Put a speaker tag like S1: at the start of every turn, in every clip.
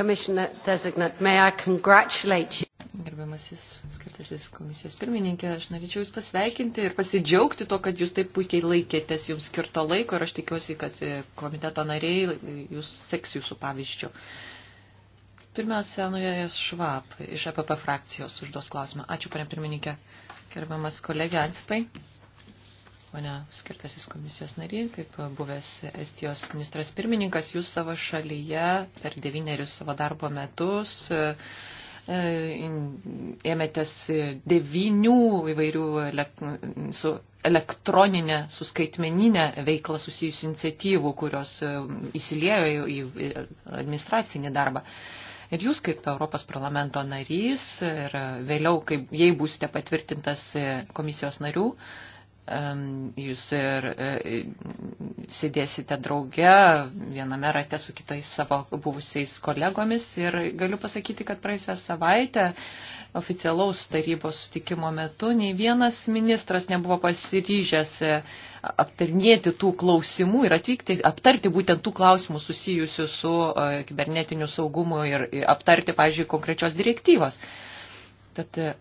S1: Commissioner designate, may I congratulate you. Gerbiamasis skirtasis komisijos pirmininkė, aš norėčiau Jūs pasveikinti ir pasidžiaugti to, kad Jūs taip puikiai laikėtės Jums skirto laiko ir aš tikiuosi, kad e, komiteto nariai e, Jūs seks Jūsų pavyzdžių. Pirmiausia, Nujas Švab iš APP frakcijos užduos klausimą. Ačiū, panė pirmininkė. Gerbiamas kolegė Ansipai. Mane skirtasis komisijos nariai, kaip buvęs Estijos ministras pirmininkas, jūs savo šalyje per devynerius savo darbo metus e, e, ėmėtės devynių įvairių su elektroninė, su skaitmeninė veikla susijusių iniciatyvų, kurios e, įsilėjo į administracinį darbą. Ir jūs kaip Europos parlamento narys ir vėliau, kaip, jei būsite patvirtintas komisijos narių, jūs ir e, sėdėsite drauge viename rate su kitais savo buvusiais kolegomis. Ir galiu pasakyti, kad praėjusią savaitę oficialaus tarybos sutikimo metu nei vienas ministras nebuvo pasiryžęs e, aptarnėti tų klausimų ir atvykti, aptarti būtent tų klausimų susijusių su e, kibernetiniu saugumu ir aptarti, pažiūrėjau, konkrečios direktyvos. Tad e,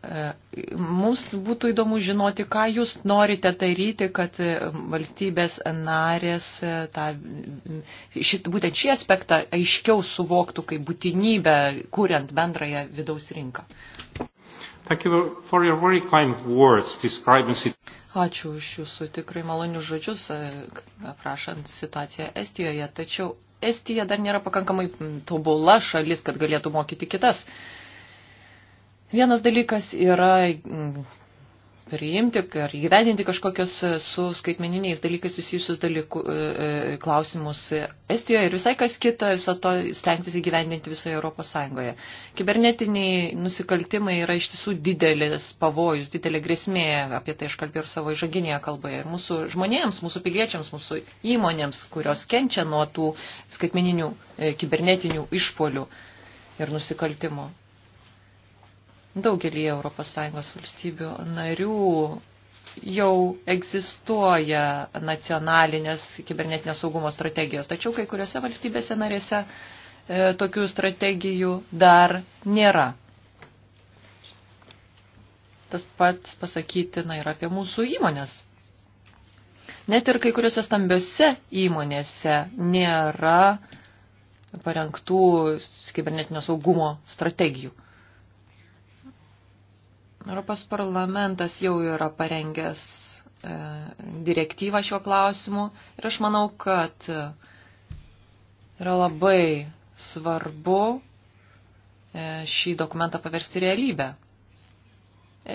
S1: mums būtų įdomu žinoti, ką jūs norite daryti, kad e, valstybės narės e, tą, šit, būtent šį aspektą aiškiau suvoktų kaip būtinybę, kuriant bendrąją vidaus rinką. Ačiū už jūsų tikrai malonius žodžius, aprašant situaciją Estijoje, tačiau Estija dar nėra pakankamai tobula šalis, kad galėtų mokyti kitas Vienas dalykas yra mm, priimti ar įgyvendinti kažkokios e, su skaitmeniniais dalykais susijusius dalykų, e, e, klausimus Estijoje ir visai kas kita, viso to stengtis įgyvendinti visoje Europos Sąjungoje. Kibernetiniai nusikaltimai yra iš tiesų didelis pavojus, didelė grėsmė, apie tai aš kalbėjau ir savo įžaginėje kalboje. Ir mūsų žmonėms, mūsų piliečiams, mūsų įmonėms, kurios kenčia nuo tų skaitmeninių kibernetinių išpolių ir nusikaltimų. Daugelį ES valstybių narių jau egzistuoja nacionalinės kibernetinio saugumo strategijos, tačiau kai kuriuose valstybėse narėse e, tokių strategijų dar nėra. Tas pats pasakytina ir apie mūsų įmonės. Net ir kai kuriuose stambiose įmonėse nėra parengtų kibernetinio saugumo strategijų. Europos parlamentas jau yra parengęs e, direktyvą šiuo klausimu ir aš manau, kad e, yra labai svarbu e, šį dokumentą paversti realybę.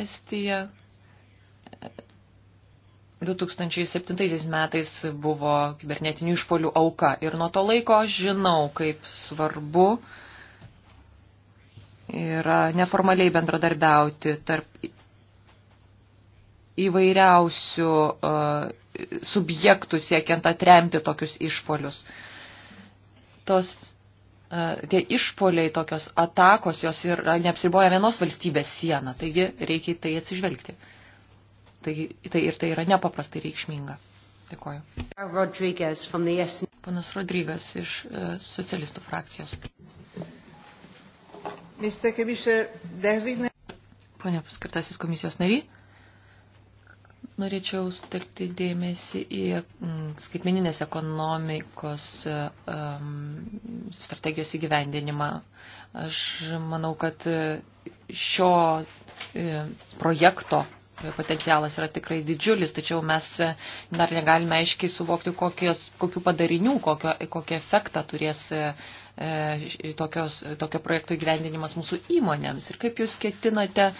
S1: Estija 2007 metais buvo kibernetinių išpolių auka ir nuo to laiko aš žinau, kaip svarbu uh, yra neformaliai bendradarbiauti tarp įvairiausių uh, subjektų siekiant atremti tokius išpolius. Tos, uh, tie išpoliai, tokios atakos, jos yra neapsiriboja vienos valstybės sieną, taigi reikia į tai atsižvelgti. Taigi, tai ir tai yra nepaprastai reikšminga. Dėkuoju. Rodriguez Panas Rodrygas iš uh, socialistų frakcijos. Pone paskirtasis komisijos nariai, norėčiau sutelkti dėmesį į mm, skaitmeninės ekonomikos strategijos įgyvendinimą. Aš manau, kad šio e, projekto potencialas yra tikrai didžiulis, tačiau mes dar negalime aiškiai suvokti, kokios, kokių padarinių, kokio, kokį efektą turės e, e, tokios, tokio projekto įgyvendinimas mūsų įmonėms ir kaip jūs ketinate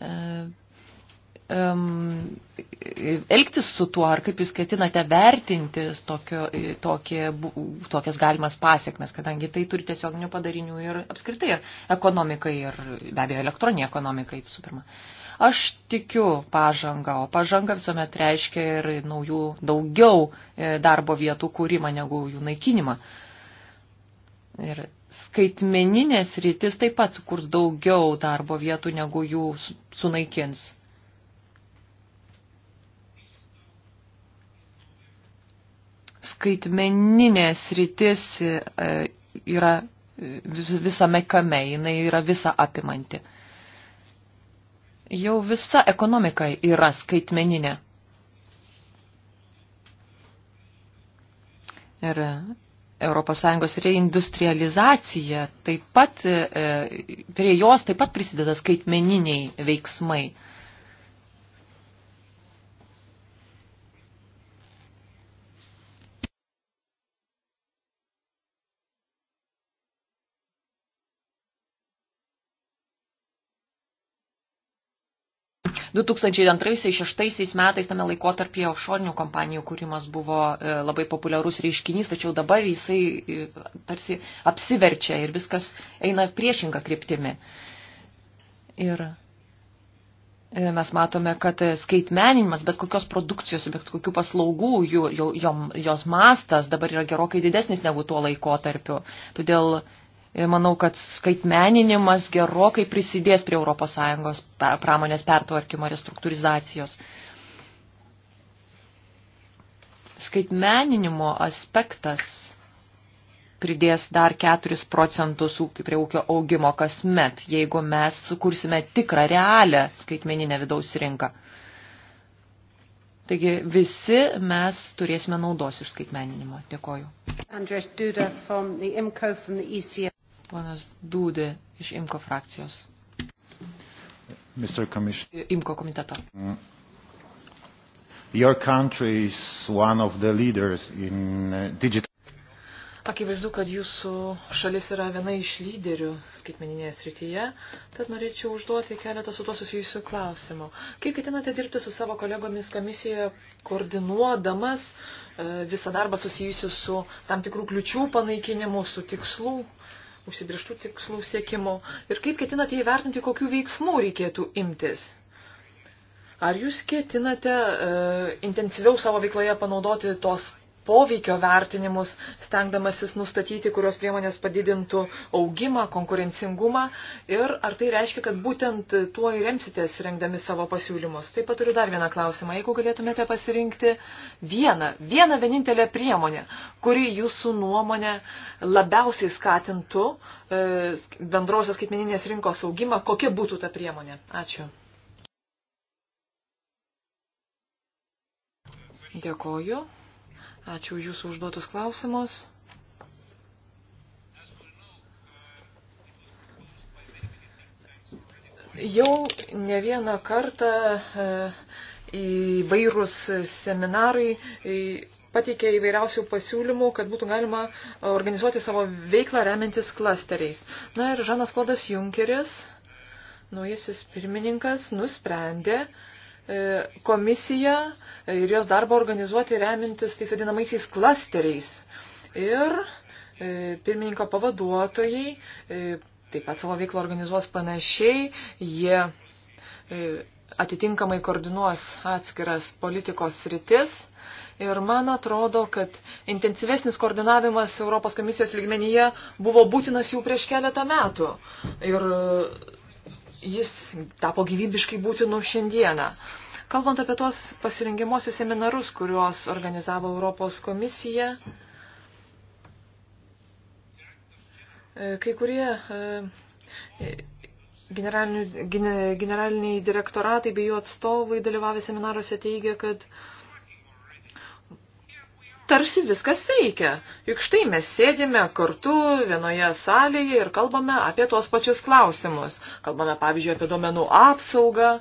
S1: um, elgtis su tuo, ar kaip jūs ketinate vertinti tokio, tokie, tokias galimas pasiekmes, kadangi tai turi tiesioginių padarinių ir apskritai ekonomikai ir be abejo elektroniniai ekonomikai visų pirma. Uh, Aš tikiu pažangą, o pažanga visuomet reiškia ir naujų daugiau e, darbo vietų kūrimą negu jų naikinimą. Ir skaitmeninės rytis taip pat sukurs daugiau darbo vietų negu jų sunaikins. Skaitmeninės rytis e, e, yra visame kame, jinai yra visa apimanti. Jau visa ekonomika yra skaitmeninė. Ir ES reindustrializacija taip pat, e, prie jos taip pat prisideda skaitmeniniai veiksmai. 2002-2006 metais tame laikotarpyje offshore kompanijų kūrimas buvo e, labai populiarus reiškinys, tačiau dabar jisai e, tarsi apsiverčia ir viskas eina priešinga kryptimi. Ir e, mes matome, kad skaitmeninimas, bet kokios produkcijos, bet kokių paslaugų, jų, jom, jos mastas dabar yra gerokai didesnis negu tuo laikotarpiu. Todėl Manau, kad skaitmeninimas gerokai prisidės prie ES pramonės pertvarkymo restruktūrizacijos. Skaitmeninimo aspektas pridės dar 4 procentus prie ūkio augimo kasmet, jeigu mes sukursime tikrą realią skaitmeninę vidaus rinką. Taigi visi mes turėsime naudos iš skaitmeninimo. Dėkoju.
S2: Andres Duda
S1: from the IMCO from the ECR. Ponas Dūdė iš IMKO frakcijos.
S3: Mr. Commission.
S1: E, IMKO komiteto. Mm. Your country is one of the leaders in uh, digital.
S3: Akivaizdu, kad jūsų šalis yra viena iš lyderių skaitmeninėje srityje, tad norėčiau užduoti keletą su to susijusių klausimų. Kaip ketinate dirbti su savo kolegomis komisijoje, koordinuodamas e, visą darbą susijusiu su tam tikrų kliučių panaikinimu, su tikslų užsibrištų tikslų siekimo ir kaip ketinate įvertinti, kokių veiksmų reikėtų imtis. Ar jūs ketinate e, intensyviau savo veikloje panaudoti tos poveikio vertinimus, stengdamasis nustatyti, kurios priemonės padidintų augimą, konkurencingumą ir ar tai reiškia, kad būtent tuo įremsitės rengdami savo pasiūlymus. Taip pat turiu dar vieną klausimą. Jeigu galėtumėte pasirinkti vieną, vieną vienintelę priemonę, kuri jūsų nuomonė labiausiai skatintų e, bendrosios skaitmeninės rinkos augimą, kokia būtų ta priemonė? Ačiū. Dėkoju. Ačiū Jūsų užduotus klausimus. Jau ne vieną kartą e, įvairūs seminarai e, pateikė įvairiausių pasiūlymų, kad būtų galima organizuoti savo veiklą remiantis klasteriais. Na ir Žanas Klodas Junkeris, naujasis pirmininkas, nusprendė, E, komisiją ir jos darbą organizuoti remintis tais vadinamaisiais klasteriais. Ir e, pirmininko pavaduotojai e, taip pat savo veiklą organizuos panašiai. Jie atitinkamai koordinuos atskiras politikos sritis. Ir man atrodo, kad intensyvesnis koordinavimas Europos komisijos lygmenyje buvo būtinas jau prieš keletą metų. Ir jis tapo gyvybiškai būtinu šiandieną. Kalbant apie tuos pasirengimuosius seminarus, kuriuos organizavo Europos komisija, e, kai kurie e, generaliniai direktoratai bei jų atstovai dalyvavę seminaruose teigia, kad tarsi viskas veikia. Juk štai mes sėdime kartu vienoje salėje ir kalbame apie tuos pačius klausimus. Kalbame, pavyzdžiui, apie duomenų apsaugą,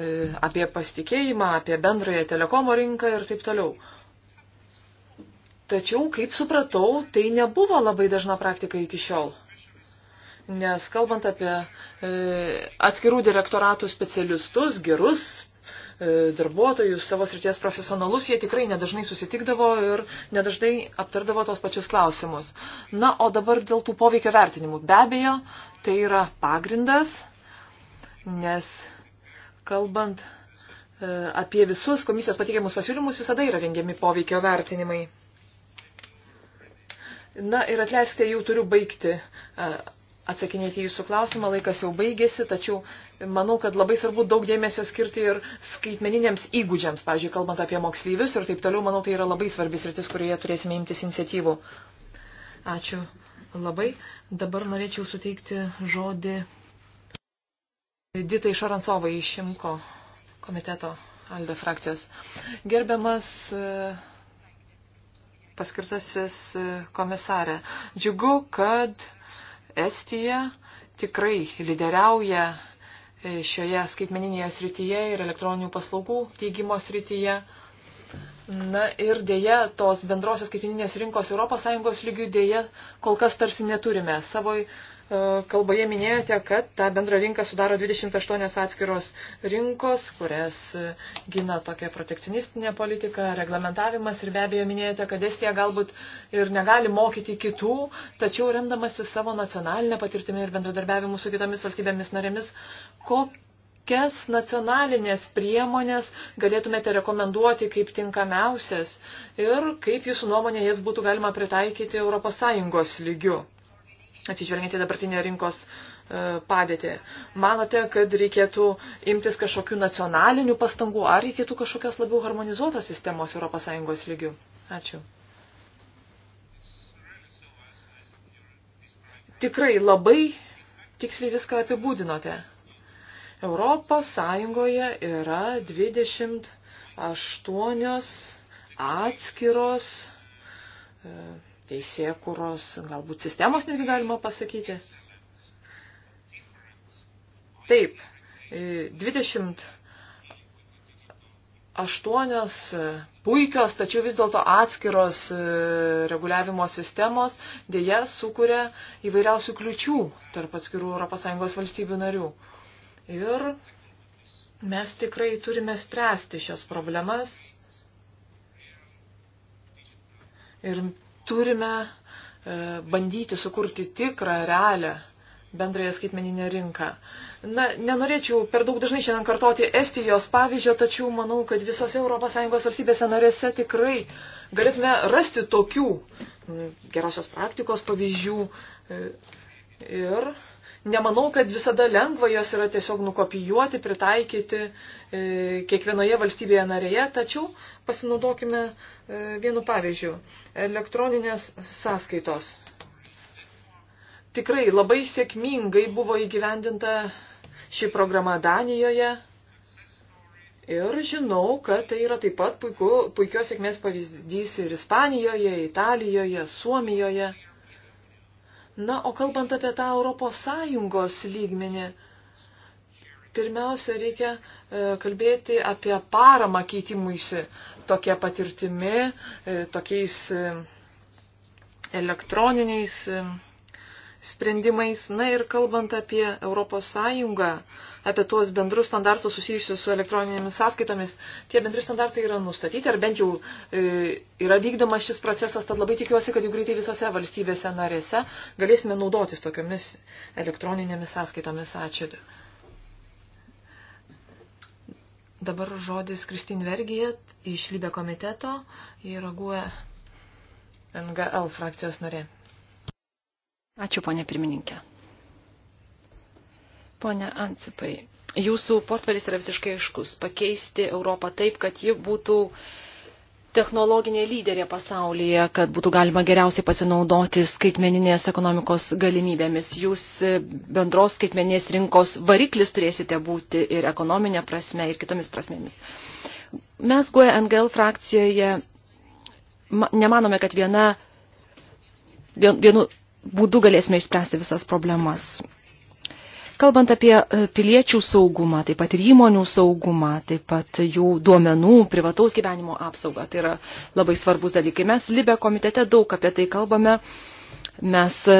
S3: E, apie pasitikėjimą, apie bendrąją telekomo rinką ir taip toliau. Tačiau, kaip supratau, tai nebuvo labai dažna praktika iki šiol. Nes kalbant apie e, atskirų direktoratų specialistus, gerus e, darbuotojus, savo srities profesionalus, jie tikrai nedažnai susitikdavo ir nedažnai aptardavo tos pačius klausimus. Na, o dabar dėl tų poveikio vertinimų. Be abejo, tai yra pagrindas, nes kalbant e, apie visus komisijos pateikiamus pasiūlymus, visada yra rengiami poveikio vertinimai. Na ir atleiskite, jau turiu baigti e, atsakinėti jūsų klausimą, laikas jau baigėsi, tačiau manau, kad labai svarbu daug dėmesio skirti ir skaitmeniniams įgūdžiams, pavyzdžiui, kalbant apie mokslyvius ir taip toliau, manau, tai yra labai svarbis rytis, kurioje turėsime imtis iniciatyvų. Ačiū labai. Dabar norėčiau suteikti žodį Ditai Šarancovai iš Šimko komiteto Alde frakcijos. Gerbiamas e, paskirtasis e, komisarė, džiugu, kad Estija tikrai lyderiauja e, šioje skaitmeninėje srityje ir elektroninių paslaugų teigimo srityje. Na ir dėja, tos bendrosios skaitmininės rinkos ES lygių dėja kol kas tarsi neturime. Savo e, kalboje minėjote, kad tą bendrą rinką sudaro 28 atskiros rinkos, kurias e, gina tokia protekcionistinė politika, reglamentavimas ir be abejo minėjote, kad Estija galbūt ir negali mokyti kitų, tačiau remdamasi savo nacionalinę patirtimį ir bendradarbiavimu su kitomis valstybėmis narėmis, kokia kokias nacionalinės priemonės galėtumėte rekomenduoti kaip tinkamiausias ir kaip jūsų nuomonė jas būtų galima pritaikyti ES lygiu, atsižvelgiant į dabartinę rinkos e, padėtį. Manote, kad reikėtų imtis kažkokių nacionalinių pastangų ar reikėtų kažkokios labiau harmonizuotos sistemos ES lygių? Ačiū. Tikrai labai tiksliai viską apibūdinote. Europos Sąjungoje yra 28 atskiros e, teisėkuros, galbūt sistemos netgi galima pasakyti. Taip, 28 e, e, puikios, tačiau vis dėlto atskiros reguliavimo sistemos dėja sukuria įvairiausių kliučių tarp atskirų ES valstybių narių. Ir mes tikrai turime spręsti šias problemas. Ir turime e, bandyti sukurti tikrą, realią bendrąją skaitmeninę rinką. Na, nenorėčiau per daug dažnai šiandien kartoti Estijos pavyzdžio, tačiau manau, kad visose ES valstybėse narėse tikrai galėtume rasti tokių gerosios praktikos pavyzdžių e, ir Nemanau, kad visada lengva jos yra tiesiog nukopijuoti, pritaikyti e, kiekvienoje valstybėje narėje, tačiau pasinaudokime e, vienu pavyzdžiu - elektroninės sąskaitos. Tikrai labai sėkmingai buvo įgyvendinta ši programa Danijoje. Ir žinau, kad tai yra taip pat puiku, puikios sėkmės pavyzdys ir Ispanijoje, Italijoje, Suomijoje. Na, o kalbant apie tą ES lygmenį, pirmiausia, reikia e, kalbėti apie paramą keitimuisi tokia patirtimi, e, tokiais e, elektroniniais. E, sprendimais. Na ir kalbant apie ES, apie tuos bendrus standartus susijusius su elektroninėmis sąskaitomis, tie bendri standartai yra nustatyti, ar bent jau e, yra vykdomas šis procesas, tad labai tikiuosi, kad jau greitai visose valstybėse narėse galėsime naudotis tokiamis elektroninėmis sąskaitomis. Ačiū. Dabar žodis Kristin Vergija iš Libė komiteto, jį reaguoja NGL frakcijos narė.
S2: Ačiū, ponė pirmininkė.
S3: Pone Ancipai,
S2: jūsų portfelis yra visiškai aiškus - pakeisti Europą taip, kad ji būtų technologinė lyderė pasaulyje, kad būtų galima geriausiai pasinaudoti skaitmeninės ekonomikos galimybėmis. Jūs bendros skaitmeninės rinkos variklis turėsite būti ir ekonominė prasme, ir kitomis prasmėmis. Mes GUE NGL frakcijoje nemanome, kad viena, vien, vienu būdu galėsime išspręsti visas problemas. Kalbant apie e, piliečių saugumą, taip pat ir įmonių saugumą, taip pat jų duomenų, privataus gyvenimo apsaugą, tai yra labai svarbus dalykai. Mes Libė komitete daug apie tai kalbame, Mes e,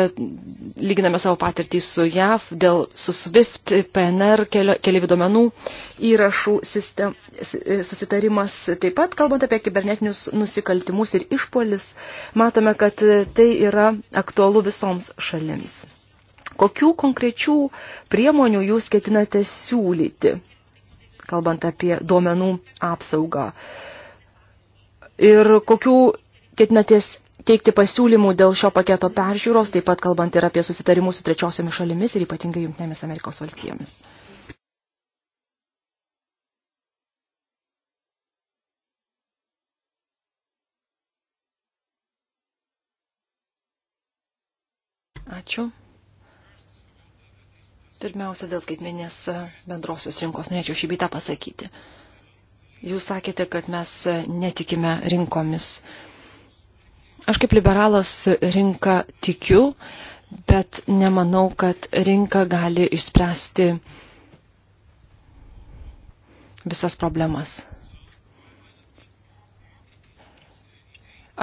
S2: lyginame savo patirtį su JAV dėl su SWIFT, PNR, keliaivių duomenų įrašų sistem, e, susitarimas. Taip pat, kalbant apie kibernetinius nusikaltimus ir išpolis, matome, kad e, tai yra aktualu visoms šalims. Kokių konkrečių priemonių jūs ketinate siūlyti, kalbant apie duomenų apsaugą? Ir kokių ketinatės teikti pasiūlymų dėl šio paketo peržiūros, taip pat kalbant ir apie susitarimus su trečiosiomis šalimis ir ypatingai Junktinėmis Amerikos valstijomis. Ačiū. Pirmiausia, dėl skaitmenės bendrosios rinkos norėčiau šį bitą pasakyti. Jūs sakėte, kad mes netikime rinkomis. Aš kaip liberalas rinką tikiu, bet nemanau, kad rinka gali išspręsti visas problemas.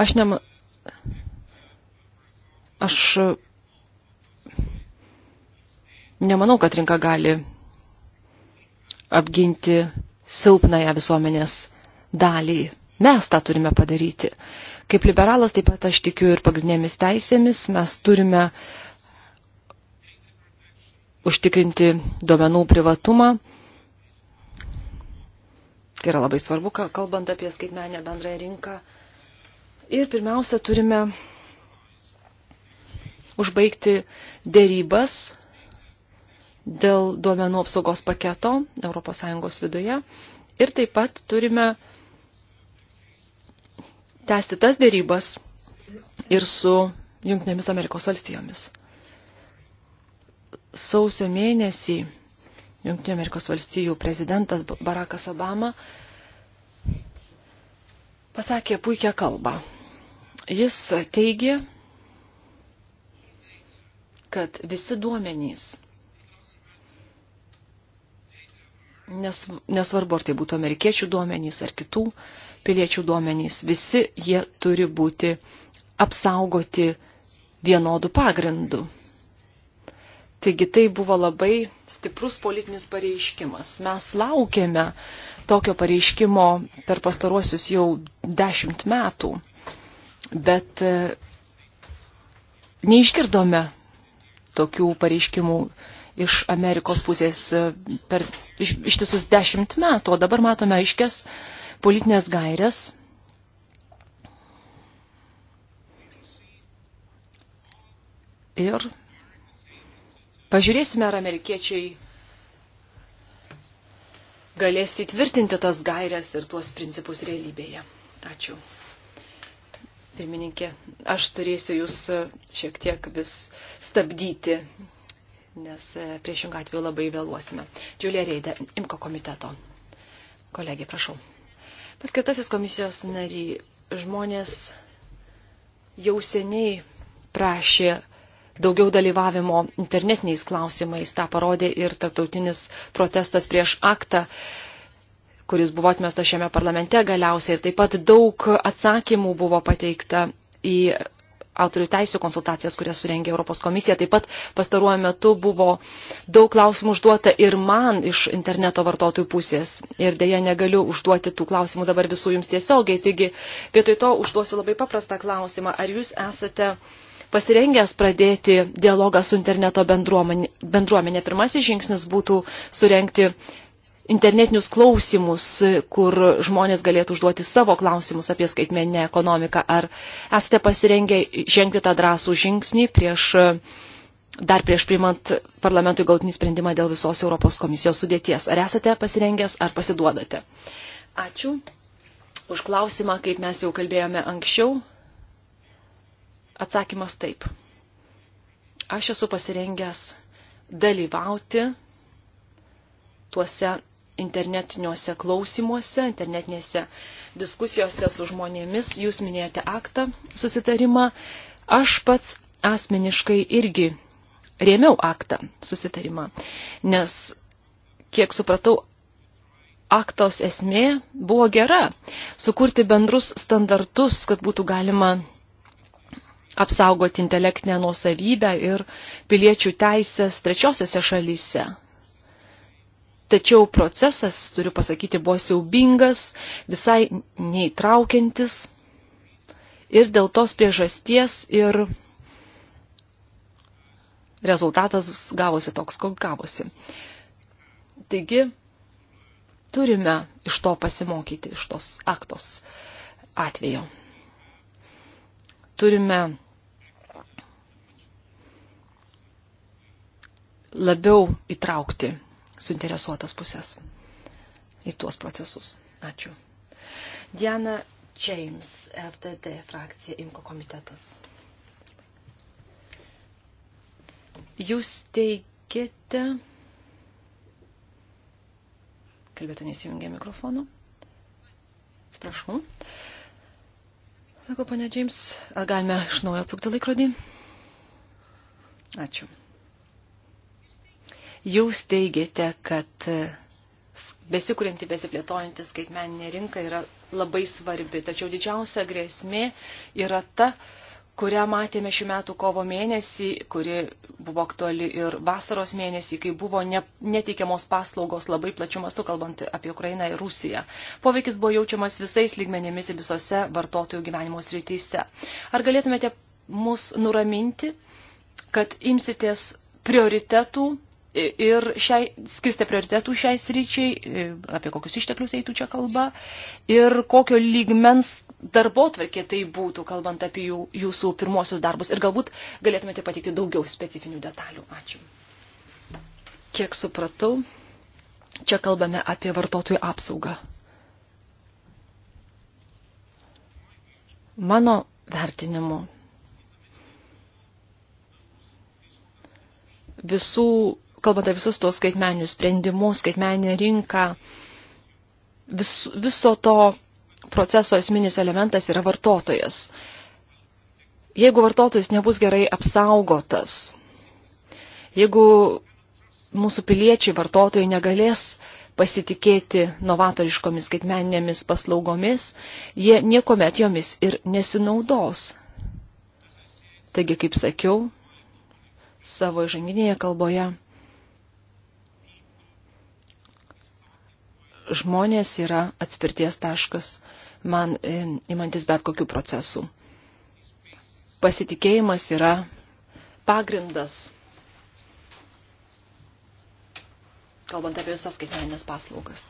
S2: Aš nema... Aš nemanau, kad rinka gali apginti silpnąją visuomenės dalį. Mes tą turime padaryti. Kaip liberalas taip pat aš tikiu ir pagrindinėmis teisėmis. Mes turime užtikrinti duomenų privatumą. Tai yra labai svarbu, kalbant apie skaitmenę bendrąją rinką. Ir pirmiausia, turime užbaigti dėrybas dėl duomenų apsaugos paketo ES viduje. Ir taip pat turime tęsti tas dėrybas ir su Junktinėmis Amerikos valstijomis. Sausio mėnesį Junktinių Amerikos valstijų prezidentas Barackas Obama pasakė puikią kalbą. Jis teigė, kad visi duomenys, nesvarbu ar tai būtų amerikiečių duomenys ar kitų, piliečių duomenys. Visi jie turi būti apsaugoti vienodų pagrindų. Taigi tai buvo labai stiprus politinis pareiškimas. Mes laukėme tokio pareiškimo per pastaruosius jau dešimt metų, bet e, neišgirdome tokių pareiškimų iš Amerikos pusės e, per ištisus dešimt metų, o dabar matome aiškės politinės gairės. Ir pažiūrėsime, ar amerikiečiai galės įtvirtinti tas gairias ir tuos principus realybėje. Ačiū. Pirmininkė, aš turėsiu jūs šiek tiek vis stabdyti, nes priešingą atveju labai vėluosime. Džiulė Reidė, Imko komiteto. Kolegė, prašau. Paskirtasis komisijos nariai, žmonės jau seniai prašė daugiau dalyvavimo internetiniais klausimais. Ta parodė ir tarptautinis protestas prieš aktą, kuris buvo atmestas šiame parlamente galiausiai. Ir taip pat daug atsakymų buvo pateikta į autorių teisų konsultacijas, kurias surengė Europos komisija. Taip pat pastaruoju metu buvo daug klausimų užduota ir man iš interneto vartotojų pusės. Ir dėja negaliu užduoti tų klausimų dabar visų jums tiesiogiai. Taigi vietoj to užduosiu labai paprastą klausimą. Ar jūs esate pasirengęs pradėti dialogą su interneto bendruomenė. bendruomenė. Pirmasis žingsnis būtų surenkti internetinius klausimus, kur žmonės galėtų užduoti savo klausimus apie skaitmeninę ekonomiką. Ar esate pasirengę žengti tą drąsų žingsnį prieš, dar prieš priimant parlamentui galtinį sprendimą dėl visos Europos komisijos sudėties? Ar esate pasirengęs, ar pasiduodate? Ačiū už klausimą, kaip mes jau kalbėjome anksčiau. Atsakymas taip. Aš esu pasirengęs dalyvauti tuose internetiniuose klausimuose, internetinėse diskusijose su žmonėmis. Jūs minėjote aktą susitarimą. Aš pats asmeniškai irgi rėmiau aktą susitarimą, nes, kiek supratau, aktos esmė buvo gera - sukurti bendrus standartus, kad būtų galima apsaugoti intelektinę nuosavybę ir piliečių teisės trečiosiose šalyse. Tačiau procesas, turiu pasakyti, buvo siaubingas, visai neįtraukiantis. Ir dėl tos priežasties ir rezultatas gavosi toks, koks gavosi. Taigi, turime iš to pasimokyti, iš tos aktos atvejo. Turime labiau įtraukti suinteresuotas pusės į tuos procesus. Ačiū. Diana James, FDD frakcija Imko komitetas. Jūs teikite, kalbėtų nesijungė mikrofonų, atsiprašau, sako ponia James, ar galime iš naujo atsukti laikrodį? Ačiū. Jūs teigiate, kad besikūrinti, besiplėtojanti skaitmeninė rinka yra labai svarbi, tačiau didžiausia grėsmė yra ta, kurią matėme šių metų kovo mėnesį, kuri buvo aktuali ir vasaros mėnesį, kai buvo ne, neteikiamos paslaugos labai plačiu mastu, kalbant apie Ukrainą ir Rusiją. Poveikis buvo jaučiamas visais lygmenėmis ir visose vartotojų gyvenimo srityse. Ar galėtumėte mus nuraminti, kad imsitės prioritetų ir šiai, skirstė prioritetų šiai sryčiai, e, apie kokius išteklius eitų čia kalba ir kokio lygmens darbo tvarkė tai būtų, kalbant apie jų, jūsų pirmosius darbus. Ir galbūt galėtumėte pateikti daugiau specifinių detalių. Ačiū. Kiek supratau, čia kalbame apie vartotojų apsaugą. Mano vertinimu visų kalbant apie visus tos skaitmeninius sprendimus, skaitmeninę rinką, vis, viso to proceso esminis elementas yra vartotojas. Jeigu vartotojas nebus gerai apsaugotas, jeigu mūsų piliečiai vartotojai negalės pasitikėti novatoriškomis skaitmeninėmis paslaugomis, jie niekuomet jomis ir nesinaudos. Taigi, kaip sakiau, savo žanginėje kalboje žmonės yra atspirties taškas man e, imantis bet kokių procesų. Pasitikėjimas yra pagrindas, kalbant apie visas skaitmeninės paslaugas.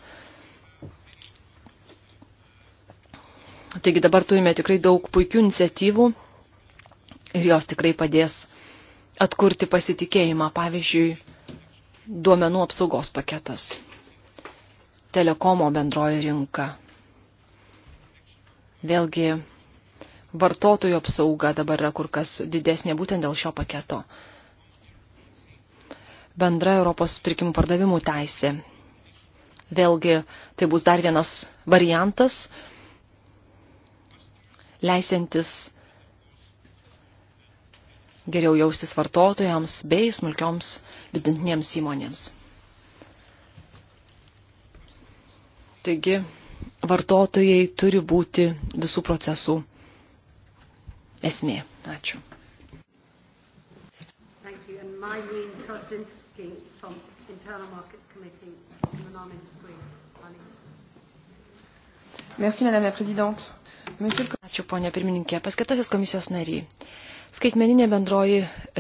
S2: Taigi dabar turime tikrai daug puikių iniciatyvų ir jos tikrai padės atkurti pasitikėjimą, pavyzdžiui, duomenų apsaugos paketas telekomo bendroji rinka. Vėlgi, vartotojų apsauga dabar yra kur kas didesnė būtent dėl šio paketo. Bendra Europos pirkimų pardavimų teisė. Vėlgi, tai bus dar vienas variantas, leisintis geriau jaustis vartotojams bei smulkioms vidutinėms įmonėms. Taigi vartotojai turi būti visų procesų esmė. Ačiū. Mylene Kosinski from Internal Markets Committee. Merci, Madame la Présidente. Monsieur... Ačiū, ponė pirmininkė. Paskatasis komisijos nariai. Skaitmeninė bendroji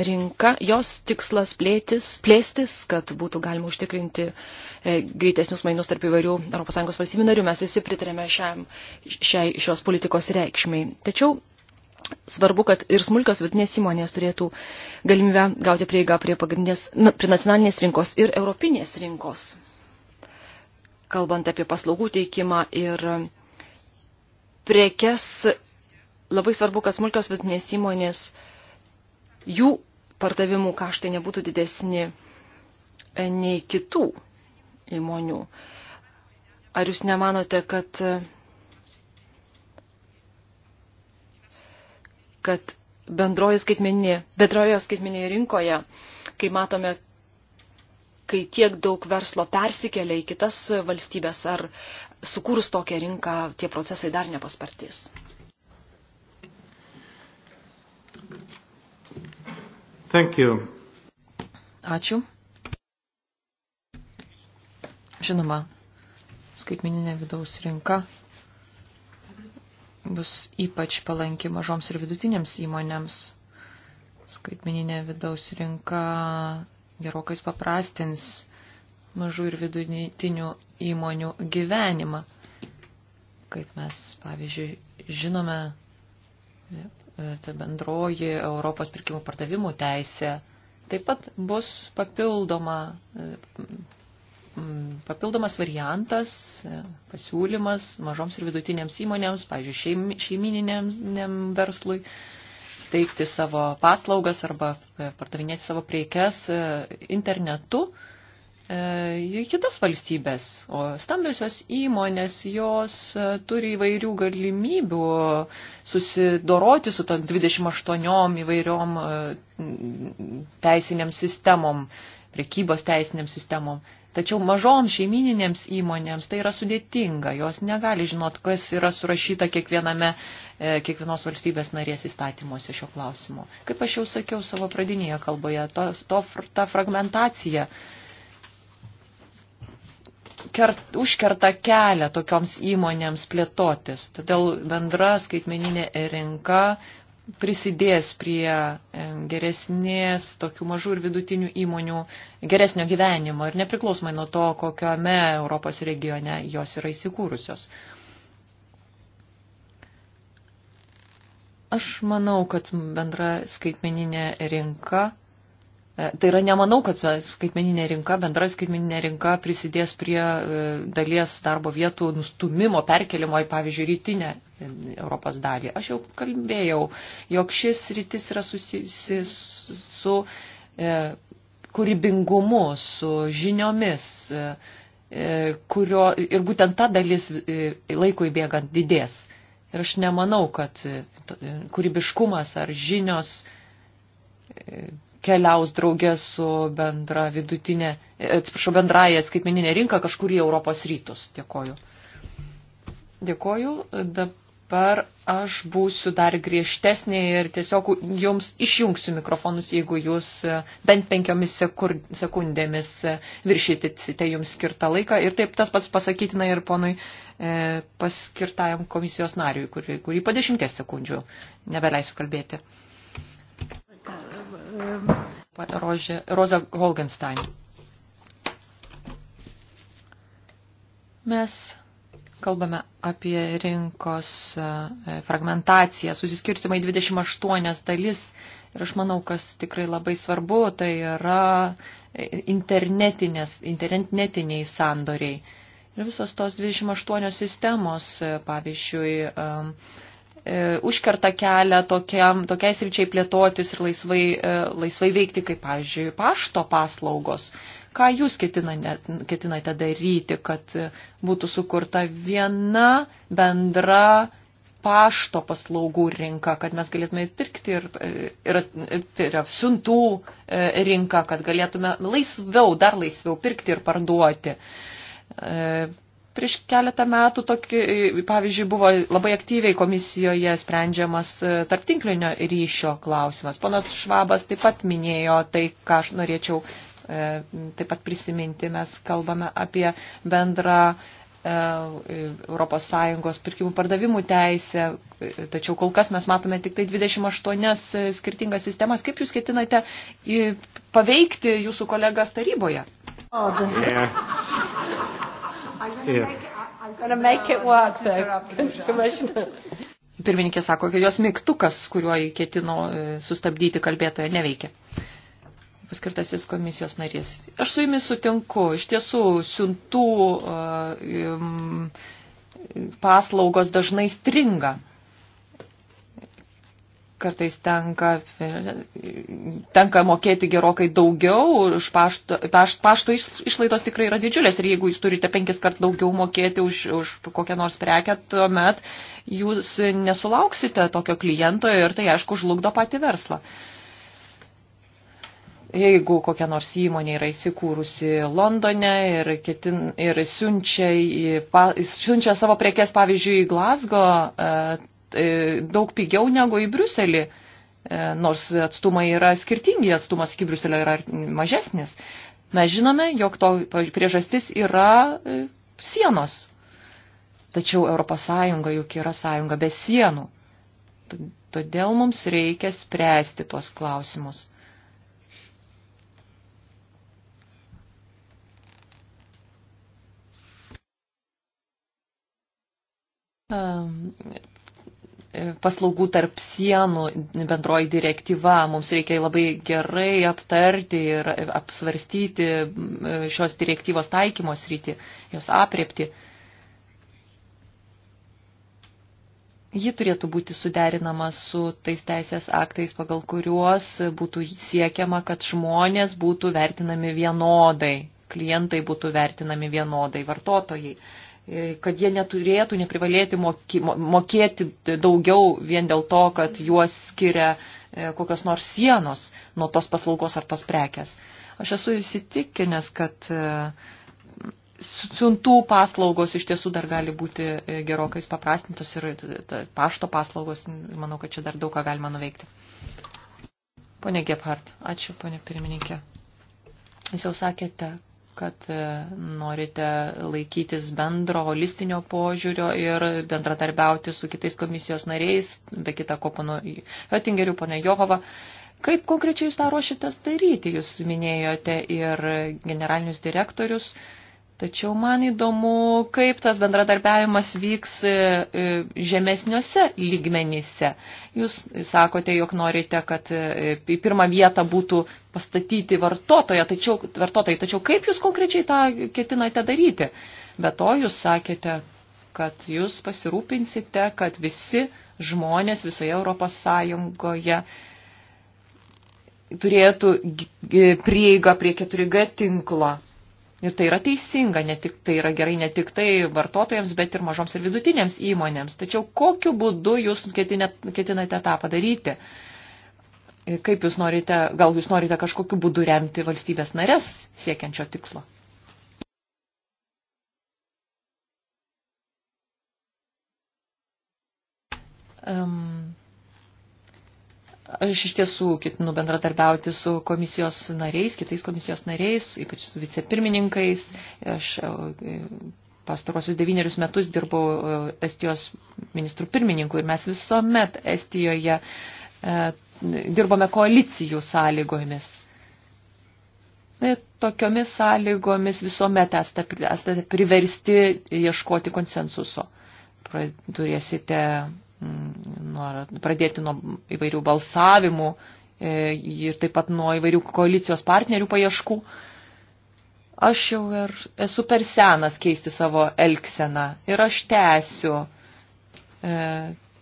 S2: rinka, jos tikslas plėtis, plėstis, kad būtų galima užtikrinti e, greitesnius mainus tarp įvairių ES valstybių narių. Mes visi pritarėme šiam, šiai šios politikos reikšmiai. Tačiau svarbu, kad ir smulkios vidinės įmonės turėtų galimybę gauti prieigą prie, prie nacionalinės rinkos ir europinės rinkos, kalbant apie paslaugų teikimą ir prekes labai svarbu, kad smulkios vidinės įmonės, jų pardavimų kaštai nebūtų didesni e, nei kitų įmonių. Ar jūs nemanote, kad, kad bendroje skaitmeninėje, bendroje skaitmeninėje rinkoje, kai matome, kai tiek daug verslo persikelia į kitas valstybės, ar sukūrus tokią rinką tie procesai dar nepaspartys?
S1: Thank you. Ačiū. Žinoma, skaitmininė vidaus rinka bus ypač palanki mažoms ir vidutinėms įmonėms. Skaitmininė vidaus rinka gerokai paprastins mažų ir vidutinių įmonių gyvenimą. Kaip mes, pavyzdžiui, žinome, ta bendroji Europos pirkimų pardavimų teisė taip pat bus papildoma, e, papildomas variantas, e, pasiūlymas mažoms ir vidutinėms įmonėms, pavyzdžiui, šeimininiam verslui teikti savo paslaugas arba e, pardavinėti savo priekes internetu E, į kitas valstybės, o stambiosios įmonės, jos e, turi įvairių galimybių susidoroti su tom 28 įvairiom e, teisiniam sistemom, prekybos teisiniam sistemom. Tačiau mažom šeimininėms įmonėms tai yra sudėtinga, jos negali žinot, kas yra surašyta kiekviename, kiekvienos valstybės narės įstatymuose šio klausimo. Kaip aš jau sakiau savo pradinėje kalboje, to, to, ta fragmentacija kert, užkerta kelią tokioms įmonėms plėtotis. Todėl bendra skaitmeninė rinka prisidės prie e, geresnės tokių mažų ir vidutinių įmonių geresnio gyvenimo ir nepriklausomai nuo to, kokiame Europos regione jos yra įsikūrusios. Aš manau, kad bendra skaitmeninė rinka E, tai yra, nemanau, kad skaitmeninė rinka, bendra skaitmeninė rinka prisidės prie e, dalies darbo vietų nustumimo, perkelimo į, pavyzdžiui, rytinę e, Europos dalį. Aš jau kalbėjau, jog šis rytis yra susijusi su kūrybingumu, su žiniomis, kurio ir būtent ta dalis laikui bėgant didės. Ir aš nemanau, kad kūrybiškumas ar žinios keliaus draugė su bendra vidutinė, e, atsiprašau, bendraja skaitmeninė rinka kažkur į Europos rytus. Dėkoju. Dėkoju. Dabar aš būsiu dar griežtesnė ir tiesiog jums išjungsiu mikrofonus, jeigu jūs e, bent penkiomis sekur, sekundėmis e, viršytite jums skirtą laiką. Ir taip tas pats pasakytina ir ponui e, paskirtajam komisijos nariui, kurį, kurį po dešimties sekundžių nebeleisiu kalbėti. Rožė, Roza Holgenstein. Mes kalbame apie rinkos e, fragmentaciją, susiskirstimą į 28 dalis ir aš manau, kas tikrai labai svarbu, tai yra internetiniai sandoriai. Ir visos tos 28 sistemos, e, pavyzdžiui, e, E, užkerta kelią tokiam, tokiai sričiai plėtotis ir laisvai, e, laisvai veikti, kaip, pavyzdžiui, pašto paslaugos. Ką jūs ketinate, ketinate daryti, kad e, būtų sukurta viena bendra pašto paslaugų rinka, kad mes galėtume pirkti ir, ir, ir tai yra siuntų rinka, kad galėtume laisviau, dar laisviau pirkti ir parduoti prieš keletą metų, tokį, pavyzdžiui, buvo labai aktyviai komisijoje sprendžiamas e, tarptinklinio ryšio klausimas. Ponas Švabas taip pat minėjo tai, ką aš norėčiau e, taip pat prisiminti. Mes kalbame apie bendrą ES pirkimų pardavimų teisę, tačiau kol kas mes matome tik tai 28 e, skirtingas sistemas. Kaip jūs ketinate paveikti jūsų kolegas taryboje?
S3: Yeah.
S1: Uh, Pirmininkė sako, kad jos mygtukas, kuriuo ketino e, sustabdyti kalbėtoje, neveikia. Paskirtasis komisijos narys. Aš su jumis sutinku. Iš tiesų, siuntų e, paslaugos dažnai stringa kartais tenka, tenka mokėti gerokai daugiau, už pašto, pašto išlaidos tikrai yra didžiulės ir jeigu jūs turite penkis kart daugiau mokėti už, už kokią nors prekę, tuomet jūs nesulauksite tokio kliento ir tai aišku žlugdo patį verslą. Jeigu kokia nors įmonė yra įsikūrusi Londone ir, ketin, ir siunčia, į, pa, siunčia savo prekes, pavyzdžiui, į Glasgo, e, E, daug pigiau negu į Briuselį, e, nors atstumai yra skirtingi, atstumas iki Briuselio yra mažesnis. Mes žinome, jog to priežastis yra e, sienos. Tačiau ES juk yra sąjunga be sienų. Todėl mums reikia spręsti tuos klausimus paslaugų tarp sienų bendroji direktyva. Mums reikia labai gerai aptarti ir apsvarstyti e, šios direktyvos taikymos rytį, jos apriepti. Ji turėtų būti suderinama su tais teisės aktais, pagal kuriuos būtų siekiama, kad žmonės būtų vertinami vienodai, klientai būtų vertinami vienodai, vartotojai. E, kad jie neturėtų neprivalėti mokėti daugiau vien dėl to, kad juos skiria e, kokios nors sienos nuo tos paslaugos ar tos prekės. Aš esu įsitikinęs, kad e, siuntų paslaugos iš tiesų dar gali būti gerokai paprastintos ir pašto paslaugos, manau, kad čia dar daug ką galima nuveikti. Pone Gebhardt, ačiū, pone pirmininkė. Jūs jau sakėte, kad e, norite laikytis bendro holistinio požiūrio ir bendradarbiauti su kitais komisijos nariais, be kita ko, pano Oettingeriu, pana Johova. Kaip konkrečiai jūs tą ruošitės daryti? Jūs minėjote ir generalinius direktorius. Uh, Tačiau man įdomu, kaip tas bendradarbiavimas vyks e, e, žemesniuose lygmenyse. Jūs sakote, jog norite, kad e, į pirmą vietą būtų pastatyti vartotoje, tačiau, vartotojai, tačiau kaip jūs konkrečiai tą ketinate daryti? Be to jūs sakėte, kad jūs pasirūpinsite, kad visi žmonės visoje Europos Sąjungoje turėtų prieigą prie 4G tinklo Ir tai yra teisinga, ne tik, tai yra gerai ne tik tai vartotojams, bet ir mažoms ir vidutinėms įmonėms. Tačiau kokiu būdu jūs ketinate, ketinate tą padaryti? Kaip jūs norite, gal jūs norite kažkokiu būdu remti valstybės narės siekiančio tikslo? Um, Aš iš tiesų ketinu bendradarbiauti su komisijos nariais, kitais komisijos nariais, ypač su vicepirmininkais. Aš e, pastarosius devynerius metus dirbau e, Estijos ministrų pirmininku ir mes visuomet Estijoje e, dirbome koalicijų sąlygomis. Ir tokiomis sąlygomis visuomet esate priversti ieškoti konsensuso. Turėsite Mm, norą pradėti nuo įvairių balsavimų e, ir taip pat nuo įvairių koalicijos partnerių paieškų. Aš jau ir esu per senas keisti savo elkseną ir aš tęsiu e,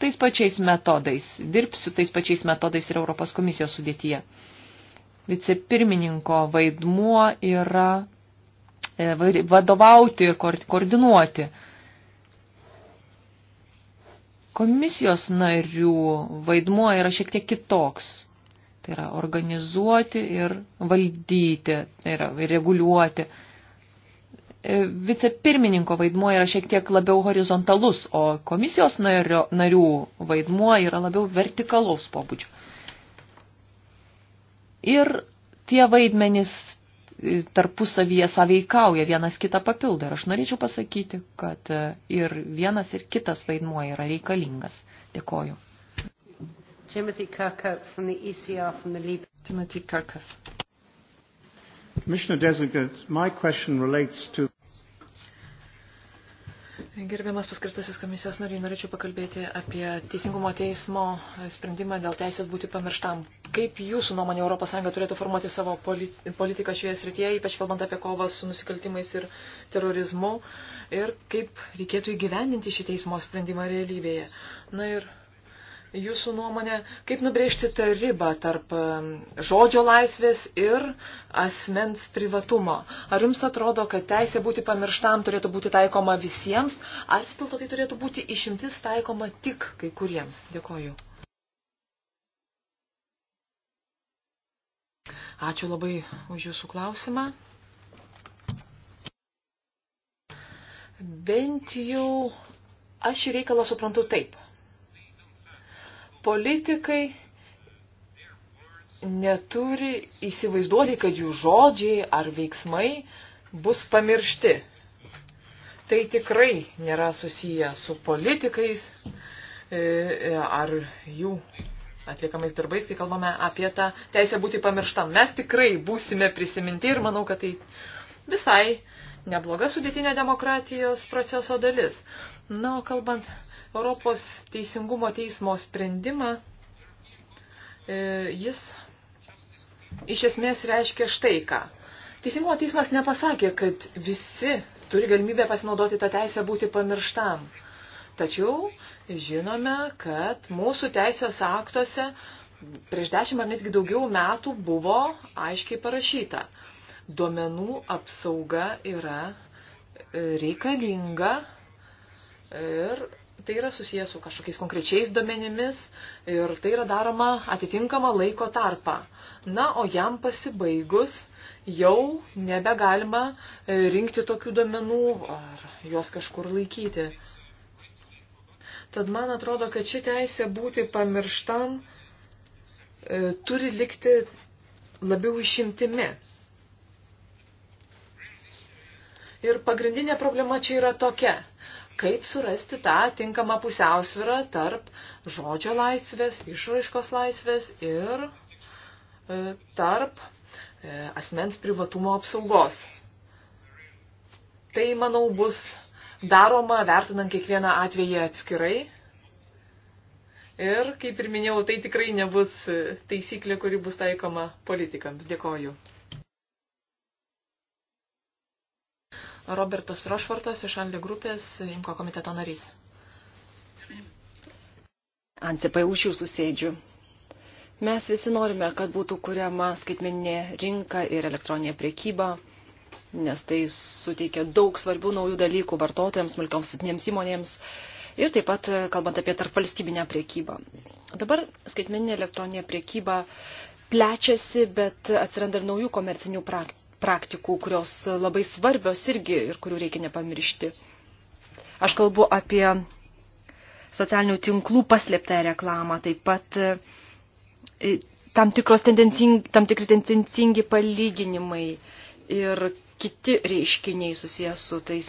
S1: tais pačiais metodais, dirbsiu tais pačiais metodais ir Europos komisijos sudėtyje. Vicepirmininko vaidmuo yra e, vadovauti ir koordinuoti. E, Komisijos narių vaidmuo yra šiek tiek kitoks. Tai yra organizuoti ir valdyti, tai yra reguliuoti. E, vicepirmininko vaidmuo yra šiek tiek labiau horizontalus, o komisijos nario, narių vaidmuo yra labiau vertikalaus pobūdžio. Ir tie vaidmenys tarpusavyje sąveikauja, vienas kitą papildo. Ir aš norėčiau pasakyti, kad e, ir vienas, ir kitas vaidmuo yra reikalingas. Dėkoju.
S2: Timothy Kirkhope from the ECR from the Libre. Timothy Kirkhope.
S1: Commissioner Designate, my question relates to
S3: Gerbiamas paskirtasis komisijos nariai, norėčiau pakalbėti apie Teisingumo teismo sprendimą dėl teisės būti pamirštam. Kaip jūsų nuomonė ES turėtų formuoti savo politiką šioje srityje, ypač kalbant apie kovą su nusikaltimais ir terorizmu, ir kaip reikėtų įgyvendinti šį teismo sprendimą realybėje? Na ir jūsų nuomonė, kaip nubrėžti tą ribą tarp žodžio laisvės ir asmens privatumo? Ar jums atrodo, kad teisė būti pamirštam turėtų būti taikoma visiems, ar vis dėlto tai turėtų būti išimtis taikoma tik kai kuriems? Dėkoju. Ačiū labai už jūsų klausimą. Bent jau aš į reikalą suprantu taip politikai neturi įsivaizduoti, kad jų žodžiai ar veiksmai bus pamiršti. Tai tikrai nėra susiję su politikais e, e, ar jų atliekamais darbais, kai kalbame apie tą teisę būti pamirštam. Mes tikrai būsime prisiminti ir manau, kad tai visai uh, nebloga sudėtinė demokratijos proceso dalis. Na, o kalbant Europos teisingumo teismo sprendimą, e, jis iš esmės reiškia štai ką. Teisingumo teismas nepasakė, kad visi turi galimybę pasinaudoti tą teisę būti pamirštam. Tačiau žinome, kad mūsų teisės aktuose prieš dešimt ar netgi daugiau metų buvo aiškiai parašyta, duomenų apsauga yra e, reikalinga ir tai yra susijęs su kažkokiais konkrečiais duomenimis ir tai yra daroma atitinkama laiko tarpa. Na, o jam pasibaigus jau nebegalima e, rinkti tokių duomenų ar juos kažkur laikyti. Tad man atrodo, kad ši teisė būti pamirštam e, turi likti labiau išimtimi. Ir pagrindinė problema čia yra tokia. Kaip surasti tą tinkamą pusiausvyrą tarp žodžio laisvės, išraiškos laisvės ir e, tarp e, asmens privatumo apsaugos. Tai, manau, bus daroma vertinant kiekvieną atvejį atskirai. Ir, kaip ir minėjau, tai tikrai nebus e, taisyklė, kuri bus taikoma politikams. Dėkoju. Robertas Rošvartas iš Alde grupės, Imko komiteto narys.
S2: Ansipai už jūsų sėdžių. Mes visi norime, kad būtų kuriama skaitmeninė rinka ir elektroninė priekyba, nes tai suteikia daug svarbių naujų dalykų vartotojams, smulkioms sitinėms įmonėms ir taip pat e, kalbant apie tarpvalstybinę priekybą. Dabar skaitmeninė elektroninė priekyba plečiasi, bet atsiranda ir naujų komercinių praktikų praktikų, kurios labai svarbios irgi ir kurių reikia nepamiršti. Aš kalbu apie socialinių tinklų paslėptą reklamą, taip pat e, tam, tikros tendencing, tam tikri tendencingi palyginimai ir kiti reiškiniai susijęs su tais,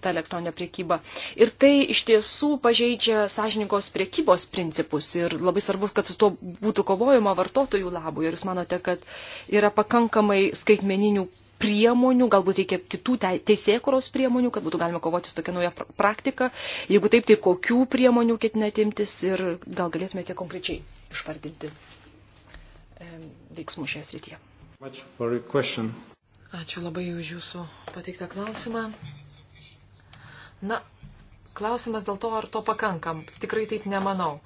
S2: ta elektroninė priekyba. Ir tai iš tiesų pažeidžia sąžininkos priekybos principus ir labai svarbu, kad su to būtų kovojama vartotojų labui. Ir jūs manote, kad yra pakankamai skaitmeninių priemonių, galbūt reikia kitų teisėkuros priemonių, kad būtų galima kovoti su tokia nauja praktika. Jeigu taip, tai kokių priemonių ketinate imtis ir gal galėtumėte konkrečiai
S3: išvardinti veiksmų šioje
S2: srityje.
S3: Ačiū labai už Jūsų pateiktą klausimą. Na, klausimas dėl to, ar to pakankam. Tikrai taip nemanau.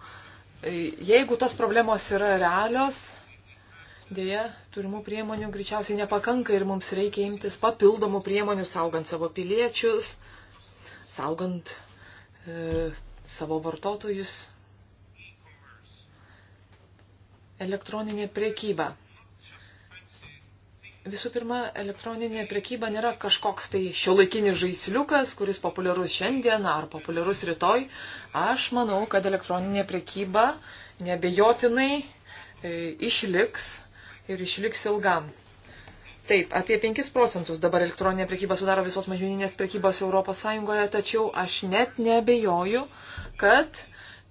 S3: E, jeigu tos problemos yra realios, dėja, turimų priemonių greičiausiai nepakanka ir mums reikia imtis papildomų priemonių, saugant savo piliečius, saugant e, savo vartotojus. Elektroninė priekyba. Visų pirma, elektroninė prekyba nėra kažkoks tai šiuolaikinis žaisliukas, kuris populiarus šiandien ar populiarus rytoj. Aš manau, kad elektroninė prekyba nebejotinai e, išliks ir išliks ilgam. Taip, apie 5 procentus dabar elektroninė prekyba sudaro visos mažmeninės prekybos ES, tačiau aš net nebejoju, kad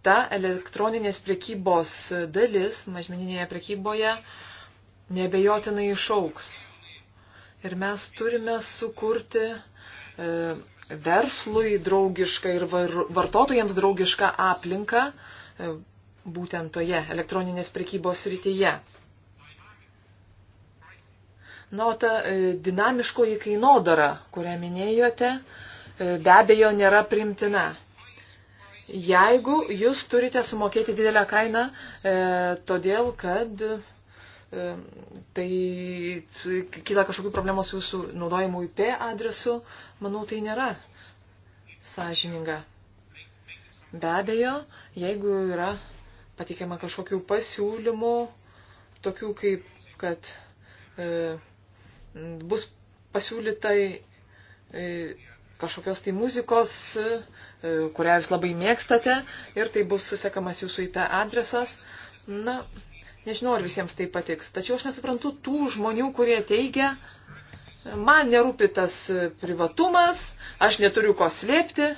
S3: ta elektroninės prekybos dalis mažmeninėje prekyboje nebejotinai išauks. Ir mes turime sukurti e, verslui draugišką ir var, vartotojams draugišką aplinką e, būtent toje elektroninės prekybos rytyje. Na, o ta e, dinamiškoji kainodara, kurią minėjote, e, be abejo nėra primtina. Jeigu jūs turite sumokėti didelę kainą, e, todėl kad tai kyla kažkokių problemų su jūsų naudojimu IP adresu, manau, tai nėra sąžininga. Be abejo, jeigu yra pateikiama kažkokių pasiūlymų, tokių kaip, kad e, bus pasiūlytai e, kažkokios tai muzikos, e, kurią jūs labai mėgstate ir tai bus susekamas jūsų IP adresas, na, Nežinau, ar visiems tai patiks. Tačiau aš nesuprantu tų žmonių, kurie teigia, man nerūpi tas privatumas, aš neturiu ko slėpti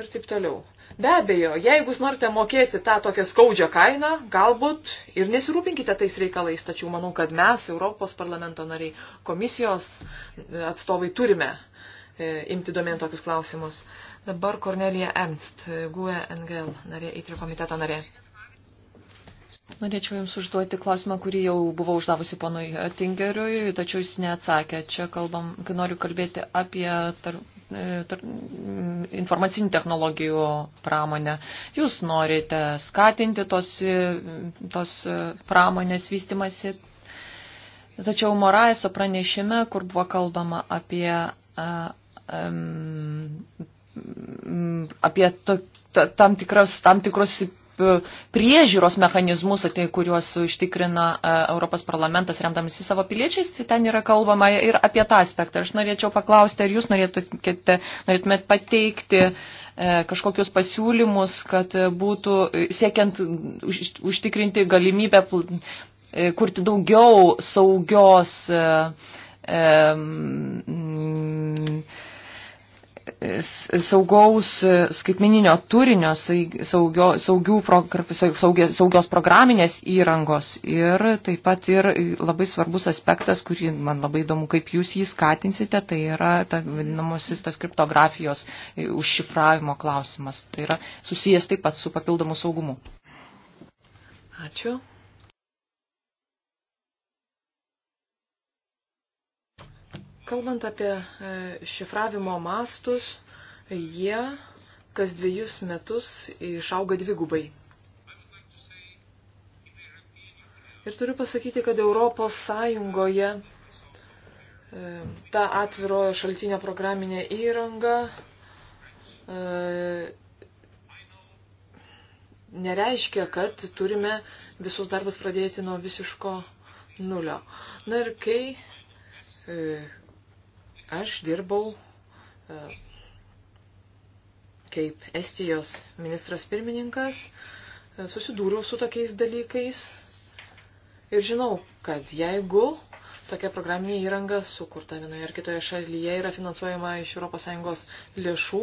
S3: ir taip toliau. Be abejo, jeigu jūs norite mokėti tą tokią skaudžią kainą, galbūt ir nesirūpinkite tais reikalais, tačiau manau, kad mes, Europos parlamento nariai, komisijos atstovai, turime e, imti domėn tokius klausimus. Dabar Kornelija Emst, GUE NGL, narė, įtrio komiteto narė.
S1: Norėčiau Jums užduoti klausimą, kurį jau buvau uždavusi ponui Tingeriui, tačiau jis neatsakė. Čia kalbam, kai noriu kalbėti apie tar, e, tar, mm, informacinių technologijų pramonę. Jūs norite skatinti tos, e, tos e, pramonės vystimasi. Tačiau Moraiso pranešime, kur buvo kalbama apie. A, a, apie to, ta, tam, tikras, tam tikrus priežiūros mechanizmus, tai, kuriuos ištikrina e, Europos parlamentas remdamasi savo piliečiais, tai ten yra kalbama ir apie tą aspektą. Aš norėčiau paklausti, ar jūs norėtumėte, norėtumėt pateikti e, kažkokius pasiūlymus, kad būtų siekiant užtikrinti galimybę e, kurti daugiau saugios e, e, saugaus e, skaitmeninio turinio, saugio, saugių, saugios, saugios programinės įrangos ir taip pat ir labai svarbus aspektas, kurį man labai įdomu, kaip jūs jį skatinsite, tai yra ta vadinamosis tas kriptografijos e, užšifravimo klausimas. Tai yra susijęs taip pat su papildomu saugumu.
S3: Ačiū. Kalbant apie e, šifravimo mastus, jie kas dviejus metus išauga dvigubai. Ir turiu pasakyti, kad Europos Sąjungoje e, ta atviro šaltinio programinė įranga e, nereiškia, kad turime visus darbus pradėti nuo visiško nulio. Na ir kai Aš dirbau e, kaip Estijos ministras pirmininkas, e, susidūriau su tokiais dalykais ir žinau, kad jeigu tokia programinė įranga sukurta vienoje ar kitoje šalyje yra finansuojama iš ES lėšų,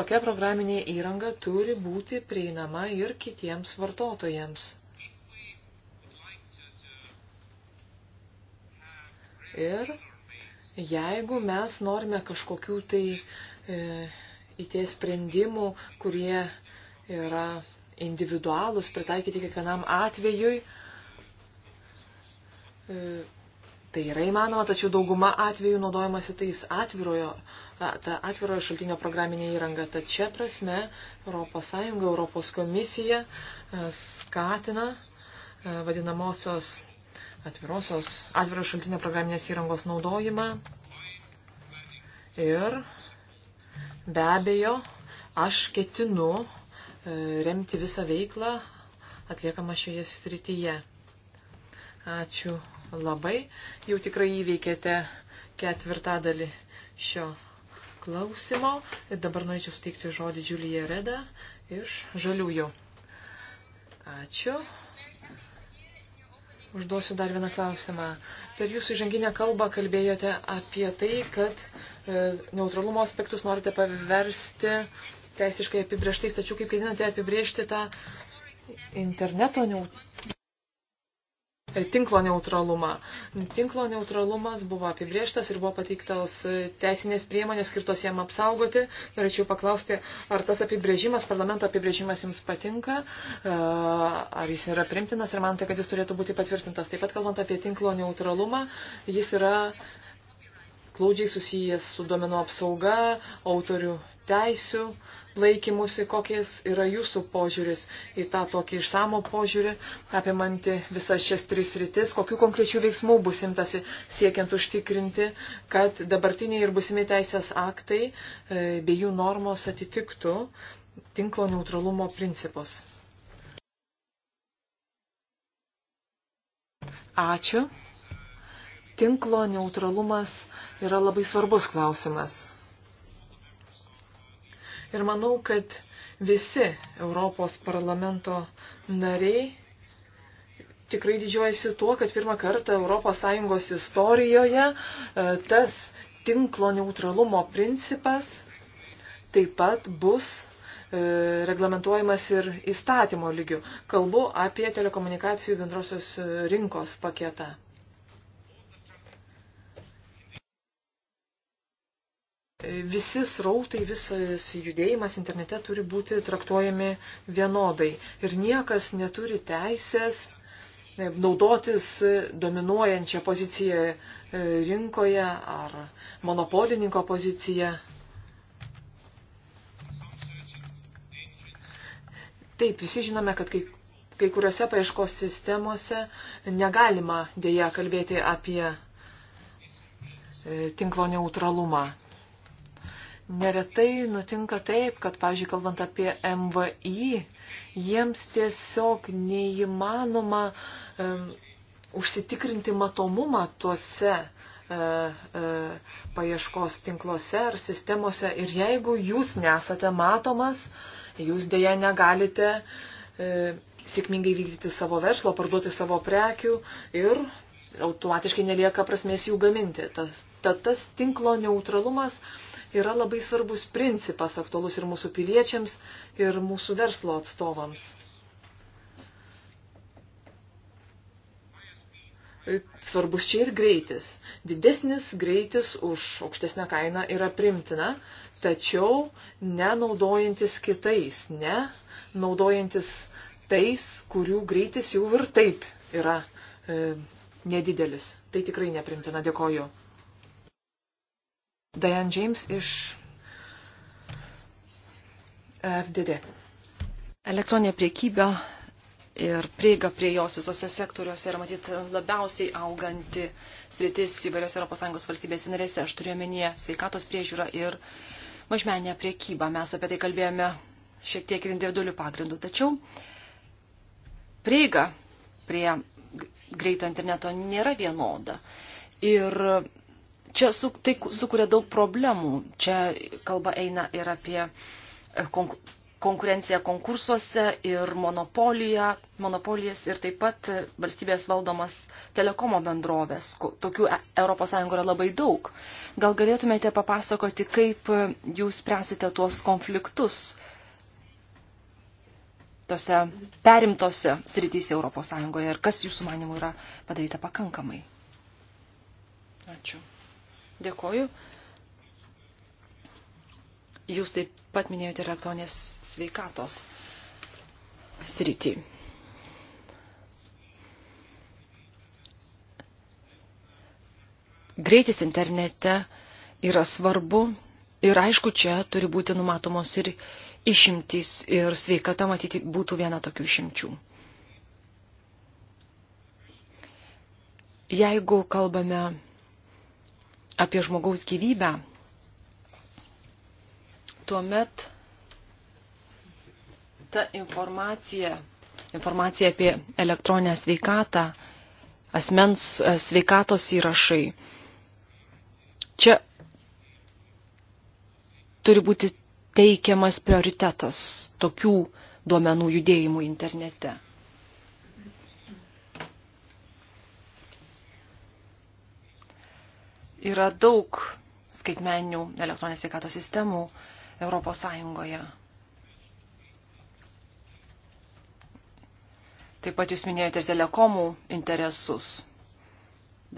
S3: tokia programinė įranga turi būti prieinama ir kitiems vartotojams. Ir Jeigu mes norime kažkokių tai e, įtie sprendimų, kurie yra individualūs, pritaikyti kiekvienam atvejui, e, tai yra įmanoma, tačiau dauguma atvejų naudojamasi tais atvirojo, ta atvirojo šaltinio programinė įranga. Tad čia prasme ES, ES komisija e, skatina e, vadinamosios atvirosios, atviro šaltinio programinės įrangos naudojimą. Ir be abejo, aš ketinu e, remti visą veiklą atliekamą šioje srityje. Ačiū labai. Jau tikrai įveikėte ketvirtadalį šio klausimo. Ir dabar norėčiau suteikti žodį Juliją Redą iš Žaliųjų. Ačiū. Užduosiu dar vieną klausimą. Per jūsų žanginę kalbą kalbėjote apie tai, kad e, neutralumo aspektus norite paversti teisiškai apibrieštais, tačiau kaip ketinate apibriežti tą interneto neut tinklo neutralumą. Tinklo neutralumas buvo apibrieštas ir buvo pateiktos teisinės priemonės skirtos jam apsaugoti. Norėčiau paklausti, ar tas apibrėžimas, parlamento apibrėžimas jums patinka, ar jis yra primtinas ir man tai, kad jis turėtų būti patvirtintas. Taip pat kalbant apie tinklo neutralumą, jis yra glaudžiai susijęs su domino apsauga, autorių teisių laikymusi, kokias yra jūsų požiūris į tą tokį išsamų požiūrį, apimanti visas šias tris rytis, kokiu konkrečiu veiksmu bus imtasi siekiant užtikrinti, kad dabartiniai ir busimi teisės aktai e, bei jų normos atitiktų tinklo neutralumo principus. Ačiū. Tinklo neutralumas yra labai svarbus klausimas. Ir manau, kad visi Europos parlamento nariai tikrai didžiuojasi tuo, kad pirmą kartą ES istorijoje e, tas tinklo neutralumo principas taip pat bus e, reglamentuojamas ir įstatymo lygiu. Kalbu apie telekomunikacijų bendrosios rinkos paketą. visi srautai, visas judėjimas internete turi būti traktuojami vienodai. Ir niekas neturi teisės e, naudotis dominuojančią poziciją e, rinkoje ar monopolininko poziciją. Taip, visi žinome, kad kai, kai kuriuose paieškos sistemose negalima dėja kalbėti apie e, tinklo neutralumą. Neretai nutinka taip, kad, pavyzdžiui, kalbant apie MVI, jiems tiesiog neįmanoma um, užsitikrinti matomumą tuose uh, uh, paieškos tinkluose ar sistemose. Ir jeigu jūs nesate matomas, jūs dėja negalite uh, sėkmingai vykdyti savo verslo, parduoti savo prekių ir automatiškai nelieka prasmės jų gaminti. Tas, ta, tas tinklo neutralumas uh, yra labai svarbus principas aktualus ir mūsų piliečiams, ir mūsų verslo atstovams. Svarbus čia ir greitis. Didesnis greitis už aukštesnę kainą yra primtina, tačiau nenaudojantis kitais, ne naudojantis tais, kurių greitis jau ir taip yra e, nedidelis. Tai tikrai neprimtina. Dėkoju. Diane James iš
S2: FDD. Elektroninė priekyba ir prieiga prie jos visose sektoriuose yra matyt labiausiai auganti sritis įvairiose ES valstybės narėse. Aš turiu omenyje sveikatos priežiūrą ir mažmenę priekybą. Mes apie tai kalbėjome šiek tiek ir individualių pagrindų. Tačiau prieiga prie greito interneto nėra vienoda. Ir čia su, tai sukuria daug problemų. Čia kalba eina ir apie e, konkurenciją konkursuose ir monopoliją, monopolijas ir taip pat valstybės valdomas telekomo bendrovės. Tokių ES yra labai daug. Gal galėtumėte papasakoti, kaip e, jūs spręsite tuos konfliktus tose perimtose srityse ES ir kas jūsų manimų yra padaryta pakankamai? Ačiū. Dėkoju. Jūs taip pat minėjote elektroninės sveikatos sritį. Greitis internete yra svarbu ir aišku, čia turi būti numatomos ir išimtys ir sveikata matyti būtų viena tokių išimčių. Jeigu kalbame apie žmogaus gyvybę, tuomet ta informacija, informacija apie elektroninę sveikatą, asmens e, sveikatos įrašai. Čia turi būti teikiamas prioritetas tokių duomenų judėjimų internete. Yra daug skaitmeninių elektroninės sveikatos sistemų Europos Sąjungoje. Taip pat jūs minėjote ir telekomų interesus,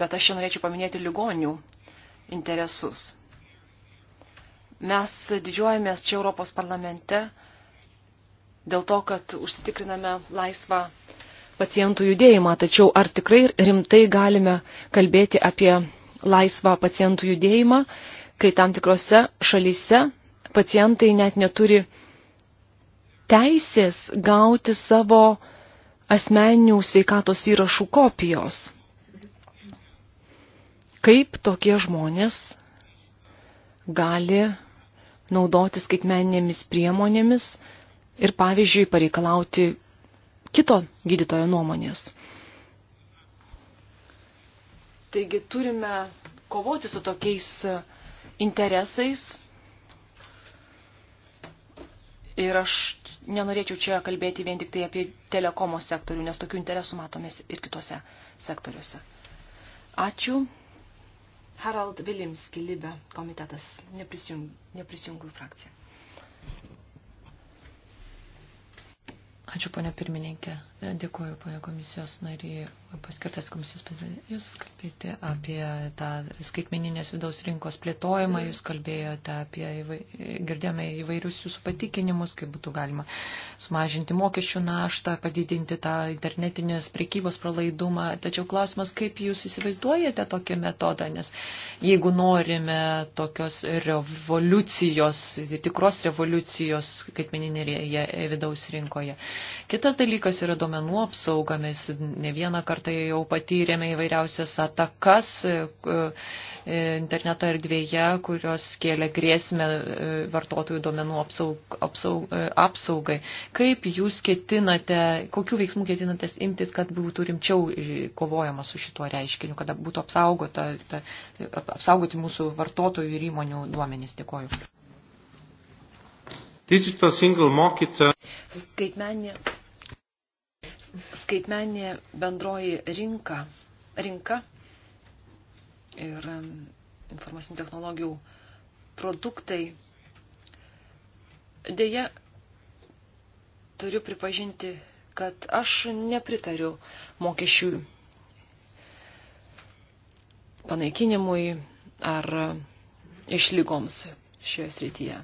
S2: bet aš čia norėčiau paminėti ligonių interesus. Mes didžiuojamės čia Europos parlamente dėl to, kad užsitikriname laisvą pacientų judėjimą, tačiau ar tikrai rimtai galime kalbėti apie laisvą pacientų judėjimą, kai tam tikrose šalyse pacientai net neturi teisės gauti savo asmeninių sveikatos įrašų kopijos. Kaip tokie žmonės gali naudotis skaitmeninėmis priemonėmis ir, pavyzdžiui, pareikalauti kito gydytojo nuomonės. Taigi turime kovoti su tokiais interesais. Ir aš nenorėčiau čia kalbėti vien tik tai apie telekomo sektorių, nes tokių interesų matomės ir kitose sektoriuose. Ačiū. Harald Vilimski, Libe komitetas, neprisijungiu, neprisijungiu frakciją.
S1: Ačiū, ponia pirmininkė. E, Dėkuoju, ponia komisijos nariai, paskirtas komisijos pirmininkė. Jūs kalbėjote apie tą skaitmeninės vidaus rinkos plėtojimą, jūs kalbėjote apie, įvai, girdėjome įvairius jūsų patikinimus, kaip būtų galima sumažinti mokesčių naštą, padidinti tą internetinės prekybos pralaidumą. Tačiau klausimas, kaip jūs įsivaizduojate tokį metodą, nes jeigu norime tokios revoliucijos, tikros revoliucijos skaitmeninėje vidaus rinkoje, Kitas dalykas yra duomenų apsauga. Mes ne vieną kartą jau patyrėme įvairiausias atakas e, e, interneto erdvėje, kurios kėlė grėsmę e, vartotojų duomenų apsaug, apsaug, apsaugai. Kaip jūs ketinate, kokiu veiksmu ketinate imtis, kad būtų rimčiau kovojama su šituo reiškiniu, kad būtų apsaugota, ta, apsaugoti mūsų vartotojų ir įmonių duomenys? Dėkoju. Digital single market. Uh,
S2: skaitmenė, skaitmenė bendroji rinka, rinka ir um, informacinių technologijų produktai. Deja, turiu pripažinti, kad aš nepritariu mokesčių panaikinimui ar uh, išlygoms šioje srityje.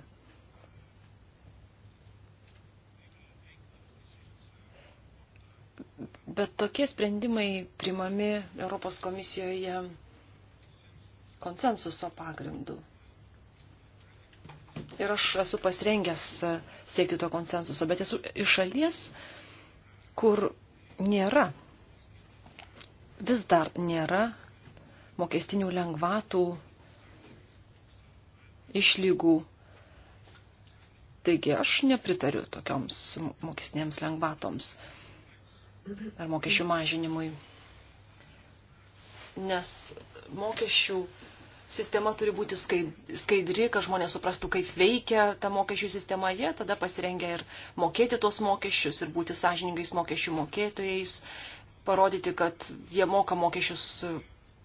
S2: Bet tokie sprendimai primami Europos komisijoje konsensuso pagrindu. Ir aš esu pasirengęs siekti to konsensuso, bet esu iš šalies, kur nėra, vis dar nėra mokestinių lengvatų išlygų. Taigi aš nepritariu tokioms mokestinėms lengvatoms ar mokesčių mažinimui. Nes mokesčių sistema turi būti skaidri, kad žmonės suprastų, kaip veikia ta mokesčių sistema, jie tada pasirengia ir mokėti tuos mokesčius ir būti sąžiningais mokesčių mokėtojais, parodyti, kad jie moka mokesčius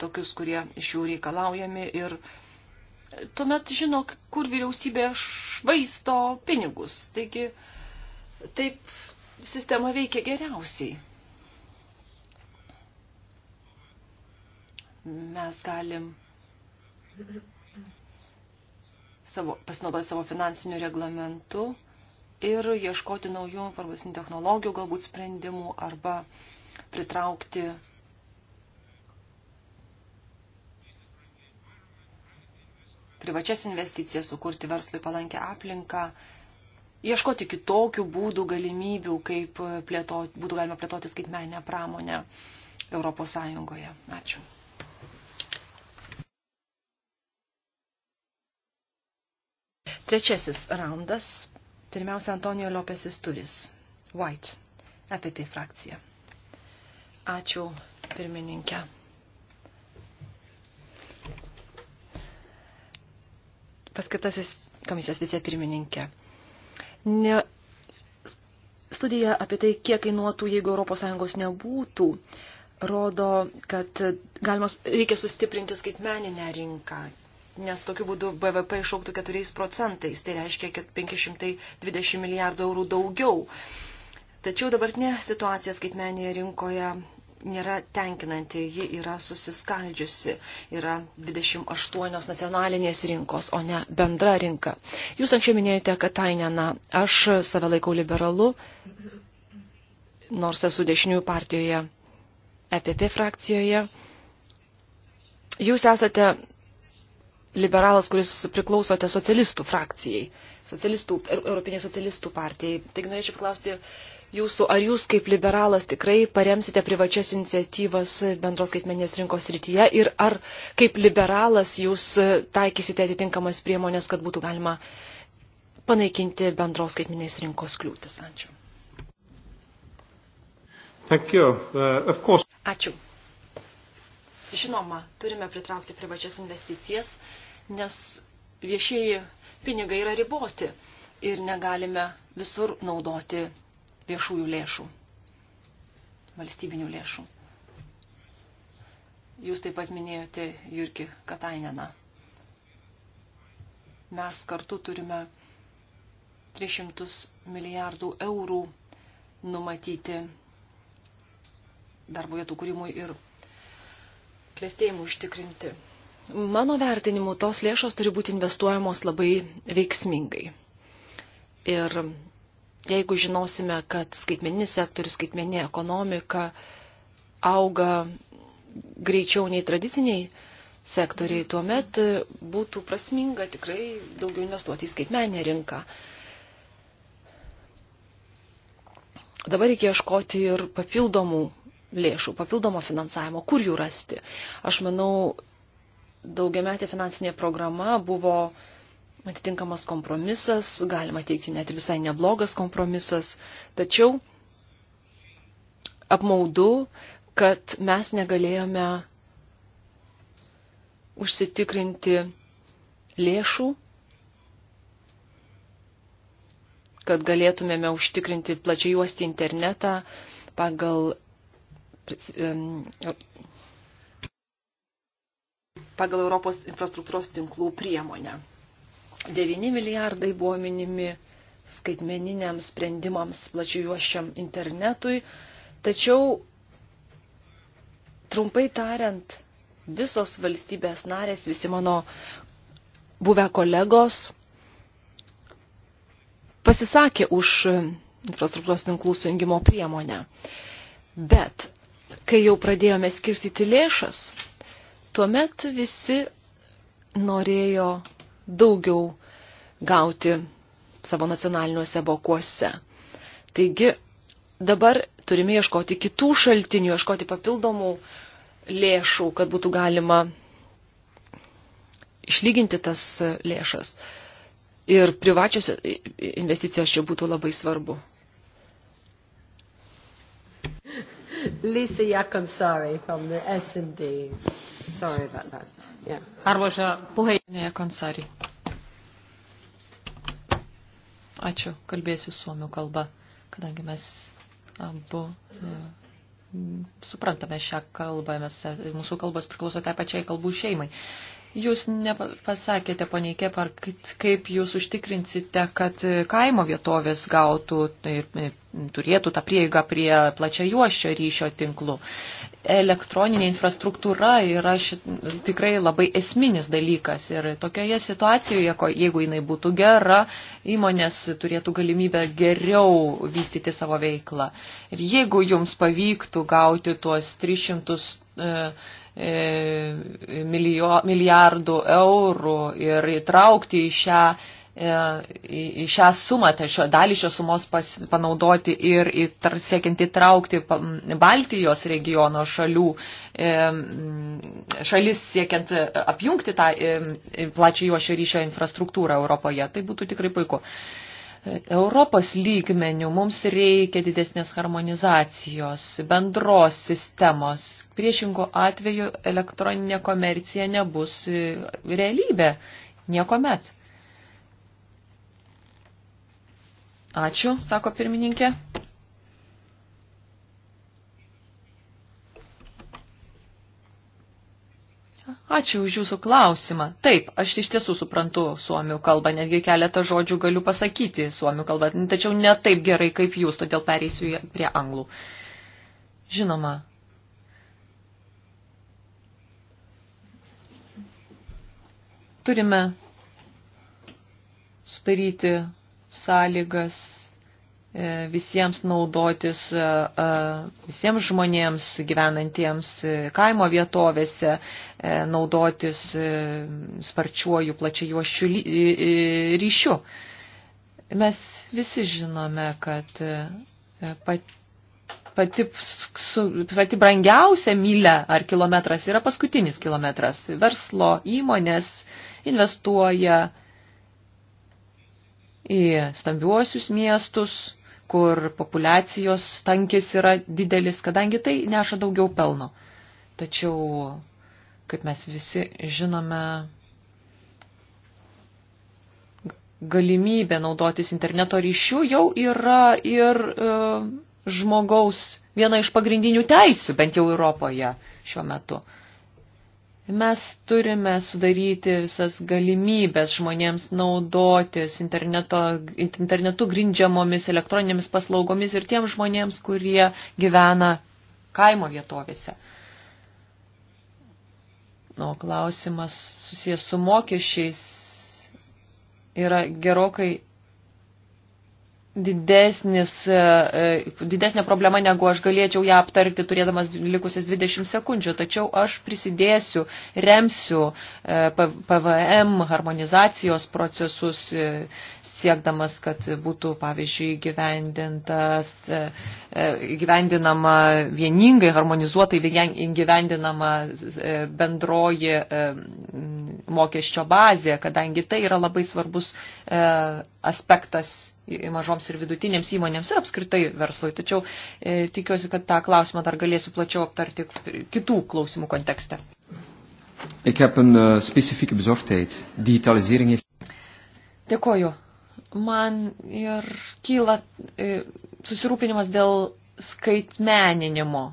S2: tokius, kurie iš jų reikalaujami ir tuomet žino, kur vyriausybė švaisto pinigus. Taigi taip sistema veikia geriausiai. mes galim savo, pasinaudoti savo finansiniu reglamentu ir ieškoti naujų informacinių technologijų, galbūt sprendimų arba pritraukti privačias investicijas, sukurti verslui palankę aplinką, ieškoti kitokių būdų, galimybių, kaip plėtot, būtų galima plėtoti skaitmeninę pramonę Europos Sąjungoje. Ačiū. Trečiasis raundas. Pirmiausia, Antonijo Lopesis Turis. White. EPP frakcija. Ačiū, pirmininkė. Paskirtasis komisijos vicepirmininkė. Ne, studija apie tai, kiek kainuotų, jeigu ES nebūtų, rodo, kad galima, reikia sustiprinti skaitmeninę rinką nes tokiu būdu BVP išauktų 4 procentais, tai reiškia 520 milijardų eurų daugiau. Tačiau dabartinė situacija skaitmenėje rinkoje nėra tenkinanti, ji yra susiskaldžiusi, yra 28 nacionalinės rinkos, o ne bendra rinka. Jūs anksčiau minėjote, kad Tainena, aš save laikau liberalu, nors esu dešiniųjų partijoje, EPP frakcijoje. Jūs esate liberalas, kuris priklausote socialistų frakcijai, socialistų, er, Europinė socialistų partijai. Taigi norėčiau paklausti jūsų, ar jūs kaip liberalas tikrai paremsite privačias iniciatyvas bendros skaitmenės rinkos rytyje ir ar kaip liberalas jūs taikysite atitinkamas priemonės, kad būtų galima panaikinti bendros skaitmenės rinkos kliūtis. Ačiū. Thank you. Uh, of course. Ačiū. Žinoma, turime pritraukti privačias investicijas, nes viešieji pinigai yra riboti ir negalime visur naudoti viešųjų lėšų, valstybinių lėšų. Jūs taip pat minėjote Jurki Kataineną. Mes kartu turime 300 milijardų eurų numatyti darbo vietų kūrimui ir klėstėjimų užtikrinti. Mano vertinimu, tos lėšos turi būti investuojamos labai veiksmingai. Ir jeigu žinosime, kad skaitmeninis sektorius, skaitmeninė ekonomika auga greičiau nei tradiciniai sektoriai, tuomet būtų prasminga tikrai daugiau investuoti į skaitmeninę rinką. Dabar reikia ieškoti ir papildomų lėšų, papildomo finansavimo, kur jų rasti. Aš manau, daugiametė finansinė programa buvo atitinkamas kompromisas, galima teikti net ir visai neblogas kompromisas, tačiau apmaudu, kad mes negalėjome užsitikrinti lėšų, kad galėtumėme užtikrinti plačiai juosti internetą pagal pagal Europos infrastruktūros tinklų priemonę. 9 milijardai buvo minimi skaitmeniniams sprendimams plačiuošiam internetui, tačiau trumpai tariant, visos valstybės narės, visi mano buvę kolegos pasisakė už infrastruktūros tinklų sujungimo priemonę. Bet kai jau pradėjome skirstyti lėšas, tuomet visi norėjo daugiau gauti savo nacionaliniuose bokuose. Taigi dabar turime ieškoti kitų šaltinių, ieškoti papildomų lėšų, kad būtų galima išlyginti tas lėšas. Ir privačios investicijos čia būtų labai svarbu.
S1: Lisa Jakonsari from the S&D. Sorry about that. Yeah. Arvoisa puheenjohtaja Jakonsari. Ačiū, kalbėsiu suomių kalba, kadangi mes abu e, suprantame šią kalbą, mes, e, mūsų kalbos priklauso tai pačiai kalbų šeimai. Jūs nepasakėte, poniai Kepar, kaip jūs užtikrinsite, kad kaimo vietovės gautų tai ir tai, turėtų tą prieigą prie plačia juoščio ryšio tinklų. Elektroninė infrastruktūra yra šit, tikrai labai esminis dalykas ir tokioje situacijoje, ko, jeigu jinai būtų gera, įmonės turėtų galimybę geriau vystyti savo veiklą. Ir jeigu jums pavyktų gauti tuos 300 e, E, milijo, milijardų eurų ir įtraukti į šią e, į šią sumą, tai šio, dalį šios sumos pas, panaudoti ir įtar, siekiant įtraukti Baltijos regiono šalių, e, šalis siekiant apjungti tą plačiai juošio ryšio infrastruktūrą Europoje. Tai būtų tikrai puiku. Europos lygmenių mums reikia didesnės harmonizacijos, bendros sistemos. Priešingų atveju elektroninė komercija nebus e, realybė. Nieko met. Ačiū, sako pirmininkė. Ačiū už Jūsų klausimą. Taip, aš iš tiesų suprantu suomių kalbą, netgi keletą žodžių galiu pasakyti suomių kalbą, tačiau ne taip gerai kaip Jūs, todėl pereisiu prie anglų. Žinoma. Turime sudaryti sąlygas E, visiems naudotis, e, e, visiems žmonėms gyvenantiems kaimo vietovėse, naudotis sparčiuoju plačiajuošiu ryšiu. Mes visi žinome, kad pati, pati, pati brangiausia mylė ar kilometras yra paskutinis kilometras. Verslo įmonės investuoja į stambiuosius miestus, kur populiacijos tankis yra didelis, kadangi tai neša daugiau pelno. Tačiau, kaip mes visi žinome, galimybė naudotis interneto ryšių jau yra ir e, žmogaus viena iš pagrindinių teisių, bent jau Europoje šiuo metu. Mes turime sudaryti visas galimybės žmonėms naudotis internetu grindžiamomis elektroninėmis paslaugomis ir tiem žmonėms, kurie gyvena kaimo vietovėse. O klausimas susijęs su mokesčiais yra gerokai didesnis, e, e, didesnė problema, negu aš galėčiau ją aptarti, turėdamas likusias 20 sekundžių. Tačiau aš prisidėsiu, remsiu e, PVM harmonizacijos procesus, siekdamas, kad būtų, pavyzdžiui, gyvendinama vieningai, harmonizuotai gyvendinama bendroji mokesčio bazė, kadangi tai yra labai svarbus aspektas mažoms ir vidutinėms įmonėms ir apskritai verslui. Tačiau e, tikiuosi, kad tą klausimą dar galėsiu plačiau aptarti kitų klausimų kontekste.
S3: Ik heb een uh, specifieke bezorgdheid. Digitalisering heeft.
S1: Dėkoju. Man ir kyla e, susirūpinimas dėl skaitmeninimo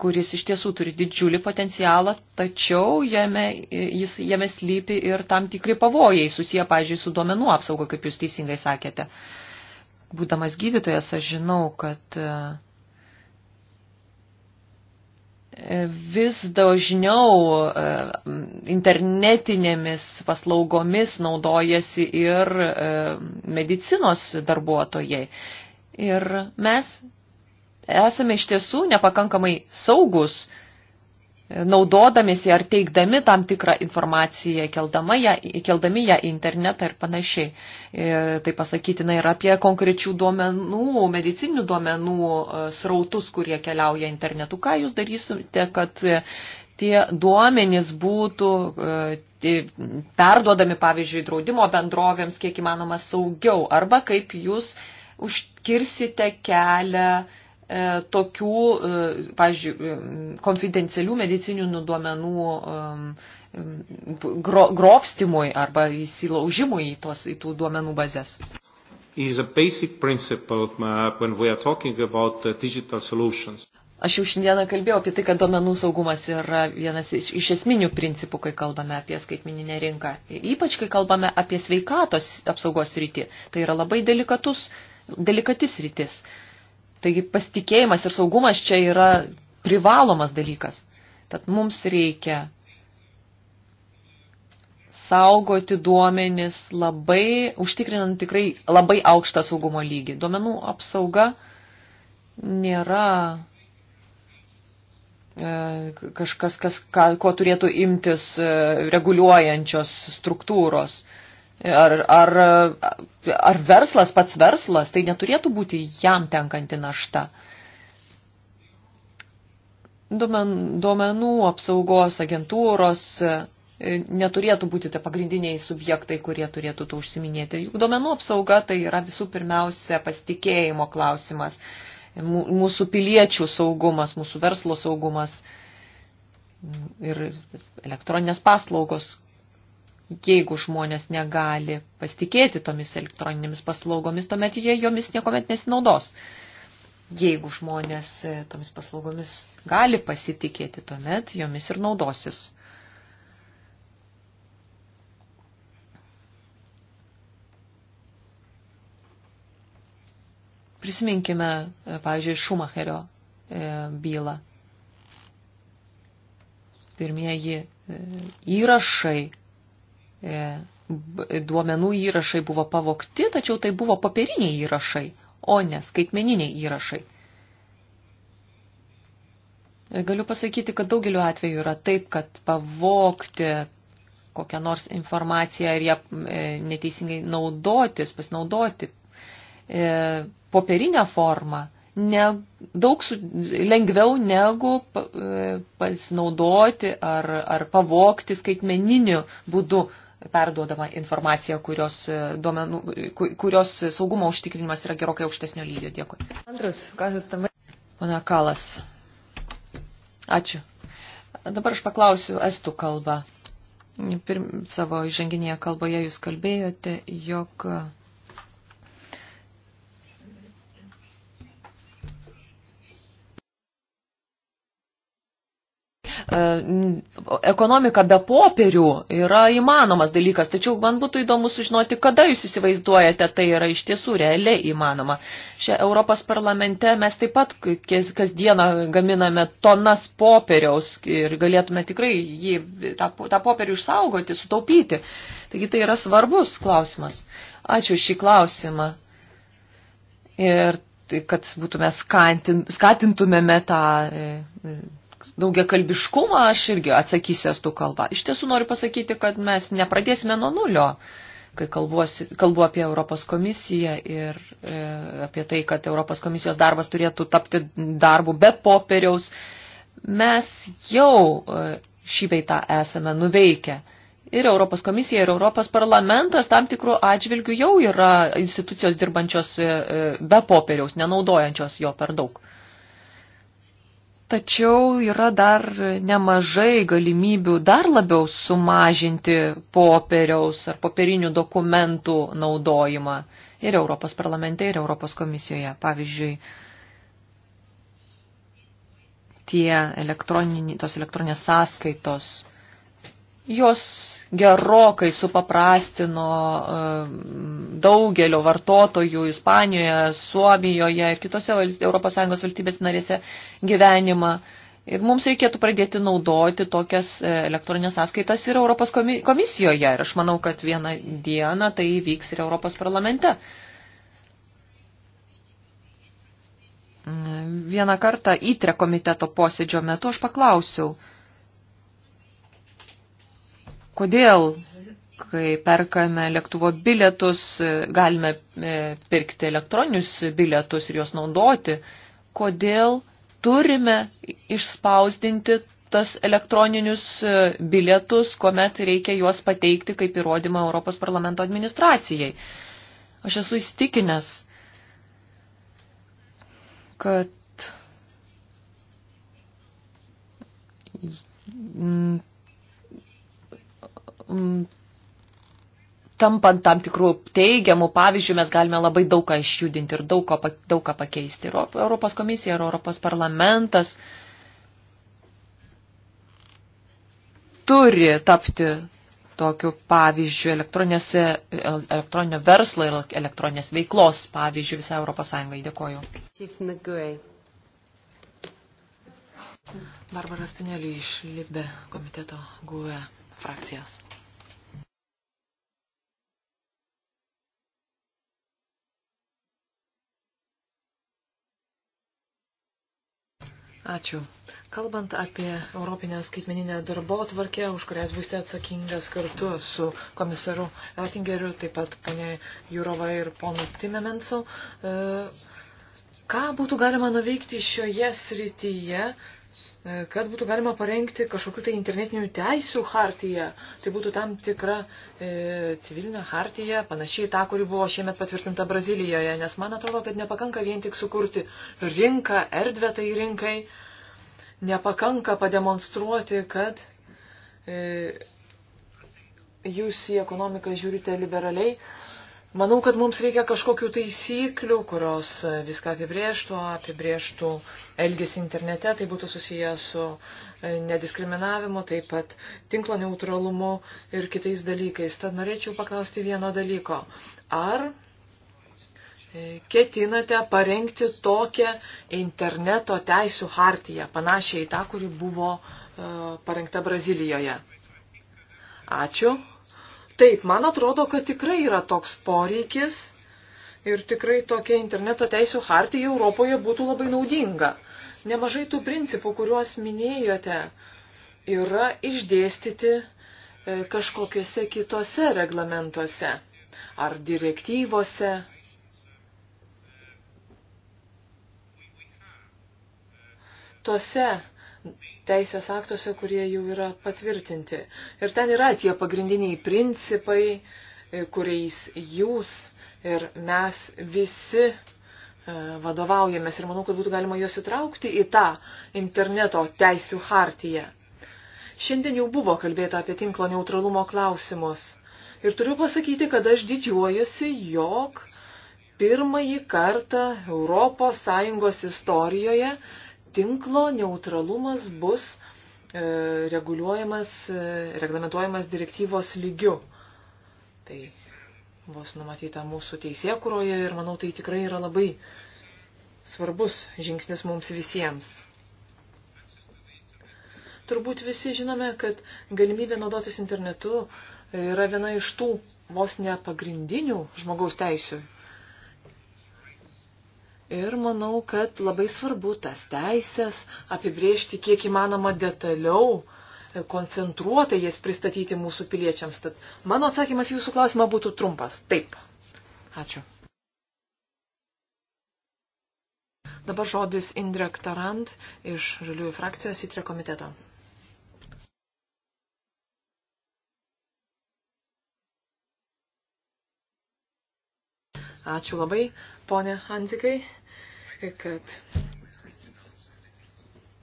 S1: kuris iš tiesų turi didžiulį potencialą, tačiau jame, jis, jame slypi ir tam tikri pavojai susiję, pažiūrėjau, su duomenų apsauga, kaip jūs teisingai sakėte. Būdamas gydytojas, aš žinau, kad e, vis dažniau e, internetinėmis paslaugomis naudojasi ir e, medicinos darbuotojai. Ir mes esame iš tiesų nepakankamai saugus, e, naudodamėsi ar teikdami tam tikrą informaciją, ją, keldami ją į internetą ir panašiai. E, tai pasakytina ir apie konkrečių duomenų, medicinių duomenų e, srautus, kurie keliauja internetu. Ką jūs darysite, kad tie duomenys būtų perduodami, pavyzdžiui, draudimo bendrovėms kiek įmanoma saugiau, arba kaip jūs užkirsite kelią E, tokių, e, pavyzdžiui, e, konfidencialių medicininių duomenų gro, grobstimui arba įsilaužimui į, tos, į tų duomenų bazės. Aš jau šiandieną kalbėjau apie tai, kad domenų saugumas yra vienas iš, iš esminių principų, kai kalbame apie skaitmininę rinką. Ypač, kai kalbame apie sveikatos apsaugos rytį. Tai yra labai delikatus, delikatis rytis. Uh, Taigi pasitikėjimas ir saugumas čia yra privalomas dalykas. Tad mums reikia saugoti duomenis labai, užtikrinant tikrai labai aukštą saugumo lygį. Duomenų apsauga nėra e, kažkas, kas, ką, ko turėtų imtis e, reguliuojančios struktūros. Ar, ar, ar verslas, pats verslas, tai neturėtų būti jam tenkanti našta. Duomen, duomenų apsaugos agentūros e, neturėtų būti tie pagrindiniai subjektai, kurie turėtų to užsiminėti. Juk duomenų apsauga tai yra visų pirmiausia pasitikėjimo klausimas, mūsų piliečių saugumas, mūsų verslo saugumas ir elektroninės paslaugos, jeigu žmonės negali pasitikėti tomis elektroninėmis paslaugomis, tuomet jie jomis niekuomet nesinaudos. Jeigu žmonės e, tomis paslaugomis gali pasitikėti, tuomet jomis ir naudosis. Prisiminkime, e, pavyzdžiui, Šumacherio e, bylą. Pirmieji įrašai E, duomenų įrašai buvo pavokti, tačiau tai buvo papiriniai įrašai, o ne skaitmeniniai įrašai. E, galiu pasakyti, kad daugeliu atveju yra taip, kad pavokti kokią nors informaciją ir ją e, neteisingai naudotis, pasinaudoti popierinę formą ne, daug su, lengviau negu pasinaudoti ar, ar pavokti skaitmeniniu būdu perduodama informacija, kurios, e, duomenų, kurios saugumo užtikrinimas yra gerokai aukštesnio lygio. Dėkui. Andrus, kasutama. Pana Kalas. Ačiū. Dabar aš paklausiu estų kalbą. Pirm, savo įžanginėje kalboje jūs kalbėjote, jog ekonomika be popierių yra įmanomas dalykas, tačiau man būtų įdomu sužinoti, kada jūs įsivaizduojate, tai yra iš tiesų realiai įmanoma. Šia Europos parlamente mes taip pat kasdieną gaminame tonas popieriaus ir galėtume tikrai jį, tą, tą popierių išsaugoti, sutaupyti. Taigi tai yra svarbus klausimas. Ačiū šį klausimą. Ir tai kad būtume skatintumėme tą e, daugia kalbiškumą, aš irgi atsakysiu estų kalbą. Iš tiesų noriu pasakyti, kad mes nepradėsime nuo nulio, kai kalbuosi, kalbu apie Europos komisiją ir e, apie tai, kad Europos komisijos darbas turėtų tapti darbu be popieriaus. Mes jau e, šį beitą esame nuveikę. Ir Europos komisija, ir Europos parlamentas tam tikrų atžvilgių jau yra institucijos dirbančios e, e, be popieriaus, nenaudojančios jo per daug. Tačiau yra dar nemažai galimybių dar labiau sumažinti popieriaus ar popierinių dokumentų naudojimą ir Europos parlamente, ir Europos komisijoje. Pavyzdžiui, tie elektroninės, tos elektroninės sąskaitos jos gerokai supaprastino daugelio vartotojų Ispanijoje, Suomijoje ir kitose ES valstybės narėse gyvenimą. Ir mums reikėtų pradėti naudoti tokias e, elektroninės sąskaitas ir Europos komisijoje. Ir aš manau, kad vieną dieną tai vyks ir Europos parlamente. Vieną kartą įtre komiteto posėdžio metu aš paklausiau, kodėl, kai perkame lėktuvo bilietus, galime e, pirkti elektroninius bilietus ir juos naudoti, kodėl turime išspausdinti tas elektroninius e, bilietus, kuomet reikia juos pateikti kaip įrodymą Europos parlamento administracijai. Aš esu įstikinęs, kad Mm, tampant tam tikrų teigiamų pavyzdžių, mes galime labai daug ką išjudinti ir daug, ko, daug ką pakeisti. Ir Europos komisija, ir Europos parlamentas turi tapti tokiu pavyzdžiu elektroninio verslo ir elektroninės veiklos pavyzdžių visą Europos Sąjungai. Dėkoju.
S3: Barbara Spinelį iš Libe komiteto GUE frakcijas. Ačiū. Kalbant apie Europinę skaitmeninę darbo tvarkę, už kurias būsite atsakingas kartu su komisaru Oettingeriu, taip pat ponė Jurova ir ponu Timemensu, e, ką būtų galima nuveikti šioje srityje, E, kad būtų galima parengti kažkokiu tai internetinių teisų hartiją. Tai būtų tam tikra e, civilinė hartija, panašiai ta, kuri buvo šiemet patvirtinta Brazilijoje, nes man atrodo, kad nepakanka vien tik sukurti rinką, erdvę tai rinkai, nepakanka pademonstruoti, kad e, jūs į ekonomiką žiūrite liberaliai. E, Manau, kad mums reikia kažkokių taisyklių, kurios viską apibrieštų, apibrieštų elgesį internete, tai būtų susijęs su e, nediskriminavimu, taip pat tinklo neutralumu ir kitais dalykais. Tad norėčiau paklausti vieno dalyko. Ar e, ketinate parengti tokią interneto teisų hartiją, panašią į tą, kuri buvo e, parengta Brazilijoje? Ačiū. Taip, man atrodo, kad tikrai yra toks poreikis ir tikrai tokia interneto teisų hartija Europoje būtų labai naudinga. Nemažai tų principų, kuriuos minėjote, yra išdėstyti e, kažkokiuose kitose reglamentuose ar direktyvose. Tuose teisės aktuose, kurie jau yra patvirtinti. Ir ten yra tie pagrindiniai principai, e, kuriais jūs ir mes visi e, vadovaujamės ir manau, kad būtų galima juos įtraukti į tą interneto teisių hartiją. Šiandien jau buvo kalbėta apie tinklo neutralumo klausimus ir turiu pasakyti, kad aš didžiuojuosi, jog pirmąjį kartą ES istorijoje tinklo neutralumas bus e, reguliuojamas, e, reglamentuojamas direktyvos lygiu. Tai bus numatyta mūsų teisėkuroje ir manau tai tikrai yra labai svarbus žingsnis mums visiems. Turbūt visi žinome, kad galimybė naudotis internetu yra viena iš tų vos ne pagrindinių žmogaus teisų Ir manau, kad labai svarbu tas teisės apibriežti kiek įmanoma detaliau, koncentruotai jas pristatyti mūsų piliečiams. Tad mano atsakymas jūsų klausimą būtų trumpas. Taip. Ačiū. Dabar žodis Indrek Tarant iš Žaliųjų frakcijos įtrė komiteto. Ačiū labai, ponė Anzikai, kad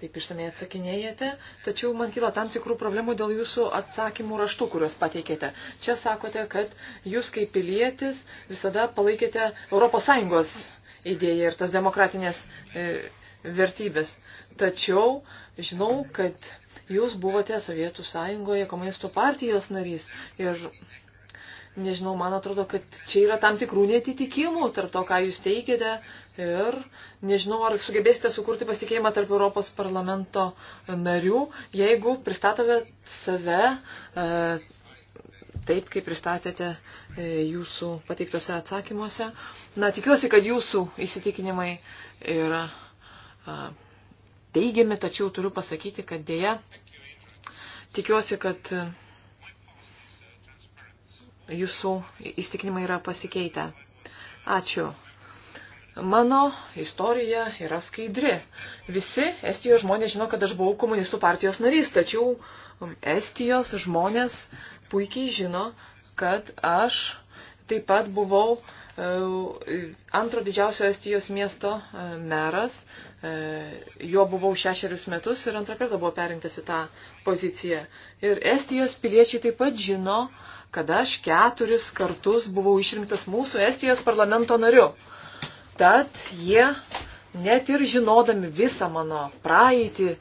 S3: taip išsamei atsakinėjate, tačiau man kilo tam tikrų problemų dėl jūsų atsakymų raštų, kuriuos pateikėte. Čia sakote, kad jūs kaip pilietis visada palaikėte ES idėją ir tas demokratinės e, vertybės. Tačiau žinau, kad jūs buvote Sovietų sąjungoje komunistų partijos narys ir nežinau, man atrodo, kad čia yra tam tikrų netitikimų tarp to, ką jūs teigiate ir nežinau, ar sugebėsite sukurti pasitikėjimą tarp Europos parlamento narių, jeigu pristatome save. E, taip, kaip pristatėte e, jūsų pateiktose atsakymuose. Na, tikiuosi, kad jūsų įsitikinimai yra e, teigiami, tačiau turiu pasakyti, kad dėja, tikiuosi, kad jūsų įstikinimai yra pasikeitę. Ačiū. Mano istorija yra skaidri. Visi Estijos žmonės žino, kad aš buvau komunistų partijos narys, tačiau Estijos žmonės puikiai žino, kad aš taip pat buvau e, antro didžiausio Estijos miesto e, meras. E, jo buvau šešerius metus ir antrą kartą buvau perinktas į tą poziciją. Ir Estijos piliečiai taip pat žino, kad aš keturis kartus buvau išrinktas mūsų Estijos parlamento nariu. Tad jie, net ir žinodami visą mano praeitį,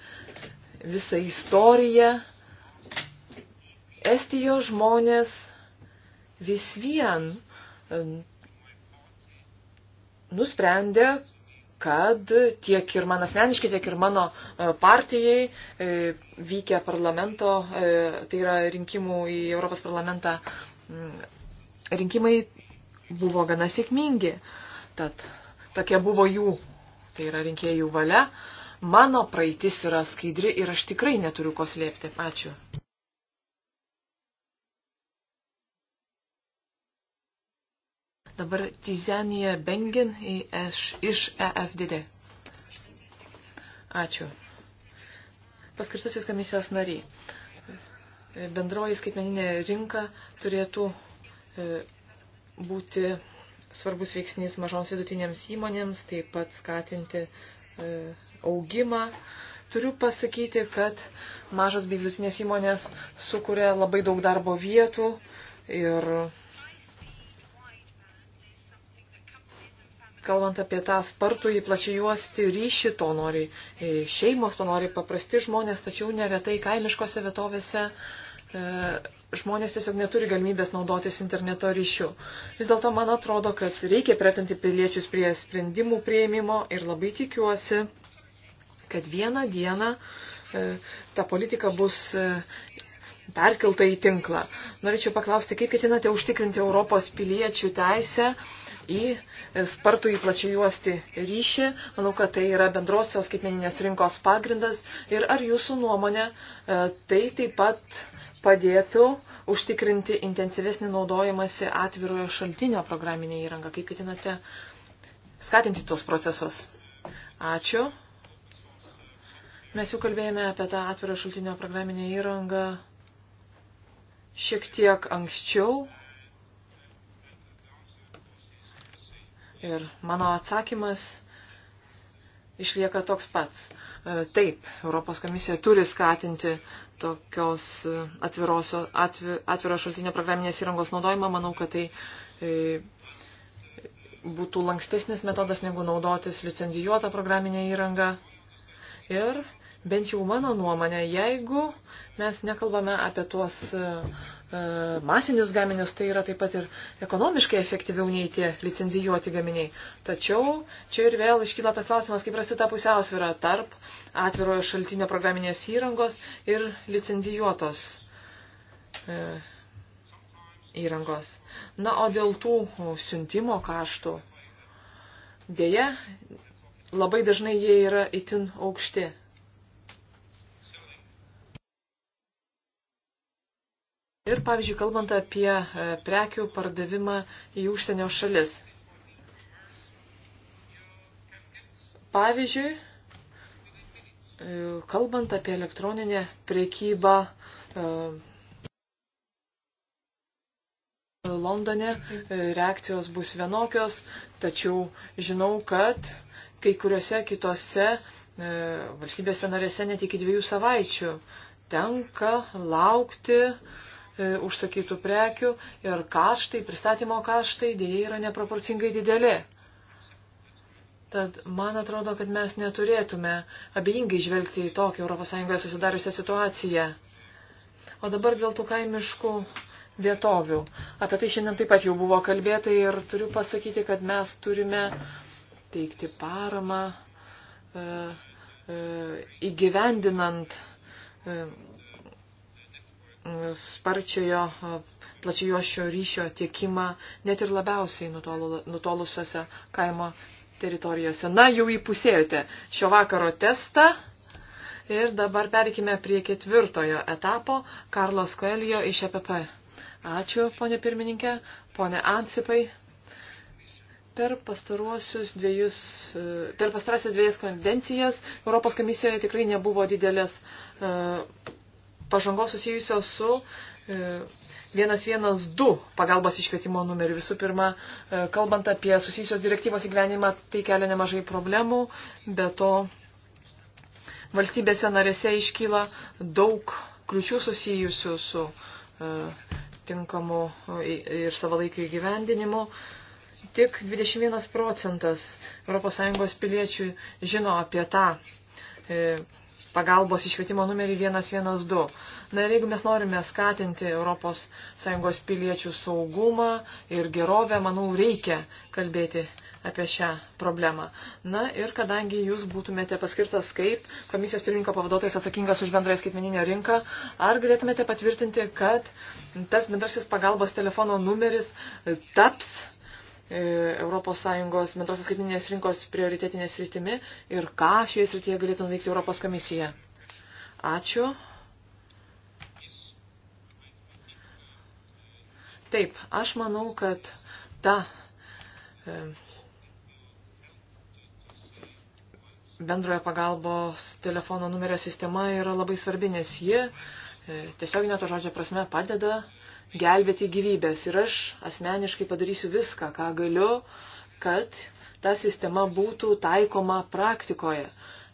S3: visą istoriją, Estijos žmonės vis vien nusprendė, kad tiek ir man asmeniškai, tiek ir mano e, partijai e, vykę parlamento, e, tai yra rinkimų į Europos parlamentą, rinkimai buvo gana sėkmingi. Tad tokia buvo jų, tai yra rinkėjų valia. Mano praeitis yra skaidri ir aš tikrai neturiu ko slėpti. Ačiū. Dabar Tizanija Bengin iš EFDD. Ačiū. Paskirtasis komisijos nariai. Bendroji skaitmeninė rinka turėtų e, būti svarbus veiksnys mažoms vidutinėms įmonėms, taip pat skatinti e, augimą. Turiu pasakyti, kad mažas bei vidutinės įmonės sukuria labai daug darbo vietų ir Kalbant apie tą spartų į plačiai juosti ryšį, to nori e, šeimos, to nori paprasti žmonės, tačiau neretai kaimiškose vietovėse e, žmonės tiesiog neturi galimybės naudotis interneto ryšiu. Vis dėlto man atrodo, kad reikia pretinti piliečius prie sprendimų prieimimo ir labai tikiuosi, kad vieną dieną e, ta politika bus e, perkelta į tinklą. Norėčiau paklausti, kaip ketinate užtikrinti Europos piliečių teisę į spartų į plačiajuosti ryšį. Manau, kad tai yra bendrosios skaitmeninės rinkos pagrindas. Ir ar jūsų nuomonė e, tai taip pat padėtų užtikrinti intensyvesnį naudojimąsi atvirojo šaltinio programinė įranga? Kaip ketinate skatinti tuos procesus? Ačiū. Mes jau kalbėjome apie tą atvirą šaltinio programinę įrangą šiek tiek anksčiau. Ir mano atsakymas išlieka toks pats. E, taip, Europos komisija turi skatinti tokios e, atviros, atviro šaltinio programinės įrangos naudojimą. Manau, kad tai e, būtų lankstesnis metodas negu naudotis licenzijuotą programinę įrangą. Ir bent jau mano nuomonė, jeigu mes nekalbame apie tuos uh, E, masinius gaminius, tai yra taip pat ir ekonomiškai efektyviau nei tie licenzijuoti gaminiai. Tačiau čia ir vėl iškyla tas klausimas, kaip rasti tą pusiausvyrą tarp atvirojo šaltinio programinės įrangos ir licenzijuotos e, įrangos. Na, o dėl tų siuntimo kaštų, dėja, labai dažnai jie yra itin aukšti. Ir, pavyzdžiui, kalbant apie e, prekių pardavimą į užsienio šalis. Pavyzdžiui, e, kalbant apie elektroninę priekybą e, Londone, reakcijos bus vienokios, tačiau žinau, kad kai kuriuose kitose valstybėse narėse net iki dviejų savaičių tenka laukti E, užsakytų prekių ir kaštai, pristatymo kaštai dėja yra neproporcingai dideli. Tad man atrodo, kad mes neturėtume abejingai žvelgti į tokią ES susidariusią situaciją. O dabar dėl tų kaimiškų vietovių. Apie tai šiandien taip pat jau buvo kalbėta ir turiu pasakyti, kad mes turime teikti paramą e, e, įgyvendinant e, sparčiojo plačiuošio ryšio tiekimą net ir labiausiai nutolusiose kaimo teritorijose. Na, jau įpusėjote šio vakaro testą. Ir dabar perikime prie ketvirtojo etapo Karlos Koelio iš EPP. Ačiū, ponė pirmininkė, ponė Ansipai. Per pastaruosius dviejus, per pastarąsias dviejas konvencijas Europos komisijoje tikrai nebuvo didelės uh, pažangos susijusios su 112 e, pagalbos iškvietimo numeriu. Visų pirma, e, kalbant apie susijusios direktyvos įgyvenimą, tai kelia nemažai problemų, be to valstybėse narėse iškyla daug kliučių susijusių su e, tinkamu ir savalaikiu įgyvendinimu. Tik 21 procentas ES piliečių žino apie tą pagalbos išvietimo numerį 112. Na ir jeigu mes norime skatinti ES piliečių saugumą ir gerovę, manau, reikia kalbėti apie šią problemą. Na ir kadangi jūs būtumėte paskirtas kaip komisijos pirmininko pavaduotojas atsakingas už bendrąją skaitmeninę rinką, ar galėtumėte patvirtinti, kad tas bendrasis pagalbos telefono numeris taps ES bendrosios skaitminės rinkos prioritetinė sritimi ir ką šioje srityje galėtų nuveikti Europos komisija. Ačiū. Taip, aš manau, kad ta e, bendrojo pagalbos telefono numerio sistema yra labai svarbi, nes ji e, tiesiog neto žodžio prasme padeda gelbėti gyvybės. Ir aš asmeniškai padarysiu viską, ką galiu, kad ta sistema būtų taikoma praktikoje.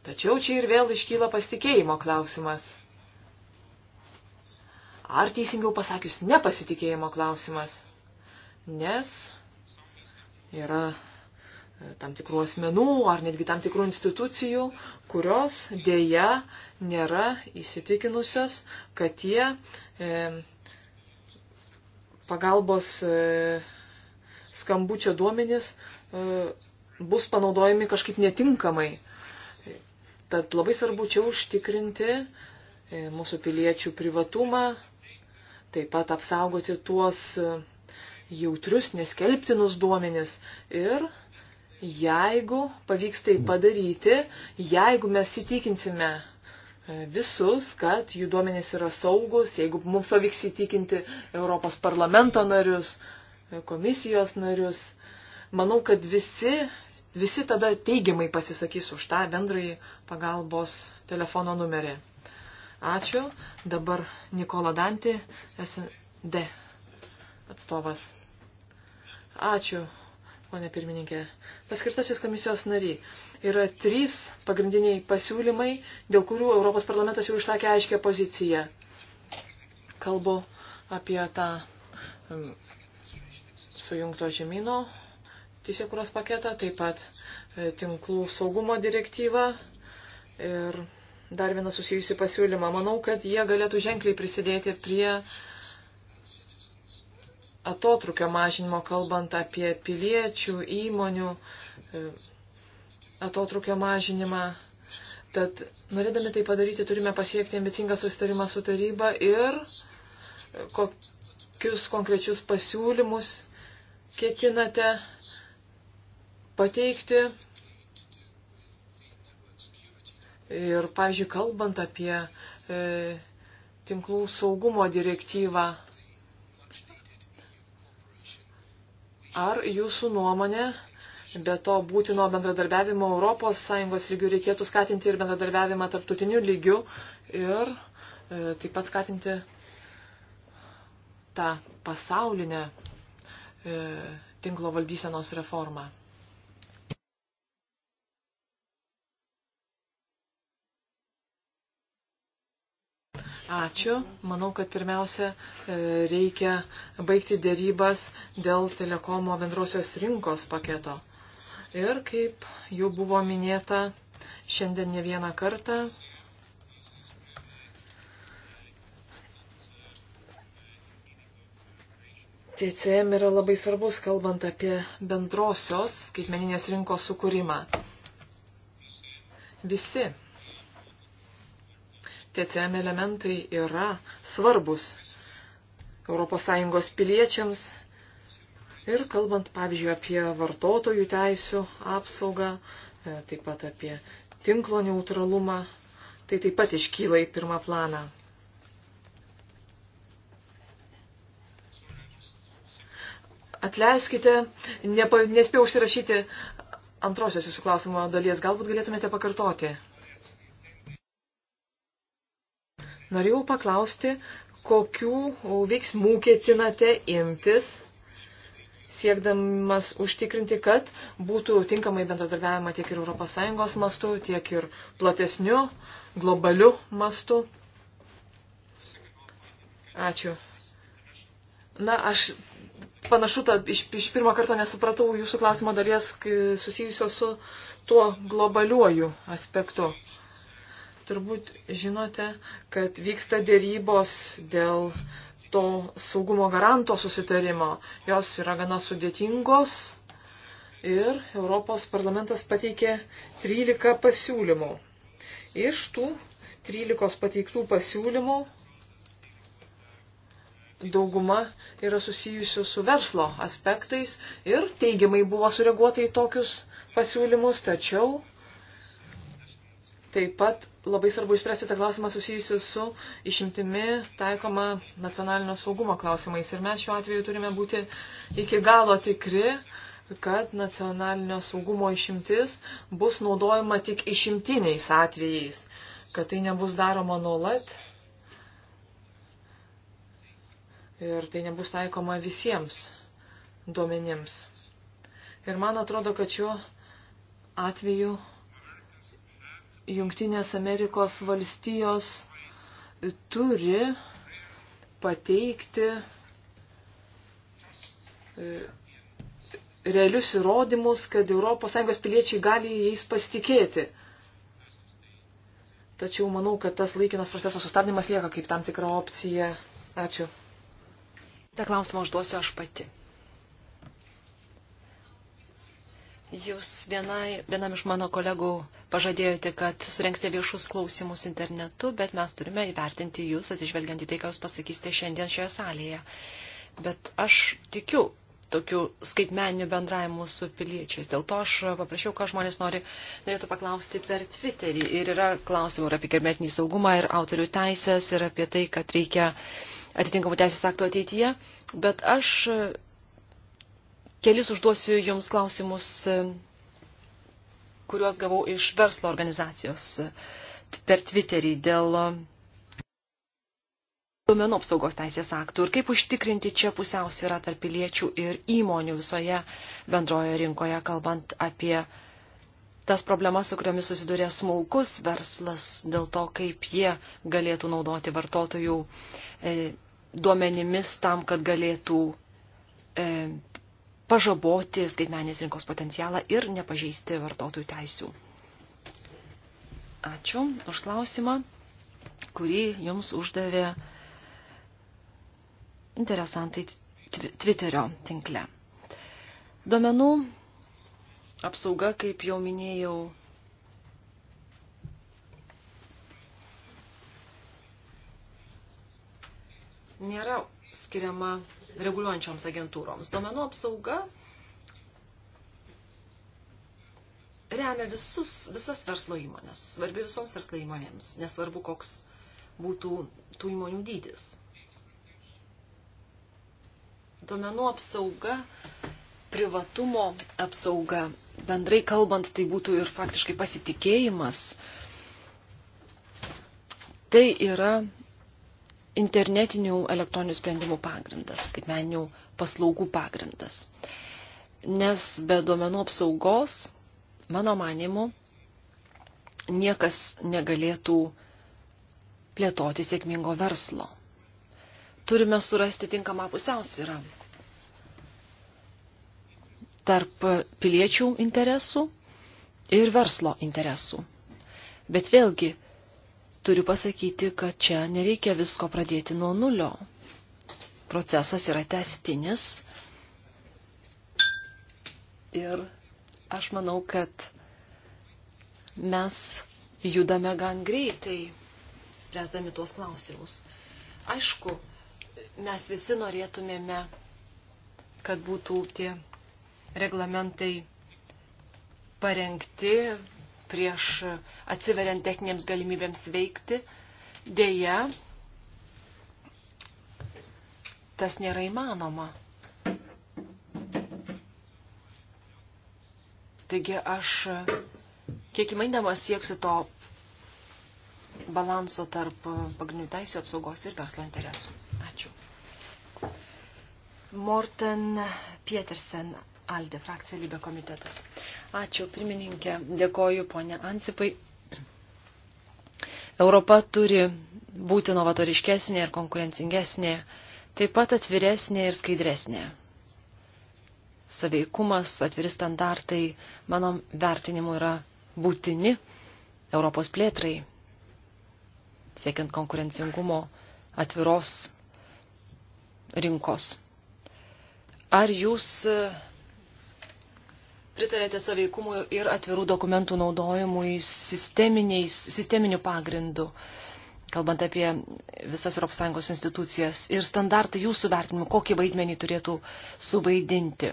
S3: Tačiau čia ir vėl iškyla pasitikėjimo klausimas. Ar teisingiau pasakius, nepasitikėjimo klausimas. Nes yra e, tam tikrų asmenų ar netgi tam tikrų institucijų, kurios dėja nėra įsitikinusios, kad tie e, pagalbos e, skambučio duomenys e, bus panaudojami kažkaip netinkamai. Tad labai svarbu čia užtikrinti e, mūsų piliečių privatumą, taip pat apsaugoti tuos jautrius, neskelbtinus duomenis ir jeigu pavyks tai padaryti, jeigu mes įtikinsime E, visus, kad jų duomenys yra saugus, jeigu mums pavyks įtikinti Europos parlamento narius, e, komisijos narius, manau, kad visi, visi tada teigiamai pasisakys už tą bendrąjį pagalbos telefono numerį. Ačiū. Dabar Nikola Danti, SND atstovas. Ačiū, ponė pirmininkė. Paskirtasis komisijos nariai. Yra trys pagrindiniai pasiūlymai, dėl kurių Europos parlamentas jau išsakė aiškę poziciją. Kalbu apie tą um, sujungto žemino teisėkuros paketą, taip pat e, tinklų saugumo direktyvą ir dar vieną susijusi pasiūlymą. Manau, kad jie galėtų ženkliai prisidėti prie uh, atotrukio mažinimo, kalbant apie piliečių, įmonių e, atotrukio mažinimą. Tad norėdami tai padaryti, turime pasiekti ambicingą susitarimą su taryba ir e, kokius konkrečius pasiūlymus ketinate pateikti. Ir, pažiūrėjau, kalbant apie e, tinklų saugumo direktyvą, Ar jūsų nuomonė, be to būtino bendradarbiavimo ES lygių reikėtų skatinti ir bendradarbiavimą tarptautiniu lygiu ir e, taip pat skatinti tą pasaulinę e, tinklo valdysenos reformą? Ačiū. Manau, kad pirmiausia e, reikia baigti dėrybas dėl telekomo bendrosios rinkos paketo. Ir kaip jau buvo minėta šiandien ne vieną kartą, TCM yra labai svarbus, kalbant apie bendrosios skaitmeninės rinkos sukūrimą. Visi TCM elementai yra svarbus ES piliečiams ir kalbant, pavyzdžiui, apie vartotojų teisų apsaugą, e, taip pat apie tinklo neutralumą, tai taip pat iškyla į pirmą planą. Atleiskite, nepa, nespėjau užsirašyti antrosios jūsų klausimo dalies, galbūt galėtumėte pakartoti. Norėjau paklausti, kokių veiksmų ketinate imtis, siekdamas užtikrinti, kad būtų tinkamai bendradarbiavimą tiek ir ES mastu, tiek ir platesniu, globaliu mastu. Ačiū. Na, aš panašu, tad iš, iš pirmo karto nesupratau jūsų klausimo dalies susijusios su tuo globaliuoju aspektu. Turbūt žinote, kad vyksta dėrybos dėl to saugumo garanto susitarimo. Jos yra gana sudėtingos ir Europos parlamentas pateikė 13 pasiūlymų. Iš tų 13 pateiktų pasiūlymų dauguma yra susijusių su verslo aspektais ir teigiamai buvo sureaguota į tokius pasiūlymus, tačiau Taip pat labai svarbu išspręsti tą klausimą susijusiu su išimtimi taikoma nacionalinio saugumo klausimais. Ir mes šiuo atveju turime būti iki galo tikri, kad nacionalinio saugumo išimtis bus naudojama tik išimtiniais atvejais, kad tai nebus daroma nuolat ir tai nebus taikoma visiems duomenims. Ir man atrodo, kad šiuo atveju Junktinės Amerikos valstijos turi pateikti e, realius įrodymus, kad ES piliečiai gali jais pasitikėti. Tačiau manau, kad tas laikinas proceso sustabdymas lieka kaip tam tikra opcija. Ačiū. Ta klausimą užduosiu aš pati.
S2: Jūs vienai, vienam iš mano kolegų pažadėjote, kad surengsite viešus klausimus internetu, bet mes turime įvertinti jūs, atsižvelgiant į tai, ką jūs pasakysite šiandien šioje salėje. Bet aš tikiu tokiu skaitmeniniu bendravimu su piliečiais. Dėl to aš paprašiau, ką žmonės nori, norėtų paklausti per Twitterį. Ir yra klausimų ir apie kermetinį saugumą, ir autorių teisės, ir apie tai, kad reikia atitinkamų teisės aktų ateityje. Bet aš kelis užduosiu Jums klausimus, e, kuriuos gavau iš verslo organizacijos e, per Twitterį dėl e, duomenų apsaugos teisės aktų ir kaip užtikrinti čia pusiausvyrą tarp piliečių ir įmonių visoje bendroje rinkoje, kalbant apie tas problemas, su kuriomis susidurė smulkus verslas, dėl to, kaip jie galėtų naudoti vartotojų duomenimis tam, kad galėtų pažaboti skaitmenės rinkos potencialą ir nepažeisti vartotojų teisių. Ačiū už klausimą, kurį jums uždavė interesantai Twitterio tinkle. Domenų apsauga, kaip jau minėjau, nėra skiriama reguliuojančioms agentūroms. Domenų apsauga remia visus, visas verslo įmonės, svarbi visoms verslo įmonėms, nesvarbu, koks būtų tų įmonių dydis. Domenų apsauga, privatumo apsauga, bendrai kalbant, tai būtų ir faktiškai pasitikėjimas. Tai yra internetinių elektroninių sprendimų pagrindas, skaitmeninių paslaugų pagrindas. Nes be duomenų apsaugos, mano manimu, niekas negalėtų plėtoti sėkmingo verslo. Turime surasti tinkamą pusiausvyrą tarp piliečių interesų ir verslo interesų. Bet vėlgi, turiu pasakyti, kad čia nereikia visko pradėti nuo nulio. Procesas yra testinis. Ir aš manau, kad mes judame gan greitai, spręsdami tuos klausimus. Aišku, mes visi norėtumėme, kad būtų tie reglamentai parengti, prieš atsiveriant techninėms galimybėms veikti. Deja, tas nėra įmanoma. Taigi aš kiek įmaindamas sieksiu to balanso tarp pagrindinių teisų apsaugos ir verslo interesų. Ačiū. Morten Pietersen, Alde, frakcija Libė komitetas. Ačiū, pirmininkė. Dėkoju, ponė Ansipai. Europa turi būti novatoriškesnė ir konkurencingesnė, taip pat atviresnė ir skaidresnė. Saveikumas, atviri standartai, mano vertinimu, yra būtini Europos plėtrai, siekiant konkurencingumo atviros rinkos. Ar jūs pritarėte saveikumui ir atvirų dokumentų naudojimui sisteminiu pagrindu, kalbant apie visas ES institucijas ir standartai jūsų vertinimu, kokį vaidmenį turėtų suvaidinti.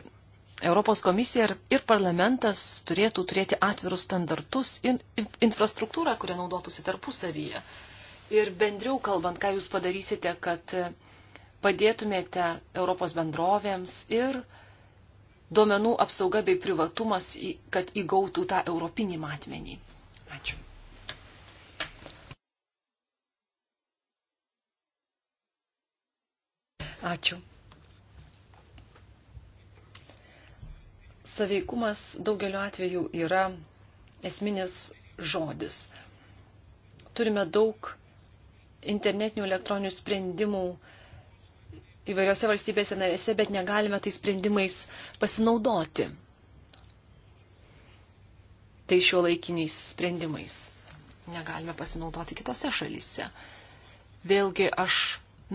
S2: Europos komisija ir parlamentas turėtų turėti atvirus standartus ir infrastruktūrą, kurią naudotųsi tarpusavyje. Ir bendriau kalbant, ką jūs padarysite, kad padėtumėte Europos bendrovėms ir uh, duomenų apsauga bei privatumas, kad įgautų tą europinį matmenį. Ačiū. Ačiū. Saveikumas daugeliu atveju yra esminis žodis. Turime daug internetinių elektroninių sprendimų, uh, įvairiose valstybėse narėse, bet negalime tais sprendimais pasinaudoti. Tai šio laikiniais sprendimais negalime pasinaudoti kitose šalyse. Vėlgi aš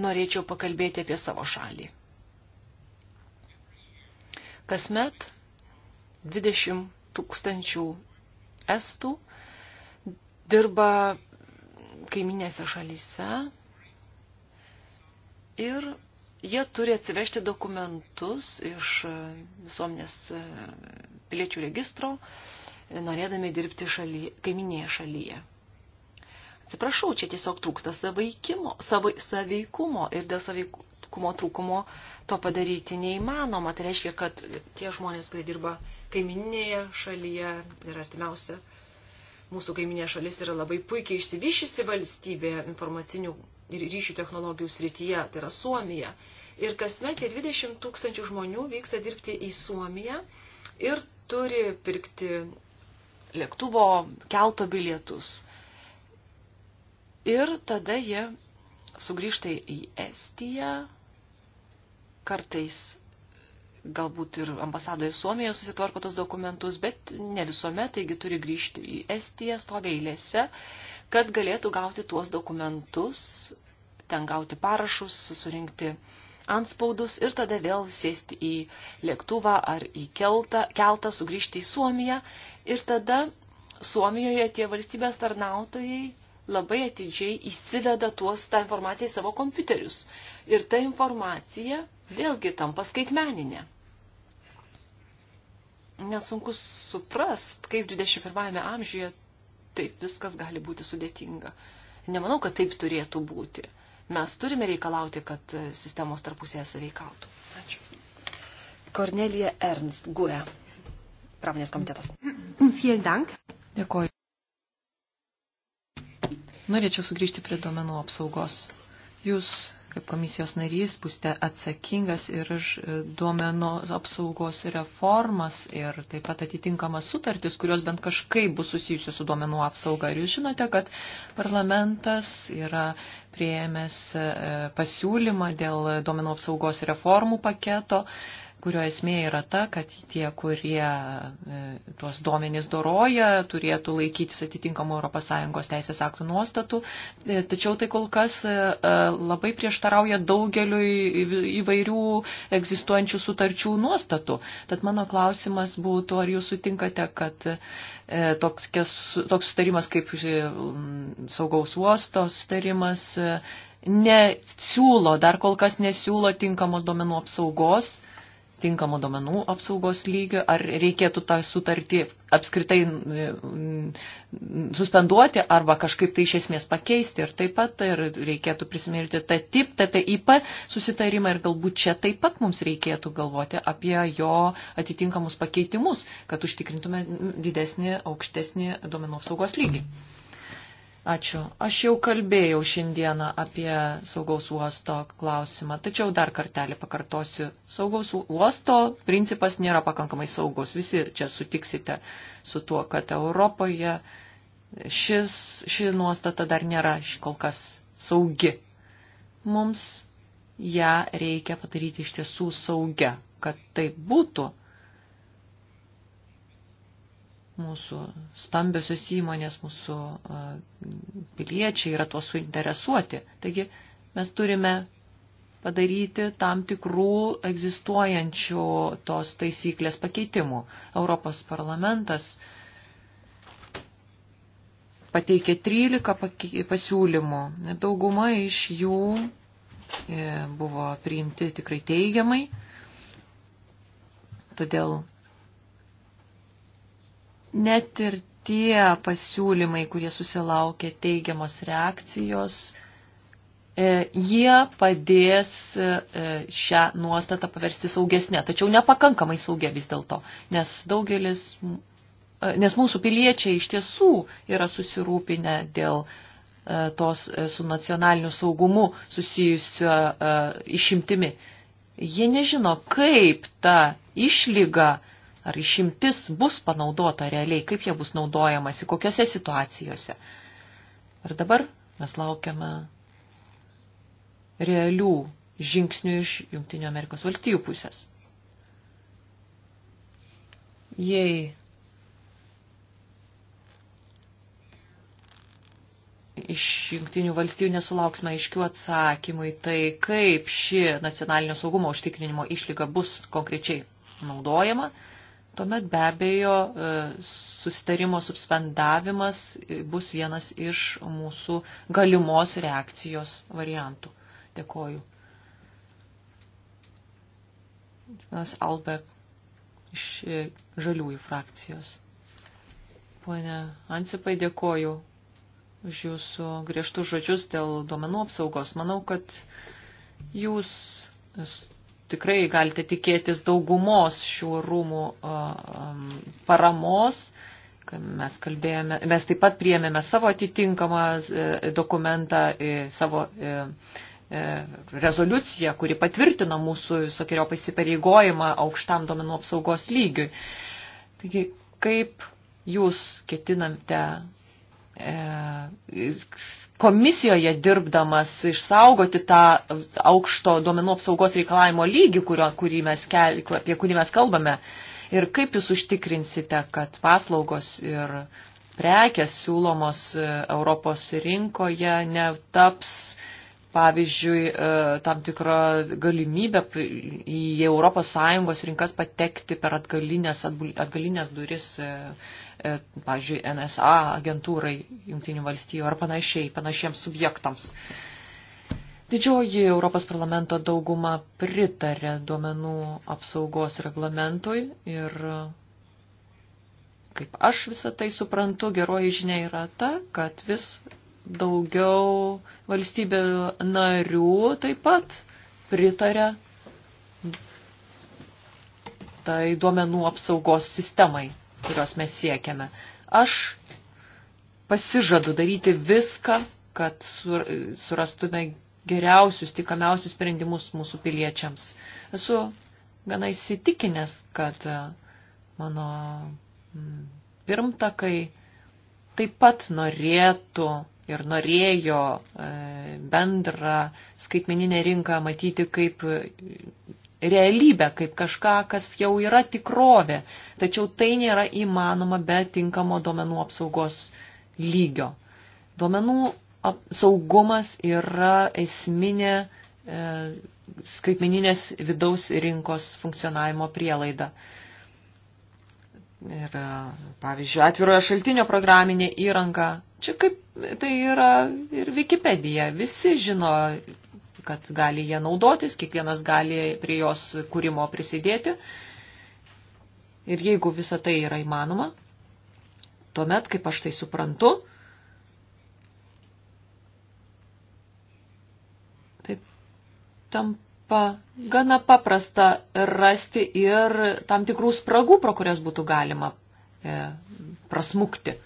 S2: norėčiau pakalbėti apie savo šalį. Kasmet 20 tūkstančių estų dirba kaiminėse šalyse ir jie turi atsivežti dokumentus iš visuomenės e, piliečių registro, norėdami dirbti šaly, kaiminėje šalyje. Atsiprašau, čia tiesiog trūksta savaikimo, savai, saveikumo ir dėl saveikumo trūkumo to padaryti neįmanoma. Tai reiškia, kad tie žmonės, kurie dirba kaiminėje šalyje ir artimiausia mūsų kaiminė šalis yra labai puikiai išsivyšysi valstybė informacinių ir ryšių technologijų srityje, tai yra Suomija. Ir kasmet tie 20 tūkstančių žmonių vyksta dirbti į Suomiją ir turi pirkti lėktuvo kelto bilietus. Ir tada jie sugrįžta į Estiją, kartais galbūt ir ambasadoje Suomijoje susitvarko tos dokumentus, bet ne visuomet, taigi turi grįžti į Estiją, stovi eilėse, kad galėtų gauti tuos dokumentus, ten gauti parašus, surinkti anspaudus ir tada vėl sėsti į lėktuvą ar į keltą, keltą sugrįžti į Suomiją. Ir tada Suomijoje tie valstybės tarnautojai labai atidžiai įsiveda tuos tą informaciją į savo kompiuterius. Ir ta informacija vėlgi tampa skaitmeninė. Nesunku suprast, kaip 21 amžiuje taip viskas gali būti sudėtinga. Nemanau, kad taip turėtų būti. Mes turime reikalauti, kad sistemos tarpusėje saveikautų. Ačiū. Kornelija Ernst, GUE, pramonės komitetas. Vielen Dank.
S1: Dėkoju. Norėčiau sugrįžti prie duomenų apsaugos. Jūs kaip komisijos narys būsite atsakingas ir už e, duomenų apsaugos reformas ir taip pat atitinkamas sutartis, kurios bent kažkaip bus susijusios su duomenų apsauga. Ir jūs žinote, kad parlamentas yra prieėmęs e, pasiūlymą dėl duomenų apsaugos reformų paketo kurio esmė yra ta, kad tie, kurie e, tuos duomenys doroja, turėtų laikytis atitinkamų ES teisės aktų nuostatų. E, tačiau tai kol kas e, labai prieštarauja daugeliu įvairių egzistuojančių sutarčių nuostatų. Tad mano klausimas būtų, ar jūs sutinkate, kad toks, toks sutarimas kaip saugaus uosto sutarimas nesiūlo, dar kol kas nesiūlo tinkamos duomenų apsaugos tinkamų domenų apsaugos lygio, ar reikėtų tą sutartį apskritai suspenduoti arba kažkaip tai iš esmės pakeisti ir taip pat ir reikėtų prisimirti tą tip, TTIP susitarimą ir galbūt čia taip pat mums reikėtų galvoti apie jo atitinkamus pakeitimus, kad užtikrintume didesnį, aukštesnį duomenų apsaugos lygį. Mm. Ačiū. Aš jau kalbėjau šiandieną apie saugaus uosto klausimą, tačiau dar kartelį pakartosiu. Saugaus uosto principas nėra pakankamai saugus. Visi čia sutiksite su tuo, kad Europoje šis, ši nuostata dar nėra kol kas saugi. Mums ją reikia padaryti iš tiesų saugia. Kad tai būtų, mūsų stambiosios įmonės, mūsų piliečiai yra tuo suinteresuoti. Taigi mes turime padaryti tam tikrų egzistuojančių tos taisyklės pakeitimų. Europos parlamentas pateikė 13 pasiūlymų. Dauguma iš jų e, buvo priimti tikrai teigiamai. Todėl net ir tie pasiūlymai, kurie susilaukė teigiamos reakcijos, e, jie padės e, šią nuostatą paversti saugesnė, tačiau nepakankamai saugia vis dėlto, nes daugelis, e, nes mūsų piliečiai iš tiesų yra susirūpinę dėl tos su nacionaliniu saugumu susijusio išimtimi. Jie nežino, kaip ta išlyga Ar išimtis bus panaudota realiai, kaip jie bus naudojamasi, kokiose situacijose. Ir dabar mes laukiame realių žingsnių iš Junktinio Amerikos valstijų pusės. Jei iš jungtinių valstybių nesulauksime aiškių atsakymų į tai, kaip ši nacionalinio saugumo užtikrinimo išlyga bus konkrečiai naudojama, tuomet be abejo e, susitarimo suspendavimas bus vienas iš mūsų galimos reakcijos variantų. Dėkoju. Vienas Albek iš e, žaliųjų frakcijos. Pone Ansipai, dėkoju už jūsų griežtus žodžius dėl duomenų apsaugos. Manau, kad jūs tikrai galite tikėtis daugumos šių rūmų paramos. Mes, kalbėjome, mes taip pat priėmėme savo atitinkamą e, dokumentą, e, savo e, rezoliuciją, kuri patvirtina mūsų visokiojo pasipareigojimą aukštam domenų apsaugos lygiui. Taigi, kaip jūs ketinate E, komisijoje dirbdamas išsaugoti tą aukšto duomenų apsaugos reikalavimo lygį, kurio, kurį mes kel, apie kurį mes kalbame. Ir kaip jūs užtikrinsite, kad paslaugos ir prekės siūlomos e, Europos rinkoje netaps, pavyzdžiui, e, tam tikrą galimybę į Europos Sąjungos rinkas patekti per atgalinės, atgalinės duris E, pavyzdžiui, NSA agentūrai Junktinių valstijų ar panašiai, panašiems subjektams. Didžioji Europos parlamento dauguma pritarė duomenų apsaugos reglamentui ir, kaip aš visą tai suprantu, geroji žinia yra ta, kad vis daugiau valstybių narių taip pat pritarė tai duomenų apsaugos sistemai kurios mes siekiame. Aš pasižadu daryti viską, kad surastume geriausius, tikamiausius sprendimus mūsų piliečiams. Esu gana įsitikinęs, kad e, mano pirmtakai taip pat norėtų ir norėjo e, bendrą skaitmeninę rinką matyti kaip realybę, kaip kažką, kas jau yra tikrovė, tačiau tai nėra įmanoma be tinkamo duomenų apsaugos lygio. Duomenų saugumas yra esminė e, skaitmeninės vidaus rinkos funkcionavimo prielaida. Ir, e, pavyzdžiui, atviroje šaltinio programinė įranga. Čia kaip tai yra ir Wikipedija. Visi žino, kad gali jie naudotis, kiekvienas gali prie jos kūrimo prisidėti. Ir jeigu visa tai yra įmanoma, tuomet, kaip aš tai suprantu, tai tampa gana paprasta rasti ir tam tikrų spragų, pro kurias būtų galima e, prasmukti.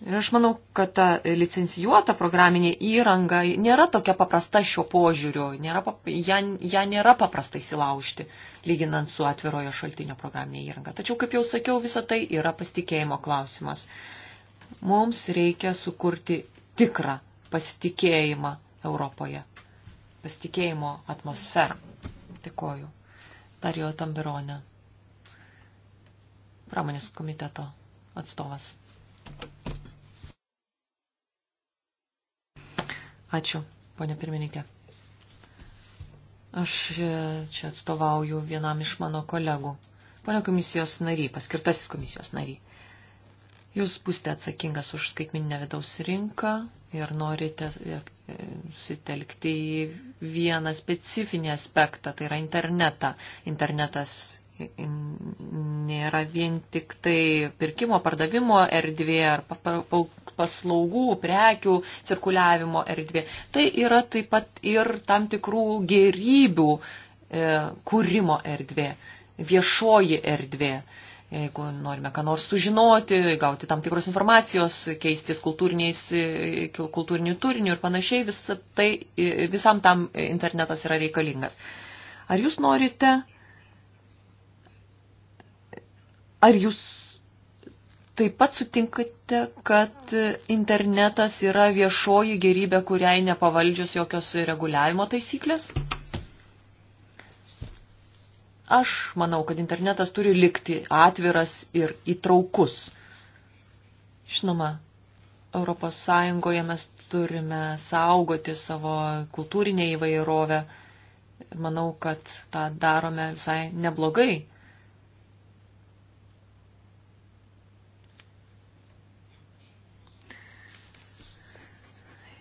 S1: Ir aš manau, kad ta licencijuota programinė įranga nėra tokia paprasta šiuo požiūriu, nėra, ją, ją nėra paprasta įsilaužti, lyginant su atvirojo šaltinio programinė įranga. Tačiau, kaip jau sakiau, visa tai yra pasitikėjimo klausimas. Mums reikia sukurti tikrą pasitikėjimą Europoje, pasitikėjimo atmosferą. Dėkoju. Darijo Tambironė, pramonės komiteto atstovas. Thank you. Ačiū, ponė pirmininkė. Aš e, čia atstovauju vienam iš mano kolegų. Pone komisijos nary, paskirtasis komisijos nary. Jūs būsite atsakingas už skaitmininę vidaus rinką ir norite e, e, sutelkti į vieną specifinį aspektą, tai yra internetą. Internetas nėra vien tik tai pirkimo, pardavimo erdvė ar paslaugų, prekių cirkuliavimo erdvė. Tai yra taip pat ir tam tikrų gerybių e, kūrimo erdvė, viešoji erdvė. Jeigu norime ką nors sužinoti, gauti tam tikros informacijos, keistis e, kultūriniu turiniu ir panašiai, visa tai, e, visam tam internetas yra reikalingas. Ar jūs norite Ar jūs taip pat sutinkate, kad internetas yra viešoji gerybė, kuriai nepavaldžios jokios reguliavimo taisyklės? Aš manau, kad internetas turi likti atviras ir įtraukus. Žinoma, ES mes turime saugoti savo kultūrinę įvairovę. Manau, kad tą darome visai neblogai.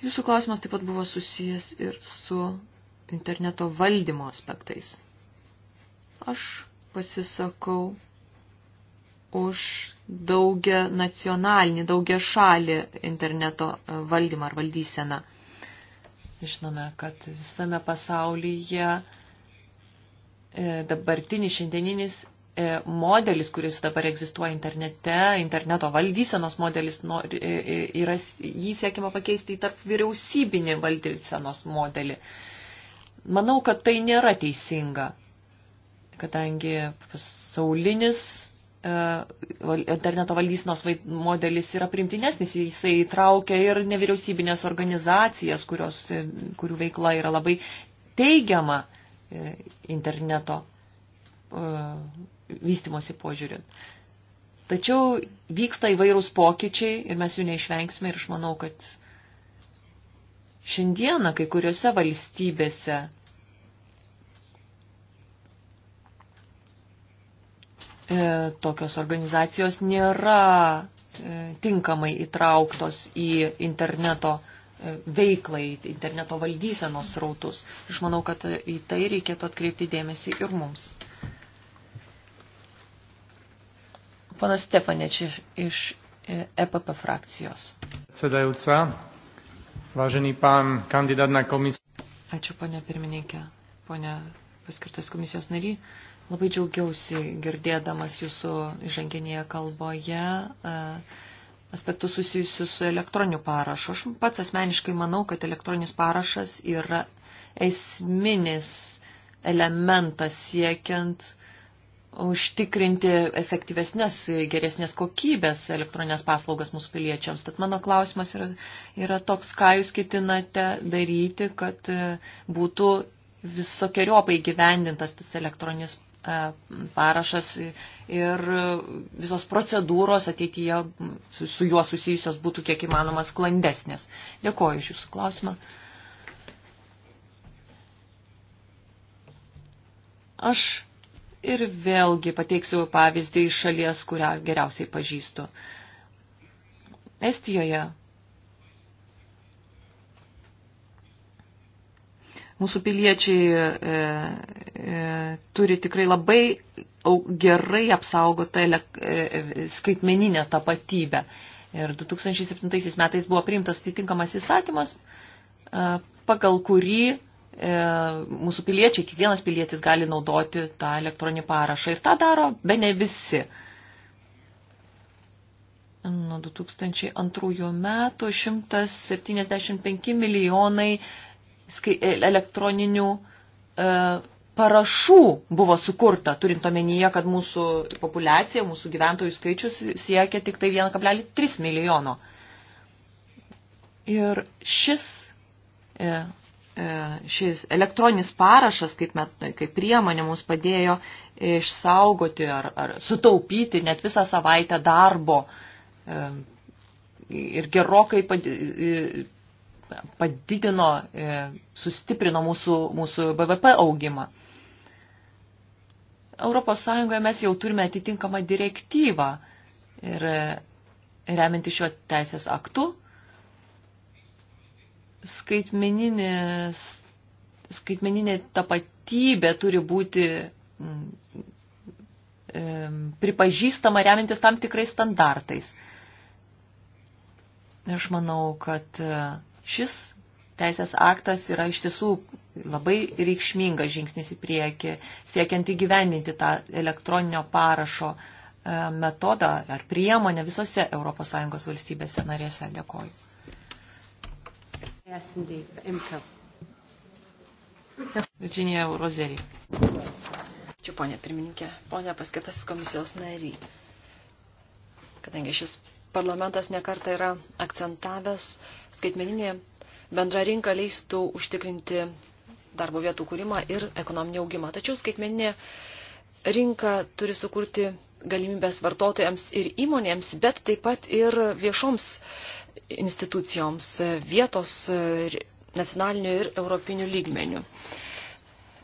S1: Jūsų klausimas taip pat buvo susijęs ir su interneto valdymo aspektais. Aš pasisakau už daugia nacionalinį, daugia šalį interneto e, valdymą ar valdyseną. Žinome, kad visame pasaulyje e, dabartinis šiandieninis E, modelis, kuris dabar egzistuoja internete, interneto valdysenos modelis, e, e, yra, jį siekima pakeisti į tarp vyriausybinį valdysenos modelį. Manau, kad tai nėra teisinga, kadangi pasaulinis interneto valdysenos modelis yra primtinesnis, jisai įtraukia ir nevyriausybinės organizacijas, kurios, kurių veikla yra labai teigiama interneto E, vystimosi požiūriu. Tačiau vyksta įvairūs pokyčiai ir mes jų neišvengsime ir aš manau, kad šiandieną kai kuriuose valstybėse e, tokios organizacijos nėra e, tinkamai įtrauktos į interneto veiklai, interneto valdysenos srautus. Aš manau, kad į tai reikėtų atkreipti dėmesį ir mums. Ponas Stepaneč iš EPP e frakcijos. Sėdajūca, važenį pan kandidat na komisiją. Ačiū, ponė pirmininkė, ponė paskirtas komisijos nary. Labai džiaugiausi girdėdamas jūsų įžanginėje kalboje e, aspektų susijusių su elektroniniu parašu. Aš pats asmeniškai manau, kad elektroninis parašas yra esminis elementas siekiant užtikrinti efektyvesnės, geresnės kokybės elektroninės paslaugas mūsų piliečiams. Tad mano klausimas yra, yra toks, ką jūs ketinate daryti, kad e, būtų visokiojopai gyvendintas tas elektroninis e, parašas ir visos procedūros ateityje su, su juo susijusios būtų kiek įmanoma sklandesnės. Dėkuoju iš jūsų klausimą. Aš Ir vėlgi pateiksiu pavyzdį iš šalies, kurią geriausiai pažįstu. Estijoje mūsų piliečiai e, e, turi tikrai labai gerai apsaugotą e, e, skaitmeninę tapatybę. Ir 2007 metais buvo priimtas atitinkamas įstatymas, e, pagal kurį E, mūsų piliečiai, kiekvienas pilietis gali naudoti tą elektroninį parašą. Ir tą daro be ne visi. Nuo 2002 metų 175 milijonai e, elektroninių e, parašų buvo sukurta, turint omenyje, kad mūsų populiacija, mūsų gyventojų skaičius siekia tik tai 1,3 milijono. Ir šis E, šis elektroninis parašas kaip, met, kaip priemonė mums padėjo išsaugoti ar, ar sutaupyti net visą savaitę darbo e, ir gerokai e, padidino, sustiprino mūsų, mūsų BVP augimą. Europos Sąjungoje mes jau turime atitinkamą direktyvą ir remianti šio teisės aktu skaitmeninė, skaitmeninė tapatybė turi būti mm, pripažįstama remintis tam tikrais standartais. Aš manau, kad e, šis teisės aktas yra iš tiesų labai reikšmingas žingsnis į priekį, siekiant įgyvendinti tą elektroninio parašo e, metodą ar priemonę visose ES valstybėse narėse. Dėkoju.
S3: Yes,
S2: indeed, for IMCO. Virginija Rozerį. Čia ponė pirmininkė, ponė paskirtasis komisijos nariai. Kadangi šis parlamentas nekarta yra akcentavęs, skaitmeninė bendra rinka leistų užtikrinti darbo vietų kūrimą ir ekonominį augimą. Tačiau skaitmeninė rinka turi sukurti galimybės vartotojams ir įmonėms, bet taip pat ir viešoms uh, institucijoms vietos nacionaliniu ir europiniu lygmeniu.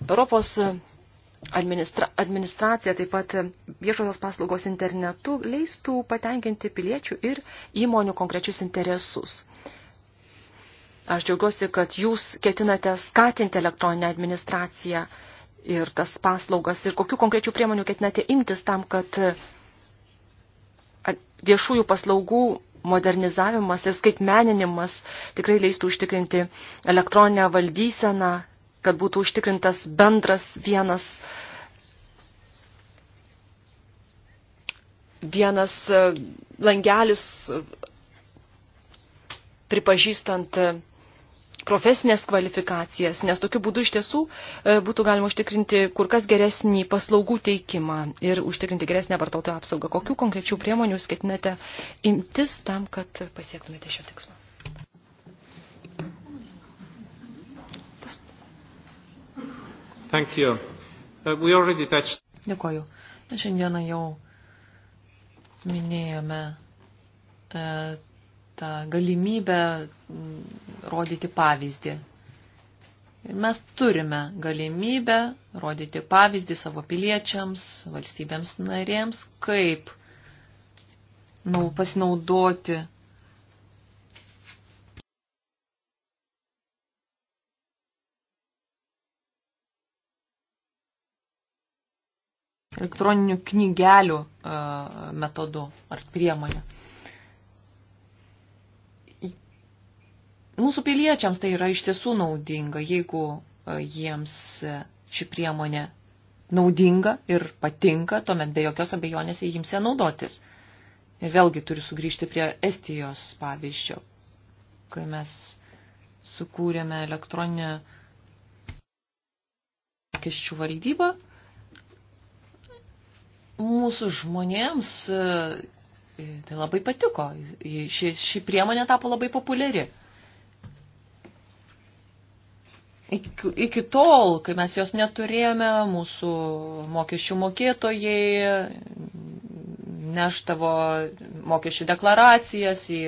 S2: Europos administra administracija, taip pat viešosios paslaugos internetu leistų patenkinti piliečių ir įmonių konkrečius interesus. Aš džiaugiuosi, kad jūs ketinate skatinti elektroninę administraciją ir tas paslaugas ir kokiu konkrečiu priemonių ketinate imtis tam, kad viešųjų paslaugų modernizavimas ir skaitmeninimas tikrai leistų užtikrinti elektroninę valdyseną, kad būtų užtikrintas bendras vienas, vienas e, langelis e, pripažįstant e, profesinės kvalifikacijas, nes tokiu būdu iš tiesų e, būtų galima užtikrinti kur kas geresnį paslaugų teikimą ir užtikrinti geresnę vartotojų apsaugą. Kokių konkrečių priemonių skaitinate imtis tam, kad pasiektumėte šio tikslo?
S1: Thank you. Uh, we already touched. Dėkoju. Šiandieną jau minėjome e, tą galimybę mm, rodyti pavyzdį. Ir mes turime galimybę rodyti pavyzdį savo piliečiams, valstybėms narėms, kaip nu, pasinaudoti elektroninių knygelių e, metodu ar priemonę. Mūsų piliečiams tai yra iš tiesų naudinga, jeigu e, jiems e, ši priemonė naudinga ir patinka, tuomet be jokios abejonės jie jiems ją naudotis. Ir vėlgi turiu sugrįžti prie Estijos pavyzdžio, kai mes sukūrėme elektroninę mokesčių valdybą. Mūsų žmonėms e, tai labai patiko. Ši, ši priemonė tapo labai populiari. Iki, iki tol, kai mes jos neturėjome, mūsų mokesčių mokėtojai neštavo mokesčių deklaracijas į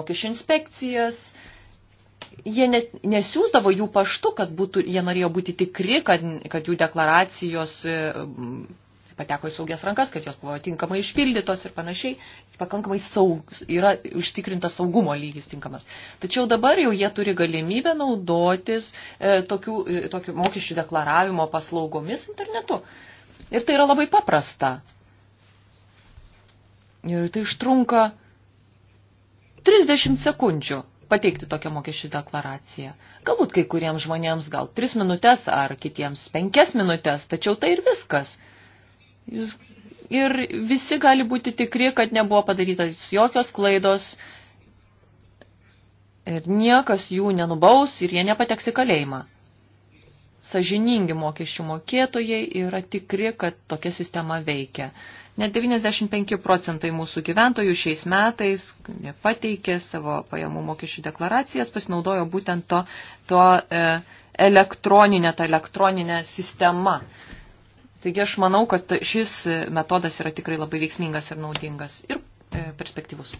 S1: mokesčių inspekcijas. Jie net nesiūsdavo jų paštu, kad būtų, jie norėjo būti tikri, kad, kad jų deklaracijos pateko į saugias rankas, kad jos buvo tinkamai išpildytos ir panašiai, pakankamai saug, yra užtikrintas saugumo lygis tinkamas. Tačiau dabar jau jie turi galimybę naudotis e, tokių, e, tokių mokesčių deklaravimo paslaugomis internetu. Ir tai yra labai paprasta. Ir tai užtrunka 30 sekundžių pateikti tokią mokesčių deklaraciją. Galbūt kai kuriems žmonėms gal 3 minutės ar kitiems 5 minutės, tačiau tai ir viskas. Jūs ir visi gali būti tikri, kad nebuvo padarytas jokios klaidos ir niekas jų nenubaus ir jie nepateks į kalėjimą. Sažiningi mokesčių mokėtojai yra tikri, kad tokia sistema veikia. Net 95 procentai mūsų gyventojų šiais metais pateikė savo pajamų mokesčių deklaracijas, pasinaudojo būtent to, to e, elektroninė, ta elektroninė sistema. E, Taigi aš manau, kad šis metodas yra tikrai labai veiksmingas ir naudingas ir e, perspektyvus.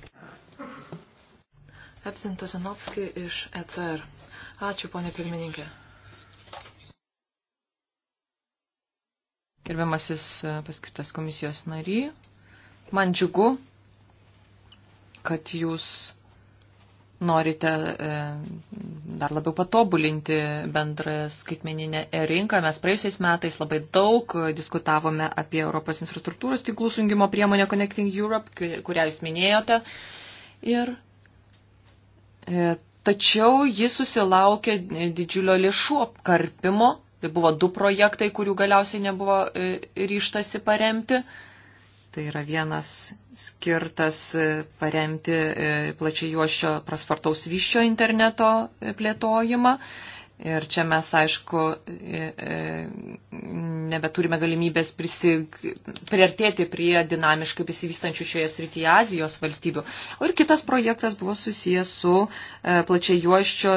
S3: Epsinto Zanovski iš ECR. Ačiū, ponė pirmininkė.
S1: Gerbiamasis e, paskirtas komisijos nary, man džiugu, kad jūs norite e, dar labiau patobulinti bendrą skaitmeninę rinką. Mes praėjusiais metais labai daug diskutavome apie Europos infrastruktūros tinklų sungimo priemonę Connecting Europe, kurią jūs minėjote. Ir, e, tačiau jis susilaukė didžiulio lėšų apkarpimo. Tai buvo du projektai, kurių galiausiai nebuvo e, ryštasi paremti. Tai yra vienas skirtas e, paremti e, plačiai juošio praspartaus vyščio interneto e, plėtojimą. Ir čia mes, aišku, nebeturime galimybės prisig... priartėti prie dinamiškai besivystančių šioje srityje Azijos valstybių. O ir kitas projektas buvo susijęs su plačiai juoščio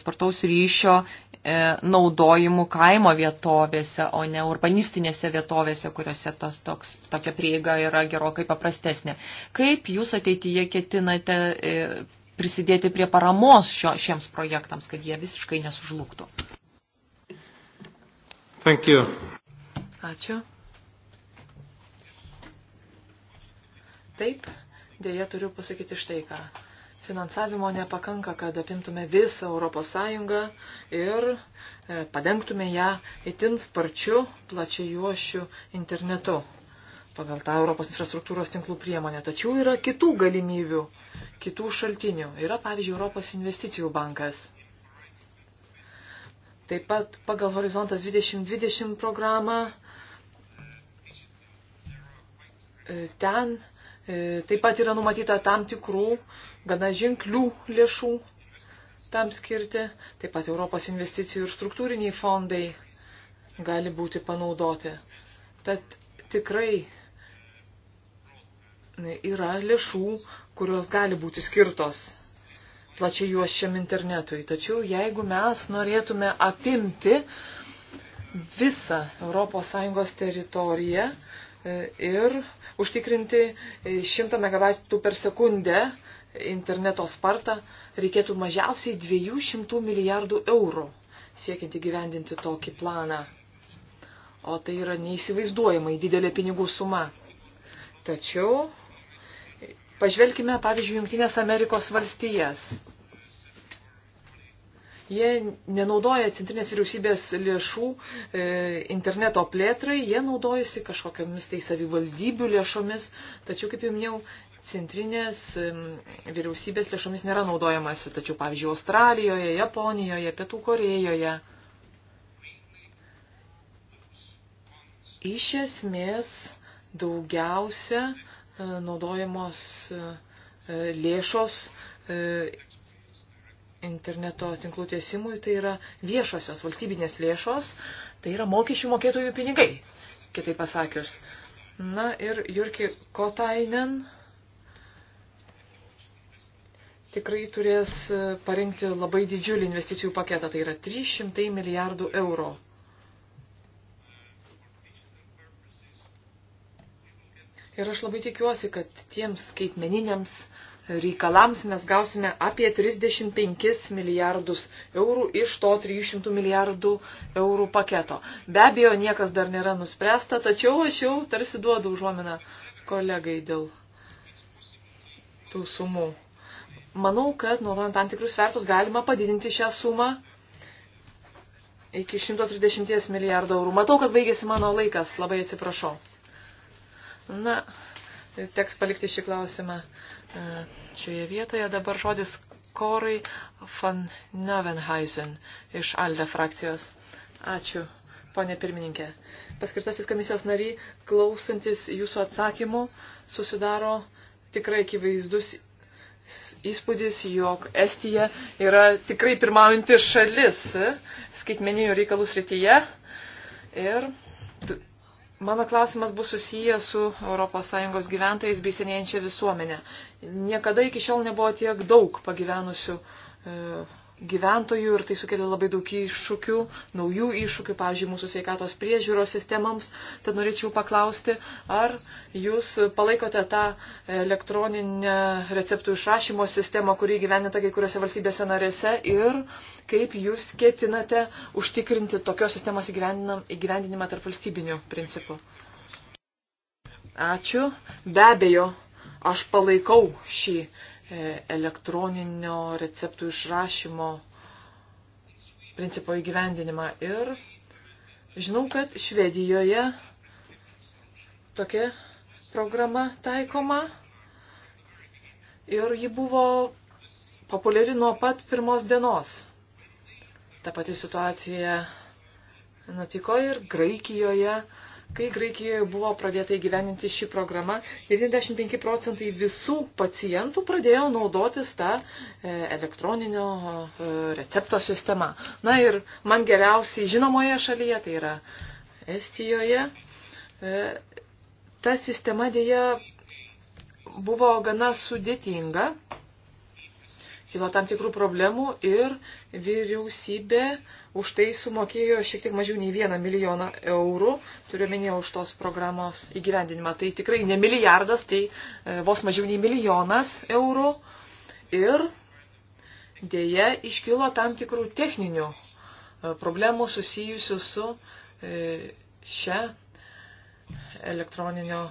S1: spartaus ryšio E, naudojimu kaimo vietovėse, o ne urbanistinėse vietovėse, kuriuose tas toks, tokia prieiga yra gerokai paprastesnė. Kaip jūs ateityje ketinate e, prisidėti prie paramos šio, šiems projektams, kad jie
S3: visiškai nesužlugtų? Thank you. Ačiū. Taip, dėja turiu pasakyti štai ką. Finansavimo nepakanka, kad apimtume visą Europos Sąjungą ir e, padengtume ją itin sparčiu, plačiai juošiu internetu pagal tą Europos infrastruktūros tinklų priemonę. Tačiau yra kitų galimybių, kitų šaltinių. Yra, pavyzdžiui, Europos investicijų bankas. Taip pat pagal Horizontas 2020 programą e, ten e, taip pat yra numatyta tam tikrų gana ženklių lėšų tam skirti. Taip pat Europos investicijų ir struktūriniai fondai gali būti panaudoti. Tad tikrai yra lėšų, kurios gali būti skirtos plačiai juos šiam internetui. Tačiau jeigu mes norėtume apimti visą ES teritoriją e, ir užtikrinti 100 MW per sekundę interneto spartą reikėtų mažiausiai 200 milijardų eurų siekiant įgyvendinti tokį planą. O tai yra neįsivaizduojamai didelė pinigų suma. Tačiau pažvelkime, pavyzdžiui, Junktinės Amerikos valstijas. Jie nenaudoja centrinės vyriausybės lėšų e, interneto plėtrai, jie naudojasi kažkokiamis tai savivaldybių lėšomis, tačiau, kaip jau minėjau, centrinės vyriausybės lėšomis nėra naudojamasi, tačiau, pavyzdžiui, Australijoje, Japonijoje, Pietų Korejoje. Iš esmės daugiausia e, naudojamos e, e, lėšos interneto tinklų tiesimui, tai yra viešosios valstybinės lėšos, tai yra mokesčių mokėtojų pinigai, kitaip pasakius. Na ir Jurki Kotainen tikrai turės e, parengti labai didžiulį investicijų paketą, tai yra 300 milijardų eurų. Ir aš labai tikiuosi, kad tiems skaitmeniniams reikalams mes gausime apie 35 milijardus eurų iš to 300 milijardų eurų paketo. Be abejo, niekas dar nėra nuspręsta, tačiau aš jau tarsi duodu užuominą kolegai dėl tų sumų. Manau, kad naudojant tam tikrus svertus galima padidinti šią sumą iki 130 milijardų eurų. Matau, kad baigėsi mano laikas, labai atsiprašau. Na, teks palikti šį klausimą e, šioje vietoje. Dabar žodis Korai van Nevenheisen iš Alde frakcijos. Ačiū, ponė pirmininkė. Paskirtasis komisijos nariai, klausantis jūsų atsakymų, susidaro tikrai akivaizdus įspūdis, jog Estija yra tikrai pirmaujanti šalis skaitmeninių reikalų srityje. Ir mano klausimas bus susijęs su ES gyventojais bei senėjančia visuomenė. Niekada iki šiol nebuvo tiek daug pagyvenusių e, gyventojų ir tai sukelia labai daug iššūkių, naujų iššūkių, pavyzdžiui, mūsų sveikatos priežiūros sistemams. Tad norėčiau paklausti, ar jūs palaikote tą elektroninę receptų išrašymo sistemą, kurį gyvenate kai kuriuose valstybėse narėse ir kaip jūs ketinate užtikrinti tokios sistemos įgyvendinimą tarp valstybinių principų. Ačiū. Be abejo, aš palaikau šį E, elektroninio receptų išrašymo principo įgyvendinimą. Ir žinau, kad Švedijoje tokia programa taikoma ir ji buvo populiari nuo pat pirmos dienos. Ta pati situacija nutiko ir Graikijoje Kai Graikijoje buvo pradėta įgyveninti šį programą, 95 procentai visų pacientų pradėjo naudotis tą e, elektroninio e, recepto sistemą. Na ir man geriausiai žinomoje šalyje, tai yra Estijoje, e, ta sistema dėja buvo gana sudėtinga kilo tam tikrų problemų ir vyriausybė už tai sumokėjo šiek tiek mažiau nei vieną milijoną eurų, turiuomenėje už tos programos įgyvendinimą. Tai tikrai ne milijardas, tai e, vos mažiau nei milijonas eurų. Ir dėje iškilo tam tikrų techninių e, problemų susijusių su e, šia elektroninio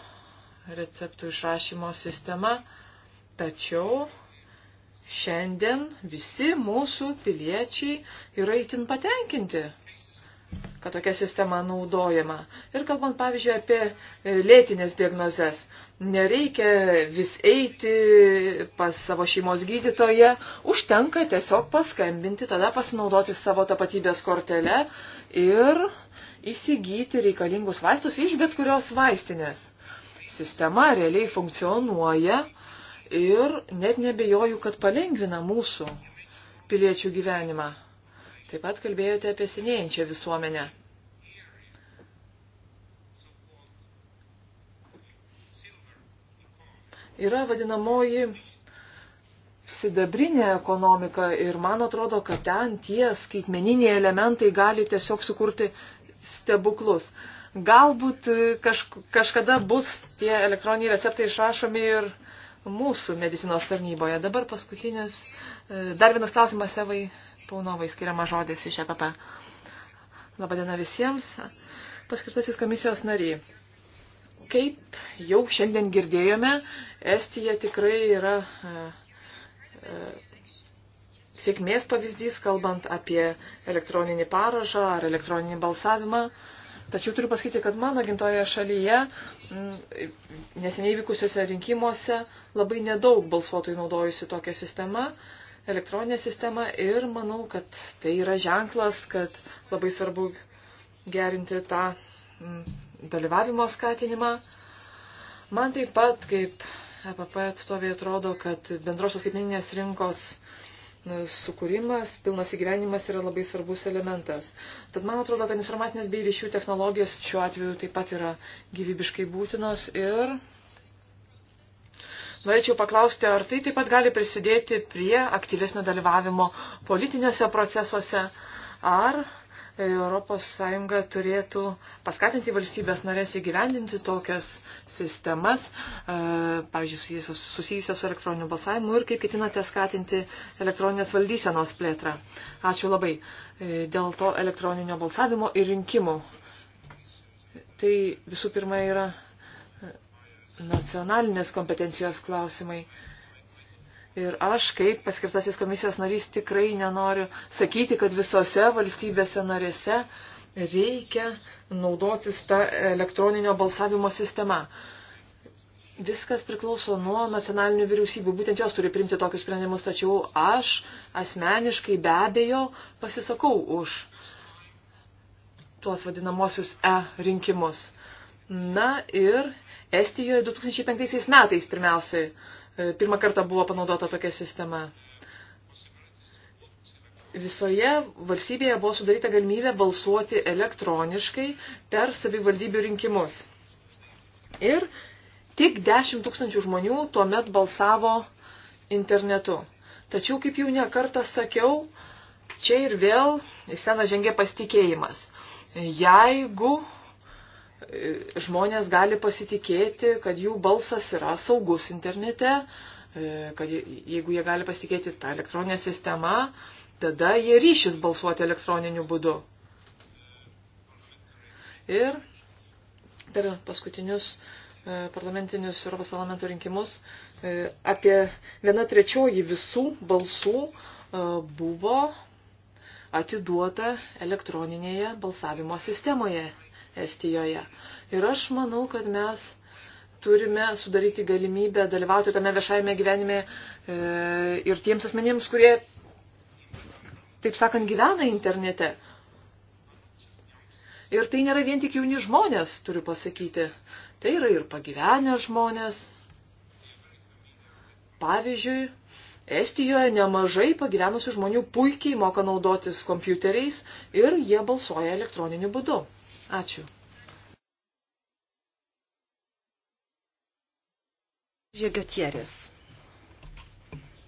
S3: receptų išrašymo sistema. Tačiau Šiandien visi mūsų piliečiai yra itin patenkinti, kad tokia sistema naudojama. Ir kalbant, pavyzdžiui, apie e, lėtinės diagnozes, nereikia vis eiti pas savo šeimos gydytoje, užtenka tiesiog paskambinti, tada pasinaudoti savo tapatybės kortelę ir įsigyti reikalingus vaistus iš bet kurios vaistinės. Sistema realiai funkcionuoja ir net nebejoju, kad palengvina mūsų piliečių gyvenimą. Taip pat kalbėjote apie senėjančią visuomenę. Yra vadinamoji sidabrinė ekonomika ir man atrodo, kad ten tie skaitmeniniai elementai gali tiesiog sukurti stebuklus. Galbūt kaž, kažkada bus tie elektroniniai receptai išrašomi ir uh, mūsų medicinos tarnyboje. Dabar paskutinis, e, dar vienas klausimas Evai Paunovai skiriama žodis iš EPP. Labadiena visiems, paskirtasis komisijos nariai. Kaip jau šiandien girdėjome, Estija tikrai yra e, e, sėkmės pavyzdys, kalbant apie elektroninį parašą ar elektroninį balsavimą. E, Tačiau turiu pasakyti, kad mano gimtoje šalyje mm, neseniai vykusiuose rinkimuose labai nedaug balsuotojų naudojusi tokią sistemą, elektroninę sistemą ir manau, kad tai yra ženklas, kad labai svarbu gerinti tą mm, dalyvavimo skatinimą. Man taip pat, kaip EPP atstovė, atrodo, kad bendrosios skaitmeninės rinkos sukūrimas, pilnas įgyvenimas yra labai svarbus elementas. Tad man atrodo, kad informacinės bei ryšių technologijos šiuo atveju taip pat yra gyvybiškai būtinos ir norėčiau paklausti, ar tai taip pat gali prisidėti prie aktyvesnio dalyvavimo politiniuose procesuose, ar ES turėtų paskatinti valstybės norės įgyvendinti tokias sistemas, e, pavyzdžiui, susijusias su elektroniniu balsavimu ir kaip ketinate skatinti elektroninės valdysenos plėtrą. Ačiū labai e, dėl to elektroninio balsavimo ir rinkimų. Tai visų pirma yra e, nacionalinės kompetencijos klausimai. Ir aš, kaip paskirtasis komisijos narys, tikrai nenoriu sakyti, kad visose valstybėse narėse reikia naudotis tą elektroninio balsavimo sistemą. Viskas priklauso nuo nacionalinių vyriausybių, būtent jos turi primti tokius sprendimus, tačiau aš asmeniškai be abejo pasisakau už tuos vadinamosius E rinkimus. Na ir Estijoje 2005 metais pirmiausiai E, pirmą kartą buvo panaudota tokia sistema. Visoje valstybėje buvo sudaryta galimybė balsuoti elektroniškai per savivaldybių rinkimus. Ir tik 10 tūkstančių žmonių tuomet balsavo internetu. Tačiau, kaip jau nekartą sakiau, čia ir vėl į seną žengia pasitikėjimas. Jeigu E, žmonės gali pasitikėti, kad jų balsas yra saugus internete, e, kad jeigu jie gali pasitikėti tą elektroninę sistemą, tada jie ryšys balsuoti elektroniniu būdu. Ir per paskutinius e, parlamentinius Europos parlamento rinkimus apie vieną trečioji visų balsų buvo atiduota elektroninėje balsavimo sistemoje. Estijoje. Ir aš manau, kad mes turime sudaryti galimybę dalyvauti tame viešajame gyvenime e, ir tiems asmenims, kurie, taip sakant, gyvena internete. Ir tai nėra vien tik jauni žmonės, turiu pasakyti. Tai yra ir pagyvenę žmonės. Pavyzdžiui, Estijoje nemažai pagyvenusių žmonių puikiai moka naudotis kompiuteriais ir jie balsuoja elektroniniu būdu. Ačiū. Žiegotieris.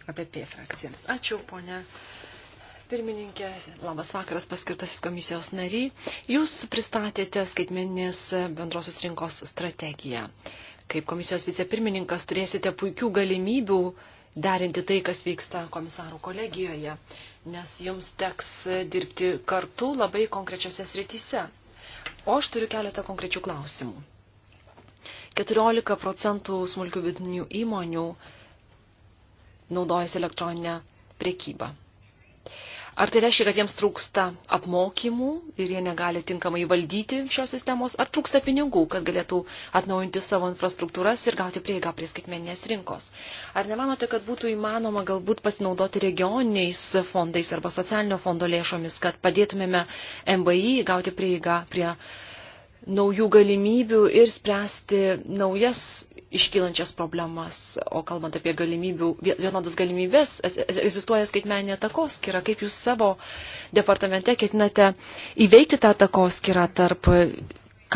S2: APP frakcija. Ačiū, ponė pirmininkė. Labas vakaras, paskirtasis komisijos nariai. Jūs pristatėte skaitmeninės bendrosios rinkos strategiją. Kaip komisijos vicepirmininkas turėsite puikių galimybių derinti tai, kas vyksta komisarų kolegijoje, nes jums teks dirbti kartu labai konkrečiose srityse. O aš turiu keletą konkrečių klausimų. 14 procentų smulkių vidinių įmonių naudojasi elektroninę priekybą. Ar tai reiškia, kad jiems trūksta apmokymų ir jie negali tinkamai valdyti šios sistemos, ar trūksta pinigų, kad galėtų atnaujinti savo infrastruktūras ir gauti prieigą prie skaitmeninės rinkos? Ar nemanote, kad būtų įmanoma galbūt pasinaudoti regioniniais fondais arba socialinio fondo lėšomis, kad padėtumėme MBI gauti prieigą prie naujų galimybių ir spręsti naujas iškylančias problemas, o kalbant apie galimybių, vienodas galimybės, egzistuoja skaitmeninė takoskira. Kaip jūs savo departamente ketinate įveikti tą takoskirą tarp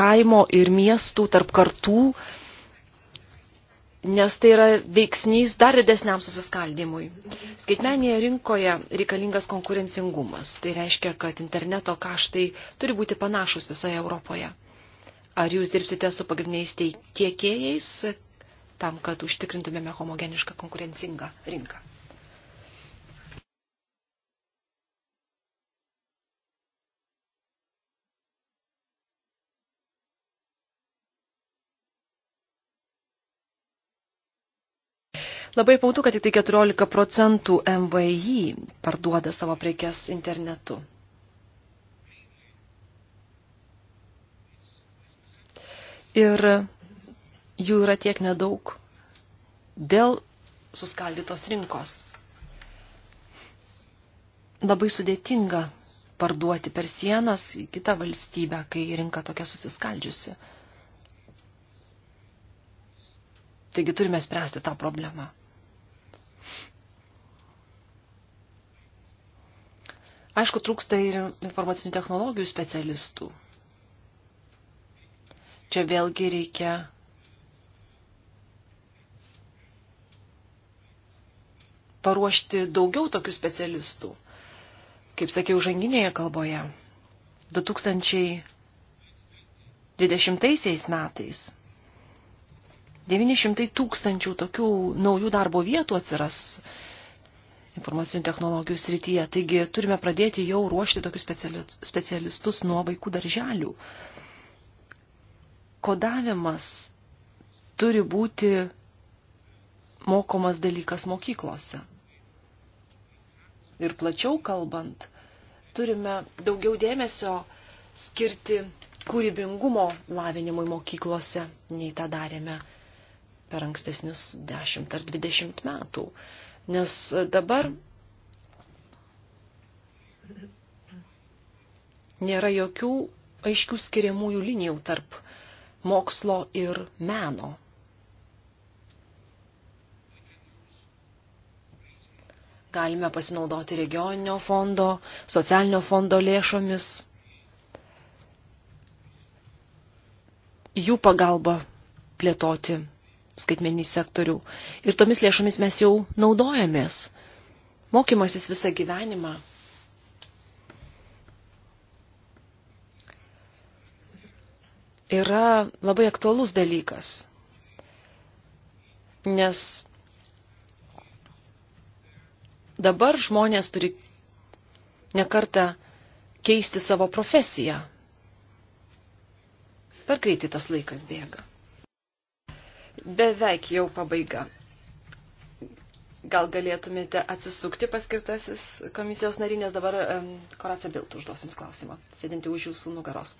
S2: kaimo ir miestų, tarp kartų, nes tai yra veiksnys dar didesniam susiskaldimui. Skaitmenėje rinkoje reikalingas konkurencingumas. Tai reiškia, kad interneto kaštai turi būti panašus visoje Europoje. Ar jūs dirbsite su pagrindiniais tiekėjais tam, kad užtikrintumėme homogenišką konkurencingą rinką? Labai paudu, kad tik tai 14 procentų MVI parduoda savo prekes internetu. ir jų yra tiek nedaug dėl suskaldytos rinkos. Labai sudėtinga parduoti per sienas į kitą valstybę, kai rinka tokia susiskaldžiusi. Taigi turime spręsti tą problemą. Aišku, trūksta ir informacinių technologijų specialistų. Čia vėlgi reikia paruošti daugiau tokių specialistų, kaip sakiau, žanginėje kalboje. 2020 metais 900 tūkstančių tokių naujų darbo vietų atsiras informacinių technologijų srityje. Taigi turime pradėti jau ruošti tokius specialistus nuo vaikų darželių kodavimas turi būti mokomas dalykas mokyklose. Ir plačiau kalbant, turime daugiau dėmesio skirti kūrybingumo lavinimui mokyklose, nei tą darėme per ankstesnius 10 ar 20 metų. Nes dabar nėra jokių aiškių skiriamųjų linijų tarp mokslo ir meno. Galime pasinaudoti regioninio fondo, socialinio fondo lėšomis. Jų pagalba plėtoti skaitmenį sektorių. Ir tomis lėšomis mes jau naudojamės. Mokymasis visą gyvenimą yra labai aktuolus dalykas, nes dabar žmonės turi nekartą keisti savo profesiją. Per greitai tas laikas bėga. Beveik jau pabaiga. Gal galėtumėte atsisukti paskirtasis komisijos narinės, dabar um, Koracija Bilt užduosim klausimą, sėdinti už jūsų nugaros.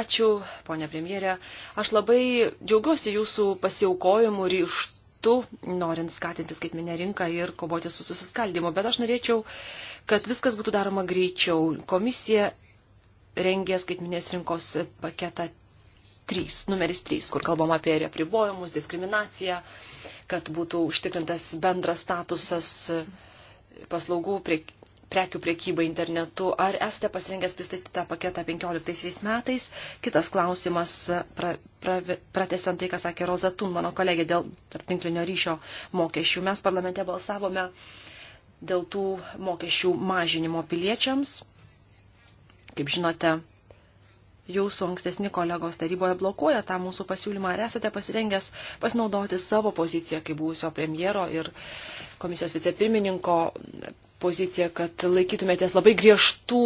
S2: Ačiū, ponia premjerė. Aš labai džiaugiuosi jūsų pasiaukojimu ryštu, norint skatinti skaitminę rinką ir kovoti su susiskaldimu, bet aš norėčiau, kad viskas būtų daroma greičiau. Komisija rengė skaitminės rinkos paketą 3, numeris 3, kur kalbam apie apribojimus, diskriminaciją, kad būtų užtikrintas bendras statusas e, paslaugų prie, prekių priekybai internetu. Ar esate pasirengęs pristatyti tą paketą 15 metais? Kitas klausimas, e, pra, pra, pratesiant tai, ką sakė Roza Tun, mano kolegė, dėl tarptinklinio ryšio mokesčių. Mes parlamente balsavome dėl tų mokesčių mažinimo piliečiams. Kaip žinote, jūsų ankstesni kolegos taryboje blokuoja tą mūsų pasiūlymą. Ar esate pasirengęs pasinaudoti savo poziciją kaip buvusio premjero ir komisijos vicepirmininko poziciją, kad laikytumėtės labai griežtų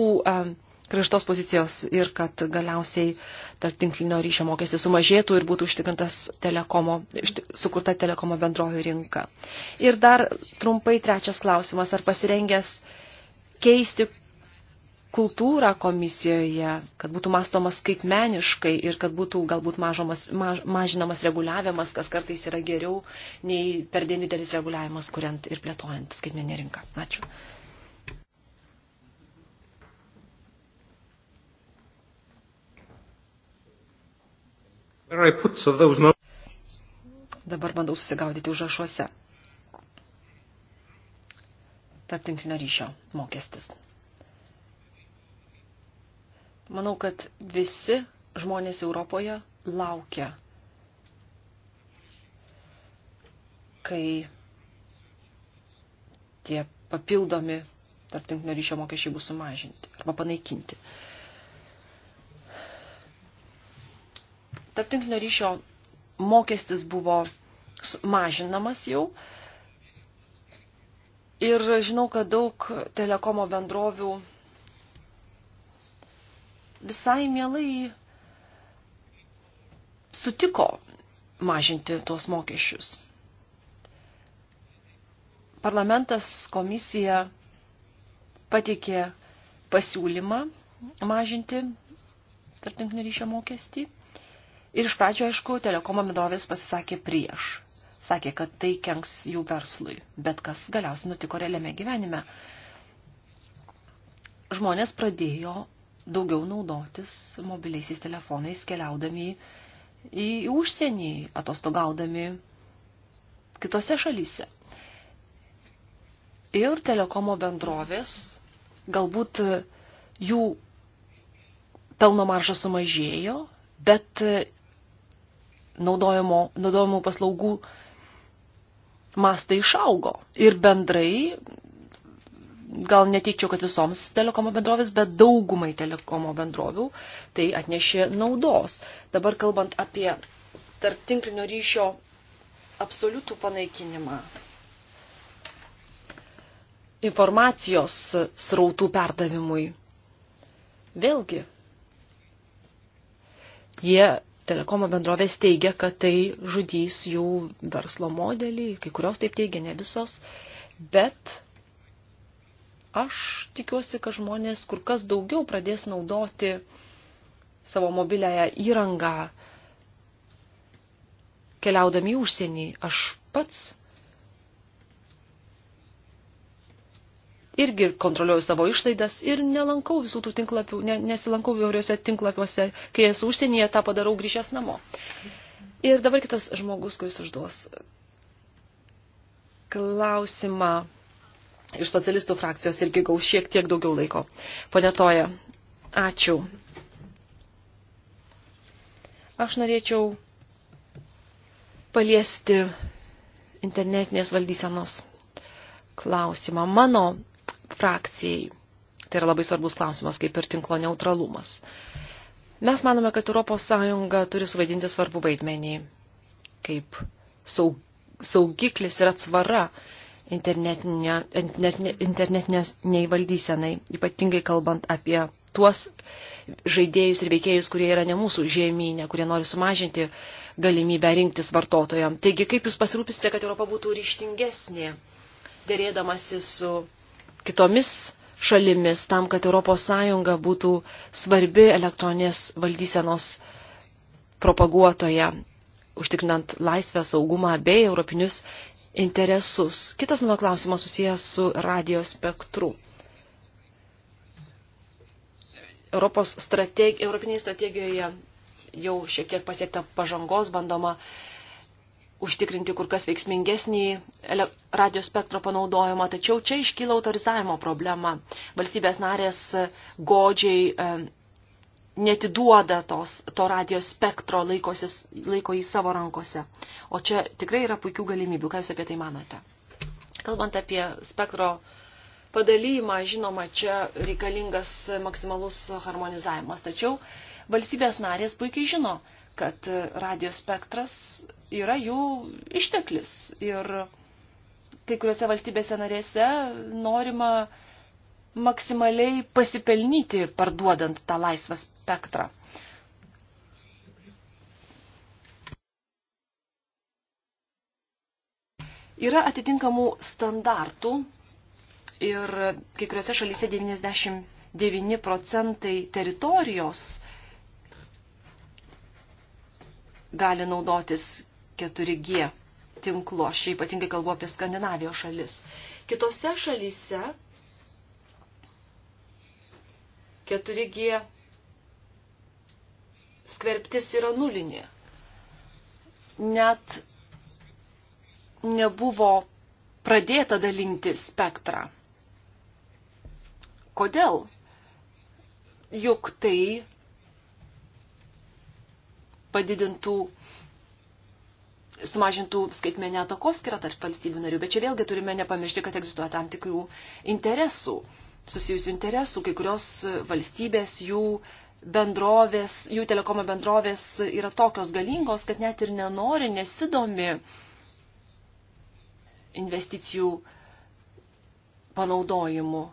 S2: griežtos pozicijos ir kad galiausiai tarp tinklinio ryšio mokestis sumažėtų ir būtų užtikrintas telekomo, sukurta telekomo bendrovių rinka. Ir dar trumpai trečias klausimas, ar pasirengęs keisti kultūrą komisijoje, kad būtų mastomas skaitmeniškai ir kad būtų galbūt mažomas, maž, mažinamas reguliavimas, kas kartais yra geriau nei per didelis reguliavimas, kuriant ir plėtojant skaitmeninę rinką. Ačiū. Dabar bandau susigaudyti užrašuose. Tarptinklinio ryšio mokestis. Manau, kad visi žmonės Europoje laukia, kai tie papildomi tarptinklinio ryšio mokesčiai bus sumažinti arba panaikinti. Tarptinklinio ryšio mokestis buvo mažinamas jau. Ir žinau, kad daug telekomo bendrovių visai mielai sutiko mažinti tuos mokesčius. Parlamentas komisija pateikė pasiūlymą mažinti tarptinklinio ryšio mokestį. Ir iš pradžio, aišku, telekomo bendrovės pasisakė prieš. Sakė, kad tai kenks jų verslui. Bet kas galiausiai nutiko realiame gyvenime? Žmonės pradėjo daugiau naudotis mobiliaisiais telefonais keliaudami į užsienį, atostogaudami kitose šalyse. Ir telekomo bendrovės, galbūt jų pelno marža sumažėjo, bet naudojimo, naudojimo paslaugų mastai išaugo. Ir bendrai gal neteikčiau, kad visoms telekomo bendrovės, bet daugumai telekomo bendrovių tai atnešė naudos. Dabar kalbant apie tarp tinklinio ryšio absoliutų panaikinimą, informacijos srautų perdavimui. Vėlgi, jie telekomo bendrovės teigia, kad tai žudys jų verslo modelį, kai kurios taip teigia, ne visos, bet Aš tikiuosi, kad žmonės kur kas daugiau pradės naudoti savo mobiliąją įrangą keliaudami į užsienį. Aš pats irgi kontroliuoju savo išlaidas ir nelankau visų tų tinklapių, ne, nesilankau įvairiuose tinklapiuose, kai esu užsienyje, tą padarau grįžęs namo. Ir dabar kitas žmogus, kuris užduos klausimą iš socialistų frakcijos irgi gaus šiek tiek daugiau laiko. Pone Toja, ačiū. Aš norėčiau paliesti internetinės valdysenos klausimą. Mano frakcijai tai yra labai svarbus klausimas, kaip ir tinklo neutralumas. Mes manome, kad ES turi suvaidinti svarbų vaidmenį kaip saug, saugiklis ir atsvara internetinė, internetinės neįvaldysenai, ypatingai kalbant apie tuos žaidėjus ir veikėjus, kurie yra ne mūsų žemynė, kurie nori sumažinti galimybę rinktis vartotojam. Taigi, kaip jūs pasirūpysite, kad Europa būtų ryštingesnė, dėrėdamasi su kitomis šalimis, tam, kad ES būtų svarbi elektroninės valdysenos propaguotoja, užtikrinant laisvę, saugumą bei europinius interesus. Kitas mano klausimas susijęs su radio spektru. Europos strategi, Europinėje strategijoje jau šiek tiek pasiekta pažangos, bandoma užtikrinti kur kas veiksmingesnį radio spektro panaudojimą, tačiau čia iškyla autorizavimo problema. Valstybės narės godžiai netiduoda tos, to radijos spektro, laikosi, laiko jį savo rankose. O čia tikrai yra puikių galimybių. Ką Jūs apie tai manote? Kalbant apie spektro padalymą, žinoma, čia reikalingas maksimalus harmonizavimas. Tačiau valstybės narės puikiai žino, kad radijos spektras yra jų išteklis. Ir kai kuriuose valstybėse narėse norima uh, maksimaliai pasipelnyti parduodant tą laisvą spektrą. Yra atitinkamų standartų ir kai kuriuose šalyse 99 procentai teritorijos gali naudotis 4G tinklo. Aš ypatingai kalbu apie Skandinavijos šalis. Kitose šalyse 4G skverbtis yra nulinė. Net nebuvo pradėta dalinti spektrą. Kodėl? Juk tai padidintų, sumažintų skaitmenę takoskirą tarp valstybių narių, bet čia vėlgi turime nepamiršti, kad egzistuoja tam tikrų interesų. Uh, susijusių interesų, kai kurios valstybės, jų bendrovės, jų telekomo bendrovės yra tokios galingos, kad net ir nenori, nesidomi investicijų panaudojimu.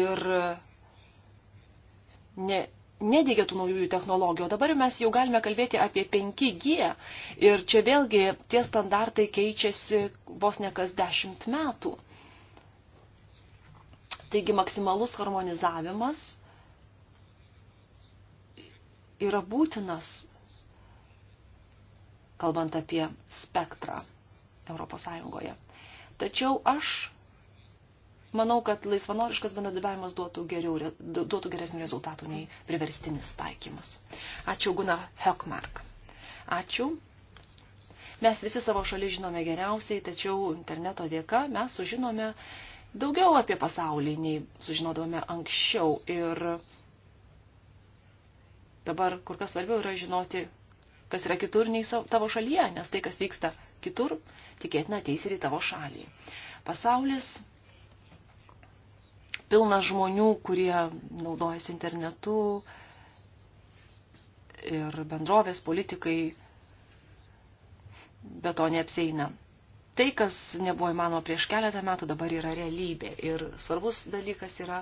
S2: Ir ne, nedėgė tų naujųjų technologijų. O dabar mes jau galime kalbėti apie 5G ir čia vėlgi tie standartai keičiasi vos ne kas 10 metų. Taigi maksimalus harmonizavimas yra būtinas, kalbant apie spektrą Europos Sąjungoje. Tačiau aš Manau, kad laisvanoriškas bendradarbiavimas duotų, geriau, duotų geresnių rezultatų nei priverstinis taikymas. Ačiū Gunnar Hökmark. Ačiū. Mes visi savo šalį žinome geriausiai, tačiau interneto dėka mes sužinome daugiau apie pasaulį, nei sužinodavome anksčiau. Ir dabar kur kas svarbiau yra žinoti, kas yra kitur nei tavo šalyje, nes tai, kas vyksta kitur, tikėtina ateis ir į tavo šalį. Pasaulis pilna žmonių, kurie naudojasi internetu ir bendrovės politikai be to neapseina. Tai, kas nebuvo įmanoma prieš keletą metų, dabar yra realybė. Ir svarbus dalykas yra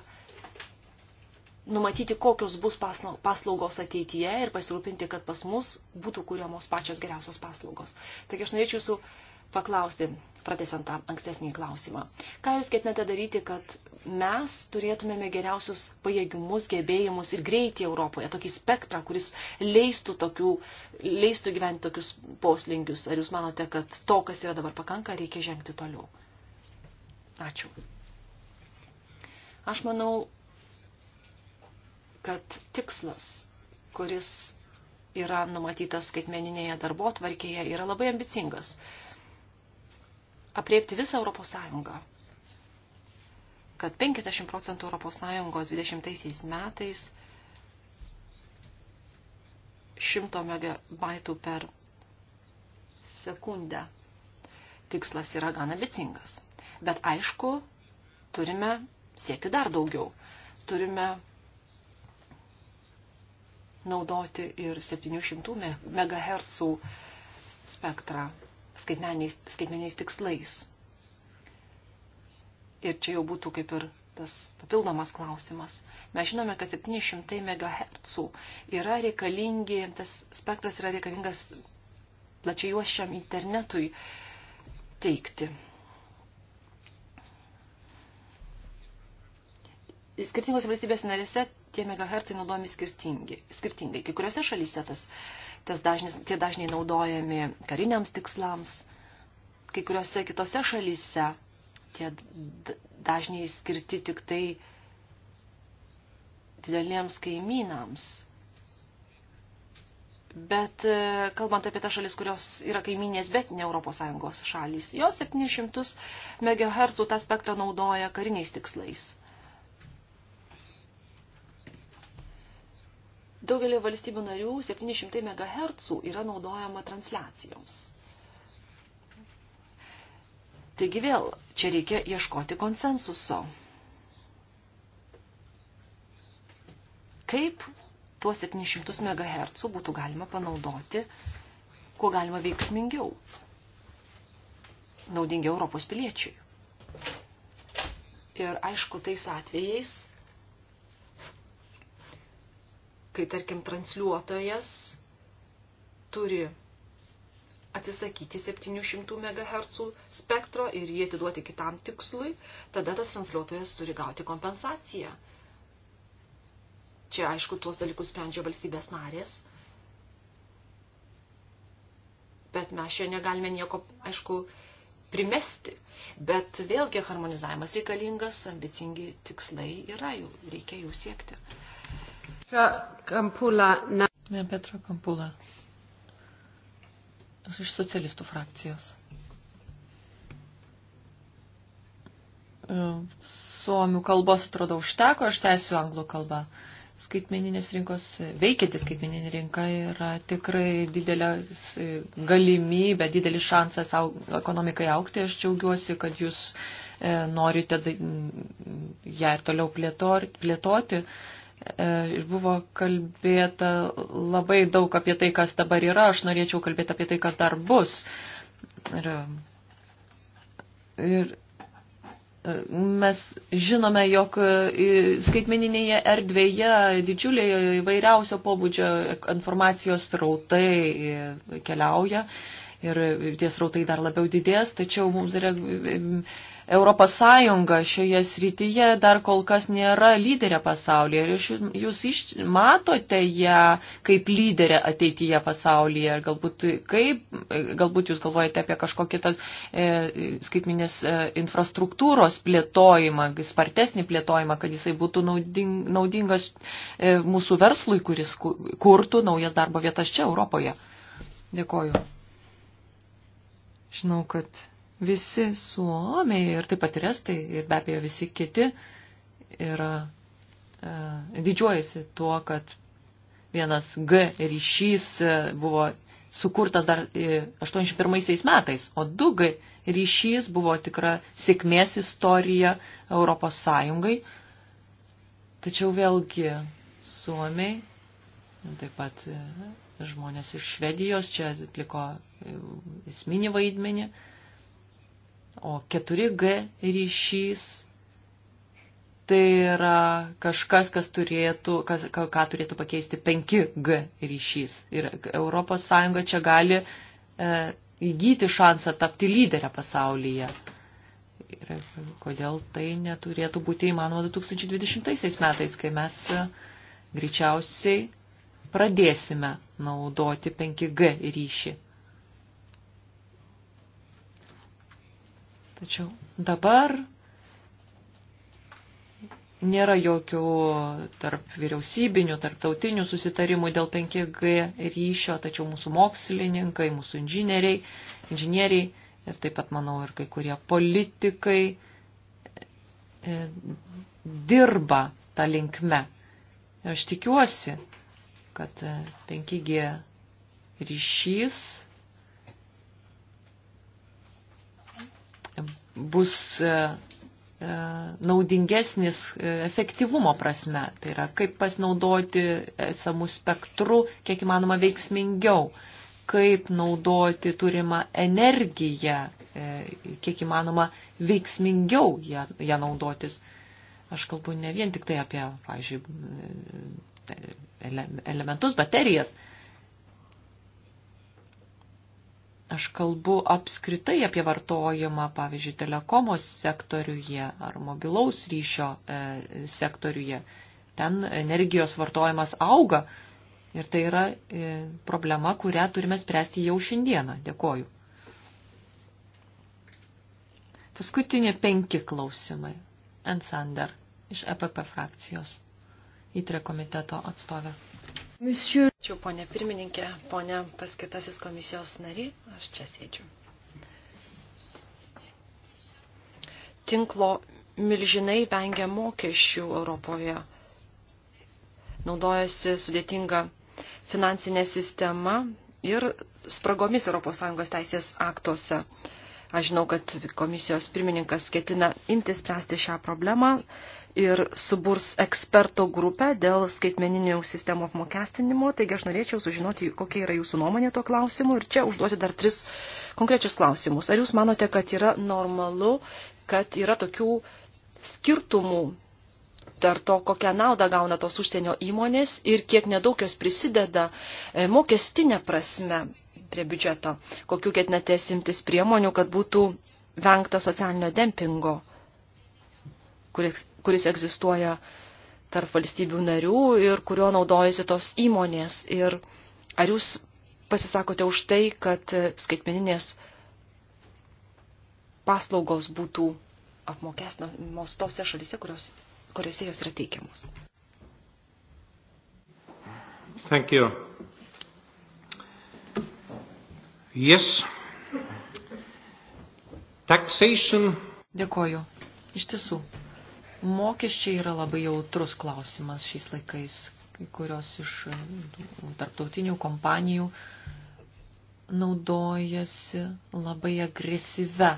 S2: numatyti, kokios bus paslaugos ateityje ir pasirūpinti, kad pas mus būtų kūriamos pačios geriausios paslaugos. Taigi aš norėčiau jūsų paklausti, pratesiant tą ankstesnį klausimą. Ką jūs ketinate daryti, kad mes turėtumėme geriausius pajėgimus, gebėjimus ir greitį Europoje, tokį spektrą, kuris leistų, tokių, leistų gyventi tokius poslingius? Ar jūs manote, kad to, kas yra dabar pakanka, reikia žengti toliau? Ačiū. Aš manau, kad tikslas, kuris yra numatytas skaitmeninėje darbo tvarkėje, yra labai ambicingas apriepti visą Europos Sąjungą. Kad 50 procentų Europos Sąjungos 20 metais 100 megabaitų per sekundę tikslas yra gan ambicingas. Bet aišku, turime siekti dar daugiau. Turime naudoti ir 700 MHz spektrą skaitmeniais, skaitmeniais tikslais. Ir čia jau būtų kaip ir tas papildomas klausimas. Mes žinome, kad 700 MHz yra reikalingi, tas spektras yra reikalingas plačiai juošiam internetui teikti. Skirtingose valstybės narėse tie megahercai naudojami skirtingi, skirtingai. Kai kuriuose šalyse tas uh, tas dažnis, tie dažniai naudojami kariniams tikslams. Kai kuriuose kitose šalyse tie dažniai skirti tik tai dideliems kaimynams. Bet e, kalbant apie tą šalis, kurios yra kaiminės, bet ne ES šalis, jos 700 MHz tą spektrą naudoja kariniais tikslais. Daugelį valstybių narių 700 MHz yra naudojama transliacijoms. Taigi vėl, čia reikia ieškoti konsensuso. Kaip tuos 700 MHz būtų galima panaudoti, kuo galima veiksmingiau, naudingiau Europos piliečiui. Ir aišku, tais atvejais kai, tarkim, transliuotojas turi atsisakyti 700 MHz spektro ir jį atiduoti kitam tikslui, tada tas transliuotojas turi gauti kompensaciją. Čia, aišku, tuos dalykus sprendžia valstybės narės, bet mes šiandien negalime nieko, aišku, primesti. Bet vėlgi harmonizavimas reikalingas, ambicingi tikslai yra, jų reikia jų siekti. Petra
S1: Kampula. Na... Ne, Petra Kampula. Esu iš socialistų frakcijos. E, suomių kalbos atrodo užteko, aš tęsiu anglų kalbą. Skaitmeninės rinkos, veikianti skaitmeninė rinka yra tikrai didelė e, galimybė, didelis šansas au, ekonomikai aukti. Aš džiaugiuosi, kad jūs e, norite ją ir toliau plėtoti. E, ir buvo kalbėta labai daug apie tai, kas dabar yra. Aš norėčiau kalbėti apie tai, kas dar bus. Ir, ir e, mes žinome, jog e, skaitmeninėje erdvėje didžiulėje įvairiausio pobūdžio informacijos trautai keliauja ir tie srautai dar labiau didės, tačiau mums yra ES šioje srityje dar kol kas nėra lyderė pasaulyje. Ir jūs iš, matote ją kaip lyderė ateityje pasaulyje. Ir galbūt, kaip, galbūt jūs galvojate apie kažkokį tas e, skaitminės e, infrastruktūros plėtojimą, spartesnį plėtojimą, kad jisai būtų nauding, naudingas e, mūsų verslui, kuris kurtų naujas darbo vietas čia Europoje. Dėkoju. Žinau, kad Visi suomiai ir taip pat ir estai ir be abejo visi kiti yra e, didžiuojasi tuo, kad vienas G ryšys e, buvo sukurtas dar 81 e, metais, o 2G ryšys buvo tikra sėkmės istorija Europos Sąjungai. Tačiau vėlgi Suomiai, taip pat e, žmonės iš Švedijos čia atliko esminį vaidmenį. E, O 4G ryšys tai yra kažkas, kas turėtų, kas, ką turėtų pakeisti 5G ryšys. Ir ES čia gali e, įgyti šansą tapti lyderę pasaulyje. Ir kodėl tai neturėtų būti įmanoma 2020 metais, kai mes e, greičiausiai pradėsime naudoti 5G ryšį. Tačiau dabar nėra jokių tarp vyriausybinių, tarptautinių susitarimų dėl 5G ryšio, tačiau mūsų mokslininkai, mūsų inžinieriai, inžinieriai ir taip pat, manau, ir kai kurie politikai e, dirba tą linkme. Ir aš tikiuosi, kad 5G e, ryšys bus e, e, naudingesnis e, efektyvumo prasme. Tai yra, kaip pasinaudoti esamų spektrų, kiek įmanoma veiksmingiau, kaip naudoti turimą energiją, kiek įmanoma veiksmingiau ją, ją naudotis. Aš kalbu ne vien tik tai apie, pavyzdžiui, elementus, baterijas, Aš kalbu apskritai apie vartojimą, pavyzdžiui, telekomos sektoriuje ar mobilaus ryšio e, sektoriuje. Ten energijos vartojimas auga ir tai yra e, problema, kurią turime spręsti jau šiandieną. Dėkoju. Paskutinė penki klausimai. Ensander iš EPP frakcijos. Įtre komiteto atstovė.
S2: Monsieur... Ačiū, ponė pirmininkė, ponė paskirtasis komisijos nariai, aš čia sėdžiu. Tinklo milžinai vengia mokesčių Europoje, naudojasi sudėtinga finansinė sistema ir spragomis ES teisės aktuose. Aš žinau, kad komisijos pirmininkas ketina imti spręsti šią problemą, ir suburs eksperto grupę dėl skaitmeninių sistemų apmokestinimo. Taigi aš norėčiau sužinoti, kokia yra jūsų nuomonė tuo klausimu ir čia užduoti dar tris konkrečius klausimus. Ar jūs manote, kad yra normalu, kad yra tokių skirtumų tarp to, kokią naudą gauna tos užsienio įmonės ir kiek nedaug jos prisideda e, mokestinė prasme prie biudžeto, kokiu ketinate simtis priemonių, kad būtų vengta socialinio dempingo kuris, kuris egzistuoja tarp valstybių narių ir kurio naudojasi tos įmonės. Ir ar jūs pasisakote už tai, kad skaitmeninės paslaugos būtų apmokestinamos tose šalise, kurios, kuriuose jos yra teikiamos?
S1: Thank you. Yes. Taxation. Dėkoju. Iš tiesų, Mokesčiai yra labai jautrus klausimas šiais laikais, kurios iš tarptautinių kompanijų naudojasi labai agresyvę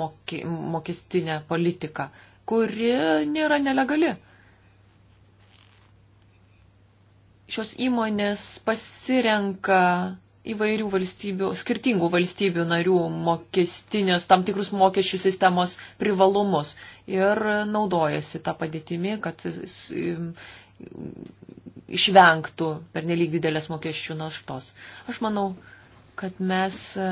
S1: moki, mokestinę politiką, kuri nėra nelegali. Šios įmonės pasirenka įvairių valstybių, skirtingų valstybių narių mokestinius, tam tikrus mokesčių sistemos privalumus ir naudojasi tą padėtimi, kad išvengtų per nelik didelės mokesčių naštos. Aš manau, kad mes e,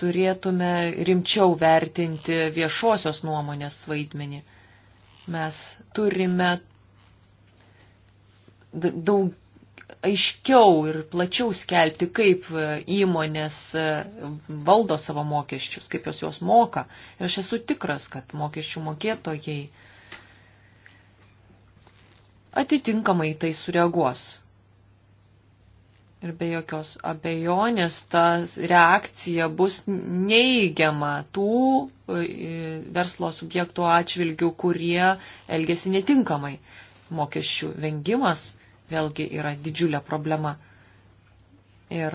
S1: turėtume rimčiau vertinti viešosios nuomonės vaidmenį. Mes turime daug aiškiau ir plačiau skelbti, kaip e, įmonės e, valdo savo mokesčius, kaip jos juos moka. Ir aš esu tikras, kad mokesčių mokėtojai atitinkamai tai sureaguos. Ir be jokios abejonės ta reakcija bus neigiama tų e, verslo subjektų atžvilgių, kurie elgesi netinkamai. Mokesčių vengimas vėlgi yra didžiulė problema. Ir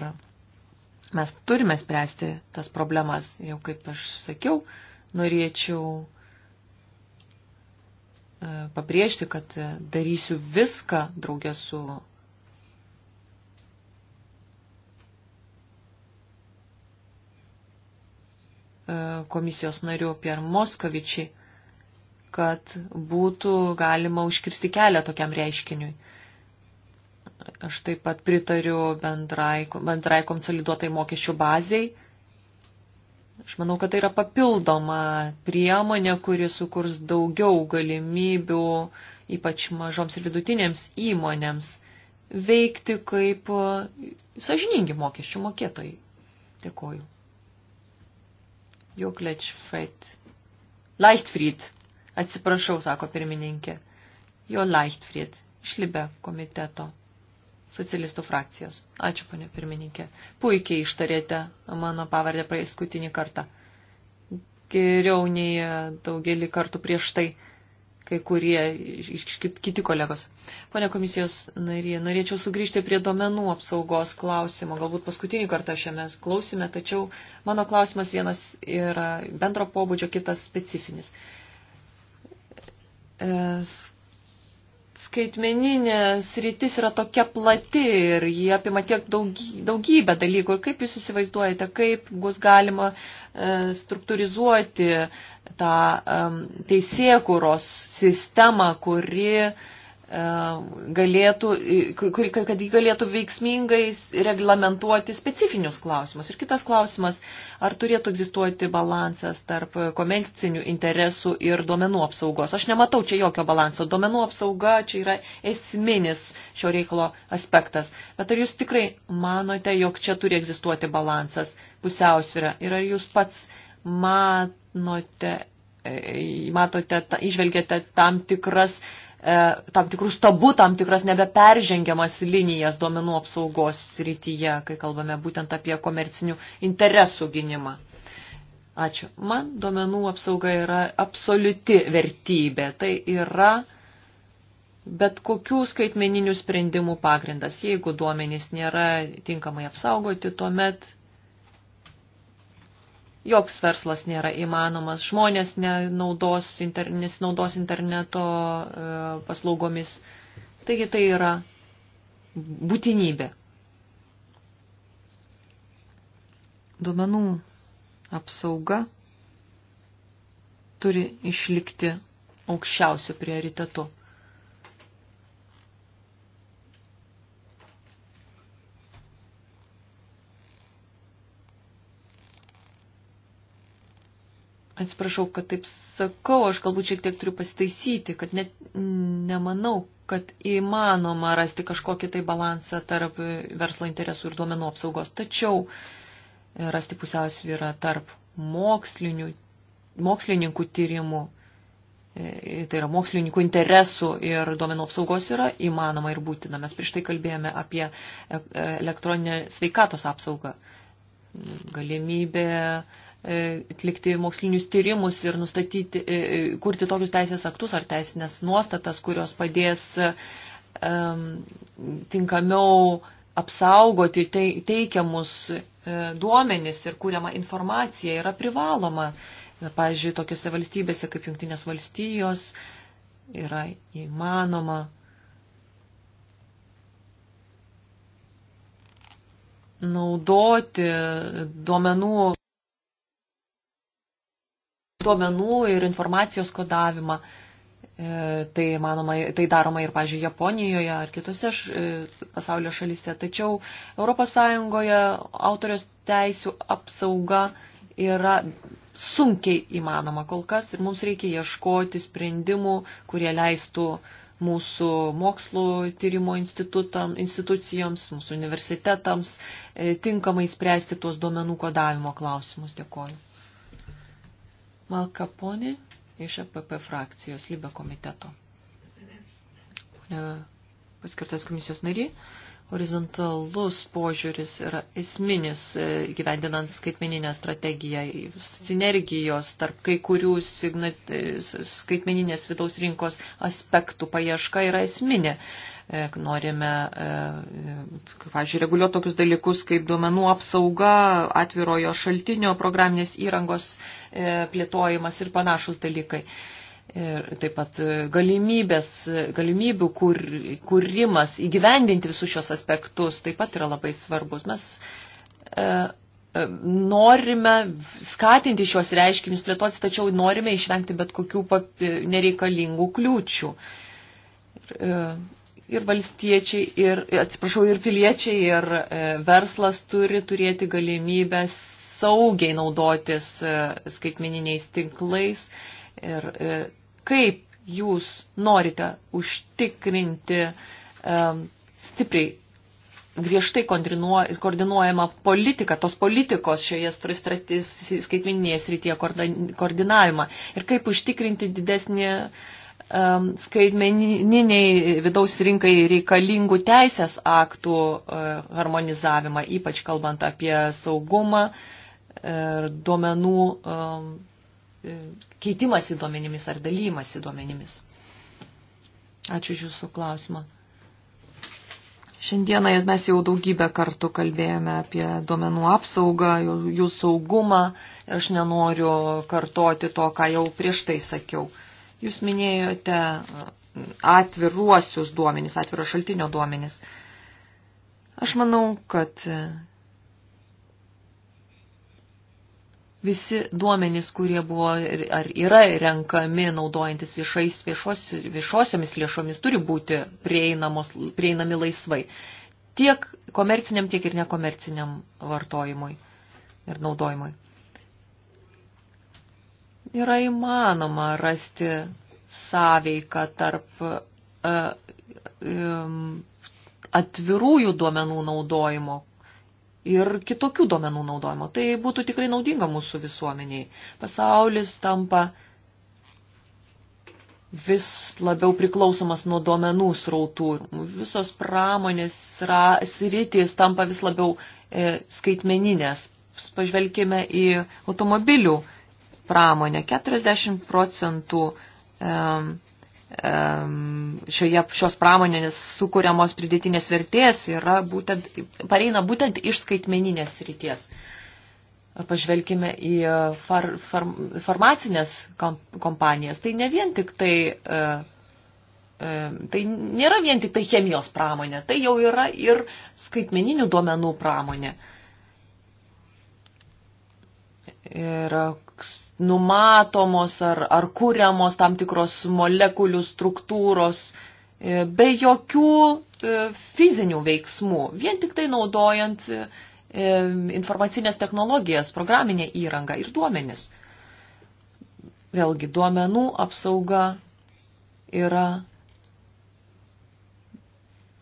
S1: mes turime spręsti tas problemas. Jau kaip aš sakiau, norėčiau e, pabrėžti, kad darysiu viską draugę su e, komisijos nariu Pierre Moskovičiai, kad būtų galima užkirsti kelią tokiam reiškiniui. Aš taip pat pritariu bendrai, bendrai konsoliduotai mokesčių baziai. Aš manau, kad tai yra papildoma priemonė, kuri sukurs daugiau galimybių, ypač mažoms ir vidutinėms įmonėms, veikti kaip sažiningi mokesčių mokėtojai. Dėkoju. Jokleč Fred. Leichtfried. Atsiprašau, sako pirmininkė. Jo Leichtfried. Iš Libe komiteto socialistų frakcijos. Ačiū, ponė pirmininkė. Puikiai ištarėte mano pavardę praeiskutinį kartą. Geriau nei e, daugelį kartų prieš tai kai kurie kiti kolegos. Pone komisijos narė, norėčiau sugrįžti prie domenų apsaugos klausimo, galbūt paskutinį kartą šiame klausime, tačiau mano klausimas vienas yra bendro pobūdžio, kitas specifinis. E, skaitmeninė sritis yra tokia plati ir jie apima tiek daugybę dalykų. Ir kaip jūs įsivaizduojate, kaip bus galima e, struktūrizuoti tą teisėkūros sistemą, kuri E, galėtų, kad jį galėtų veiksmingai reglamentuoti specifinius klausimus. Ir kitas klausimas, ar turėtų egzistuoti balansas tarp komercinių interesų ir duomenų apsaugos. Aš nematau čia jokio balanso. Duomenų apsauga čia yra esminis šio reikalo aspektas. Bet ar jūs tikrai manote, jog čia turi egzistuoti balansas, pusiausvyrą? Ir ar jūs pats manote, e, matote, ta, išvelgiate tam tikras E, tam tikrus tabu, tam tikras nebeperžengiamas linijas duomenų apsaugos srityje, kai kalbame būtent apie komercinių interesų gynimą. Ačiū. Man duomenų apsauga yra absoliuti vertybė. Tai yra bet kokių skaitmeninių sprendimų pagrindas. Jeigu duomenys nėra tinkamai apsaugoti, tuomet joks verslas nėra įmanomas, žmonės nenaudos, inter, nesinaudos interneto e, paslaugomis. Taigi tai yra būtinybė. Duomenų apsauga turi išlikti aukščiausių prioritetų. Atsiprašau, kad taip sakau, aš galbūt šiek tiek turiu pasitaisyti, kad net nemanau, kad įmanoma rasti kažkokį tai balansą tarp verslo interesų ir duomenų apsaugos. Tačiau e, rasti pusiausvyrą tarp mokslinių, mokslininkų tyrimų, e, tai yra mokslininkų interesų ir duomenų apsaugos yra įmanoma ir būtina. Mes prieš tai kalbėjome apie e, elektroninę sveikatos apsaugą galimybė E, atlikti mokslinius tyrimus ir nustatyti, e, e, kurti tokius teisės aktus ar teisinės nuostatas, kurios padės um, tinkamiau apsaugoti teikiamus duomenis ir kūriamą informaciją yra privaloma. Pavyzdžiui, tokiose valstybėse kaip Junktinės valstijos yra įmanoma naudoti duomenų duomenų ir informacijos kodavimą. E, tai, manoma, tai daroma ir, pažiūrėjau, Japonijoje ar kitose š, e, pasaulio šalyse. Tačiau ES autorios teisų apsauga yra sunkiai įmanoma kol kas ir mums reikia ieškoti sprendimų, kurie leistų mūsų mokslo tyrimo institucijoms, mūsų universitetams e, tinkamai spręsti tuos duomenų kodavimo klausimus. Dėkuoju. Malkaponį iš EPP frakcijos Libė komiteto. Paskirtas komisijos nariai horizontalus požiūris yra esminis e, gyvendinant skaitmeninę strategiją, sinergijos tarp kai kurių signat, e, skaitmeninės vidaus rinkos aspektų paieška yra esminė. E, norime, pavyzdžiui, reguliuoti tokius dalykus kaip duomenų apsauga, atvirojo šaltinio programinės įrangos plėtojimas ir panašus dalykai. Ir taip pat e, galimybės, e, galimybių kur, kūrimas, įgyvendinti visus šios aspektus taip pat yra labai svarbus. Mes e, e norime skatinti šios reiškinius plėtoti, tačiau norime išvengti bet kokių papi, nereikalingų kliūčių. Ir, e, ir valstiečiai, ir, atsiprašau, ir piliečiai, ir e, verslas turi turėti galimybę saugiai naudotis e, skaitmeniniais tinklais. E, ir e, kaip jūs norite užtikrinti um, stipriai griežtai koordinuojama politika, tos politikos šioje skaitmeninėje srityje koordinavimą ir kaip užtikrinti didesnį um, skaitmeniniai vidaus rinkai reikalingų teisės aktų uh, harmonizavimą, ypač kalbant apie saugumą ir duomenų um, keitimasi duomenimis ar dalymasi duomenimis. Ačiū iš jūsų klausimą. Šiandieną mes jau daugybę kartų kalbėjome apie duomenų apsaugą, jų saugumą. Aš nenoriu kartoti to, ką jau prieš tai sakiau. Jūs minėjote atviruosius duomenys, atviro šaltinio duomenys. Aš manau, kad visi duomenys, kurie buvo ar yra renkami naudojantis viešais, viešos, viešosiomis lėšomis, turi būti prieinami laisvai. Tiek komerciniam, tiek ir nekomerciniam vartojimui ir naudojimui. Yra įmanoma rasti sąveiką tarp e, e, atvirųjų duomenų naudojimo, ir kitokių duomenų naudojimo. Tai būtų tikrai naudinga mūsų visuomeniai. Pasaulis tampa vis labiau priklausomas nuo duomenų srautų. Visos pramonės sritys tampa vis labiau e, skaitmeninės. Pažvelkime į automobilių pramonę. 40 procentų e, šioje, šios pramonės sukūriamos pridėtinės vertės yra būtent, pareina būtent iš skaitmeninės ryties. Pažvelkime į e, far, far, farmacinės kompanijas. Tai ne vien tik tai, e, e, tai nėra vien tik tai chemijos pramonė, tai jau yra ir skaitmeninių duomenų pramonė. Ir numatomos ar, ar kūriamos tam tikros molekulių struktūros e, be jokių e, fizinių veiksmų, vien tik tai naudojant e, informacinės technologijas, programinę įrangą ir duomenis. Vėlgi, duomenų apsauga yra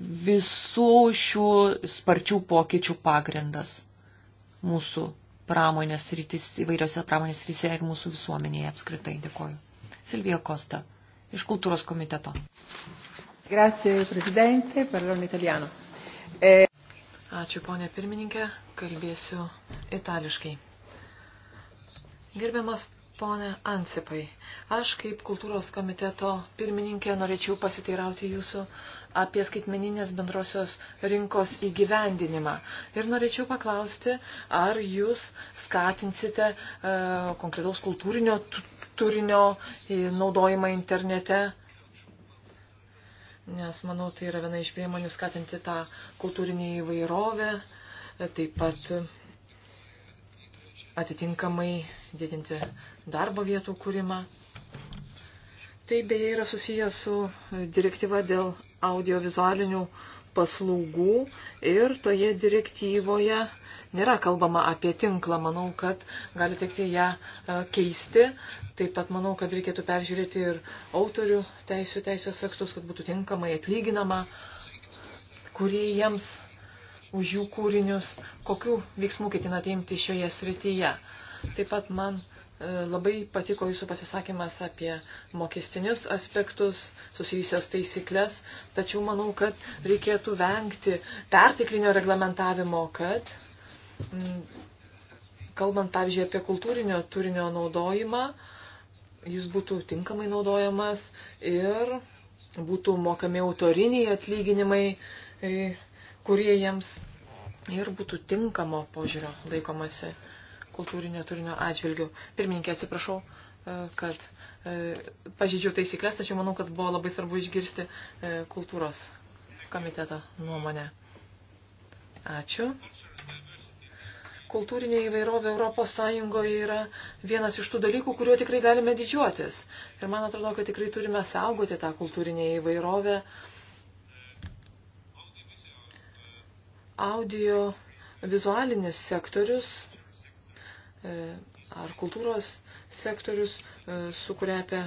S1: visų šių sparčių pokyčių pagrindas mūsų pramonės rytis, įvairiose pramonės rytise ir mūsų visuomenėje apskritai. Dėkoju. Silvija Kosta, iš kultūros komiteto.
S3: Grazie, prezidente, parlon italiano. E... Ačiū, ponė pirmininkė, kalbėsiu itališkai. Gerbiamas ponė Ansipai, aš kaip kultūros komiteto pirmininkė norėčiau pasiteirauti jūsų apie skaitmeninės bendrosios rinkos įgyvendinimą. Ir norėčiau paklausti, ar jūs skatinsite e, konkretaus kultūrinio turinio naudojimą internete? Nes, manau, tai yra viena iš priemonių skatinti tą kultūrinį įvairovę, e, taip pat atitinkamai didinti darbo vietų kūrimą. Tai beje yra susijęs su direktyva dėl audiovizualinių paslaugų ir toje direktyvoje nėra kalbama apie tinklą. Manau, kad gali tekti ją e, keisti. Taip pat manau, kad reikėtų peržiūrėti ir autorių teisų teisės aktus, kad būtų tinkamai atlyginama kuriejams už jų kūrinius, kokių veiksmų ketinate imti šioje srityje. Taip pat man E, labai patiko jūsų pasisakymas apie mokestinius aspektus, susijusias taisyklės, tačiau manau, kad reikėtų vengti pertiklinio reglamentavimo, kad, kalbant pavyzdžiui apie kultūrinio turinio naudojimą, jis būtų tinkamai naudojamas ir būtų mokami autoriniai atlyginimai e, kurie jiems ir būtų tinkamo požiūrio laikomasi kultūrinio turinio atžvilgių. Pirmininkė, atsiprašau, e, kad e, pažydžiau taisyklės, tačiau manau, kad buvo labai svarbu išgirsti e, kultūros komiteto nuomonę. Ačiū. Kultūrinė įvairovė Europos Sąjungoje yra vienas iš tų dalykų, kuriuo tikrai galime didžiuotis. Ir man atrodo, kad tikrai turime saugoti tą kultūrinę įvairovę. Audio vizualinis sektorius E, ar kultūros sektorius e, sukuria apie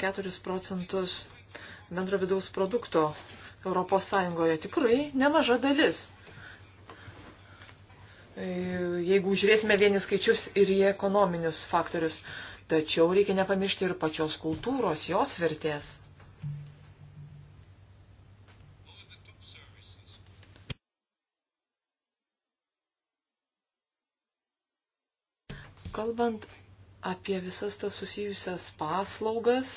S3: 4 e, procentus bendro vidaus produkto Europos Sąjungoje. Tikrai nemaža dalis. Jeigu žiūrėsime vieni skaičius ir į ekonominius faktorius. Tačiau reikia nepamiršti ir pačios kultūros, jos vertės. Kalbant apie visas tas susijusias paslaugas,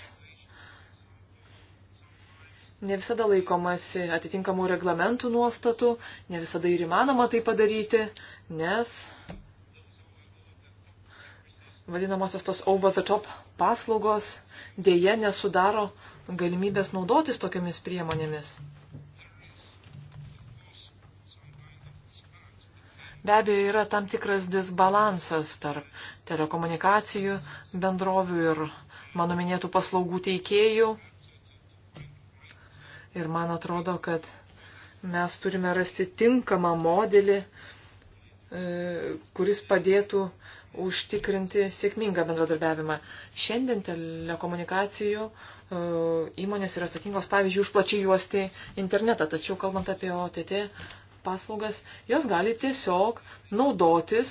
S3: ne visada laikomasi atitinkamų reglamentų nuostatų, ne visada ir įmanoma tai padaryti, nes vadinamosios tos over the top paslaugos dėje nesudaro galimybės naudotis tokiamis priemonėmis. Be abejo, yra tam tikras disbalansas tarp telekomunikacijų bendrovių ir mano minėtų paslaugų teikėjų. Ir man atrodo, kad mes turime rasti tinkamą modelį, e, kuris padėtų užtikrinti sėkmingą bendradarbiavimą. Šiandien telekomunikacijų e, įmonės yra atsakingos, pavyzdžiui, už plačiai juosti internetą, tačiau kalbant apie OTT paslaugas, jos gali tiesiog naudotis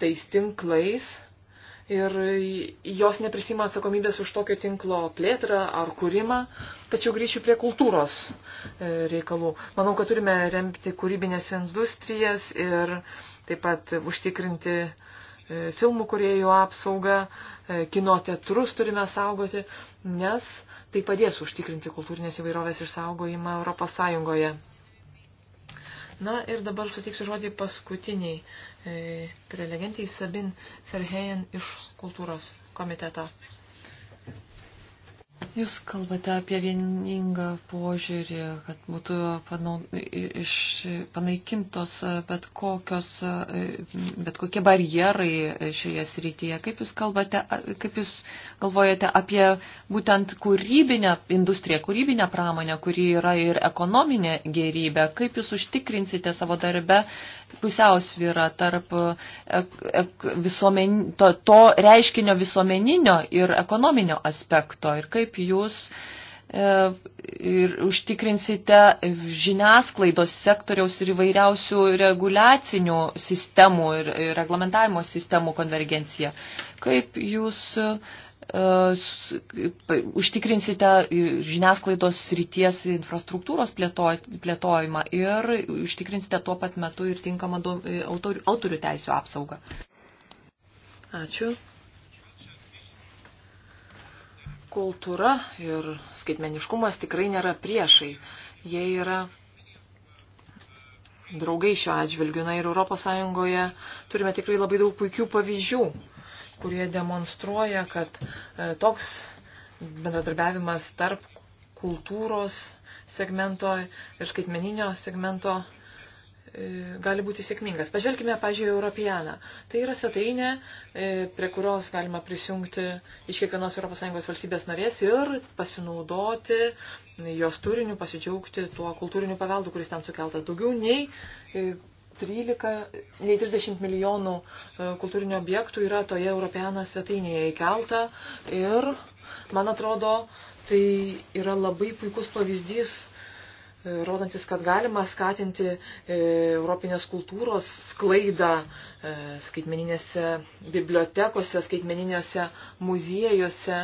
S3: tais tinklais ir jos neprisima atsakomybės už tokio tinklo plėtrą ar kūrimą. Tačiau grįšiu prie kultūros e, reikalų. Manau, kad turime remti kūrybinės industrijas ir taip pat užtikrinti e, filmų kuriejų apsaugą, e, kino teatrus turime saugoti, nes tai padės užtikrinti kultūrinės įvairovės išsaugojimą Europos Sąjungoje. Na ir dabar sutiksiu žodį paskutiniai e, prelegentiai Sabin Ferhejen iš kultūros komiteto.
S1: Jūs kalbate apie vieningą požiūrį, kad būtų panau, iš, panaikintos e, bet, kokios, e, bet kokie barjerai e, šioje srityje. Kaip jūs, kalbate, kaip jūs galvojate apie būtent kūrybinę industriją, kūrybinę pramonę, kuri yra ir ekonominė gerybė? Kaip jūs užtikrinsite savo darbe pusiausvyrą tarp e, e, visuomen, to, to reiškinio visuomeninio ir ekonominio aspekto ir kaip jūs e, ir užtikrinsite žiniasklaidos sektoriaus ir įvairiausių reguliacinių sistemų ir reglamentavimo sistemų konvergenciją. Kaip jūs E, užtikrinsite žiniasklaidos srities infrastruktūros plėtojimą ir užtikrinsite tuo pat metu ir tinkamą e, autorių, autorių teisų apsaugą.
S3: Ačiū. Kultūra ir skaitmeniškumas tikrai nėra priešai. Jie yra draugai šiuo atžvilgiu. Na ir ES turime tikrai labai daug puikių pavyzdžių kurie demonstruoja, kad e, toks bendradarbiavimas tarp kultūros segmento ir skaitmeninio segmento e, gali būti sėkmingas. Pažvelkime, pažiūrėjau, Europianą. Tai yra svetainė, e, prie kurios galima prisijungti iš kiekvienos ES valstybės narės ir pasinaudoti jos turiniu, pasidžiaugti tuo kultūriniu paveldu, kuris ten sukeltas daugiau nei 13, nei 30 milijonų e, kultūrinių objektų yra toje Europeana svetainėje įkelta ir, man atrodo, tai yra labai puikus pavyzdys, e, rodantis, kad galima skatinti e, Europinės kultūros sklaidą skaitmeninėse bibliotekose, skaitmeninėse muziejuose.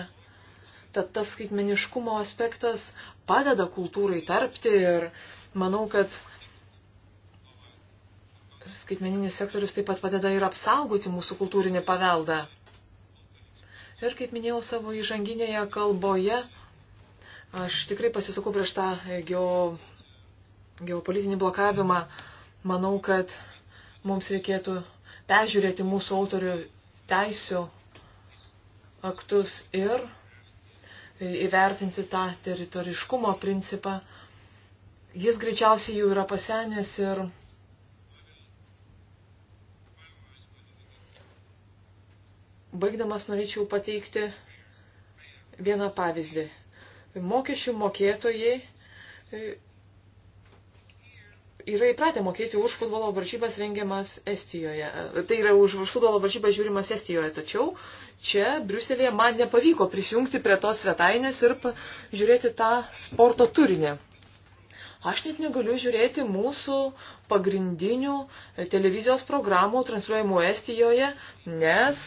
S3: Tad tas skaitmeniškumo aspektas padeda kultūrai tarpti ir manau, kad skaitmeninis sektorius taip pat padeda ir apsaugoti mūsų kultūrinį paveldą. Ir kaip minėjau savo įžanginėje kalboje, aš tikrai pasisakau prieš tą geo, geopolitinį blokavimą. Manau, kad mums reikėtų peržiūrėti mūsų autorių teisų aktus ir įvertinti tą teritoriškumo principą. Jis greičiausiai jau yra pasenęs ir Baigdamas norėčiau pateikti vieną pavyzdį. Mokesčių mokėtojai e, yra įpratę mokėti už futbolo varžybas rengiamas Estijoje. E, tai yra už futbolo varžybas žiūrimas Estijoje. Tačiau čia, Briuselėje, man nepavyko prisijungti prie tos svetainės ir žiūrėti tą sporto turinį. Aš net negaliu žiūrėti mūsų pagrindinių televizijos programų transliuojamų Estijoje, nes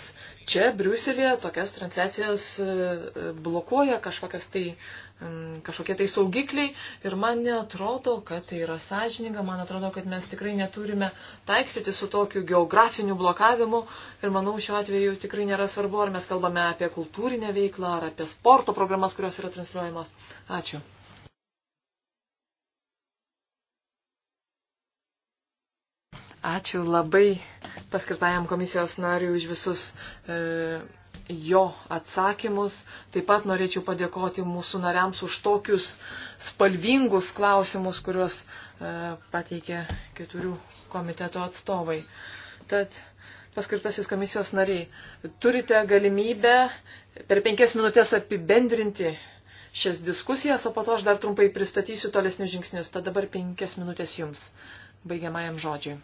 S3: čia Briuselėje tokias transliacijas e, blokuoja kažkokias tai kažkokie tai saugikliai ir man netrodo, kad tai yra sąžininga, man atrodo, kad mes tikrai neturime taikstyti su tokiu geografiniu blokavimu ir manau šiuo atveju tikrai nėra svarbu, ar mes kalbame apie kultūrinę veiklą, ar apie sporto programas, kurios yra transliuojamos. Ačiū. Ačiū labai paskirtajam komisijos nariui už visus e, jo atsakymus. Taip pat norėčiau padėkoti mūsų nariams už tokius spalvingus klausimus, kuriuos e, pateikė keturių komiteto atstovai. Tad paskirtasis komisijos nariai, turite galimybę per penkias minutės apibendrinti šias diskusijas, o po to aš dar trumpai pristatysiu tolesnius žingsnius. Tad dabar penkias minutės jums baigiamajam žodžiui.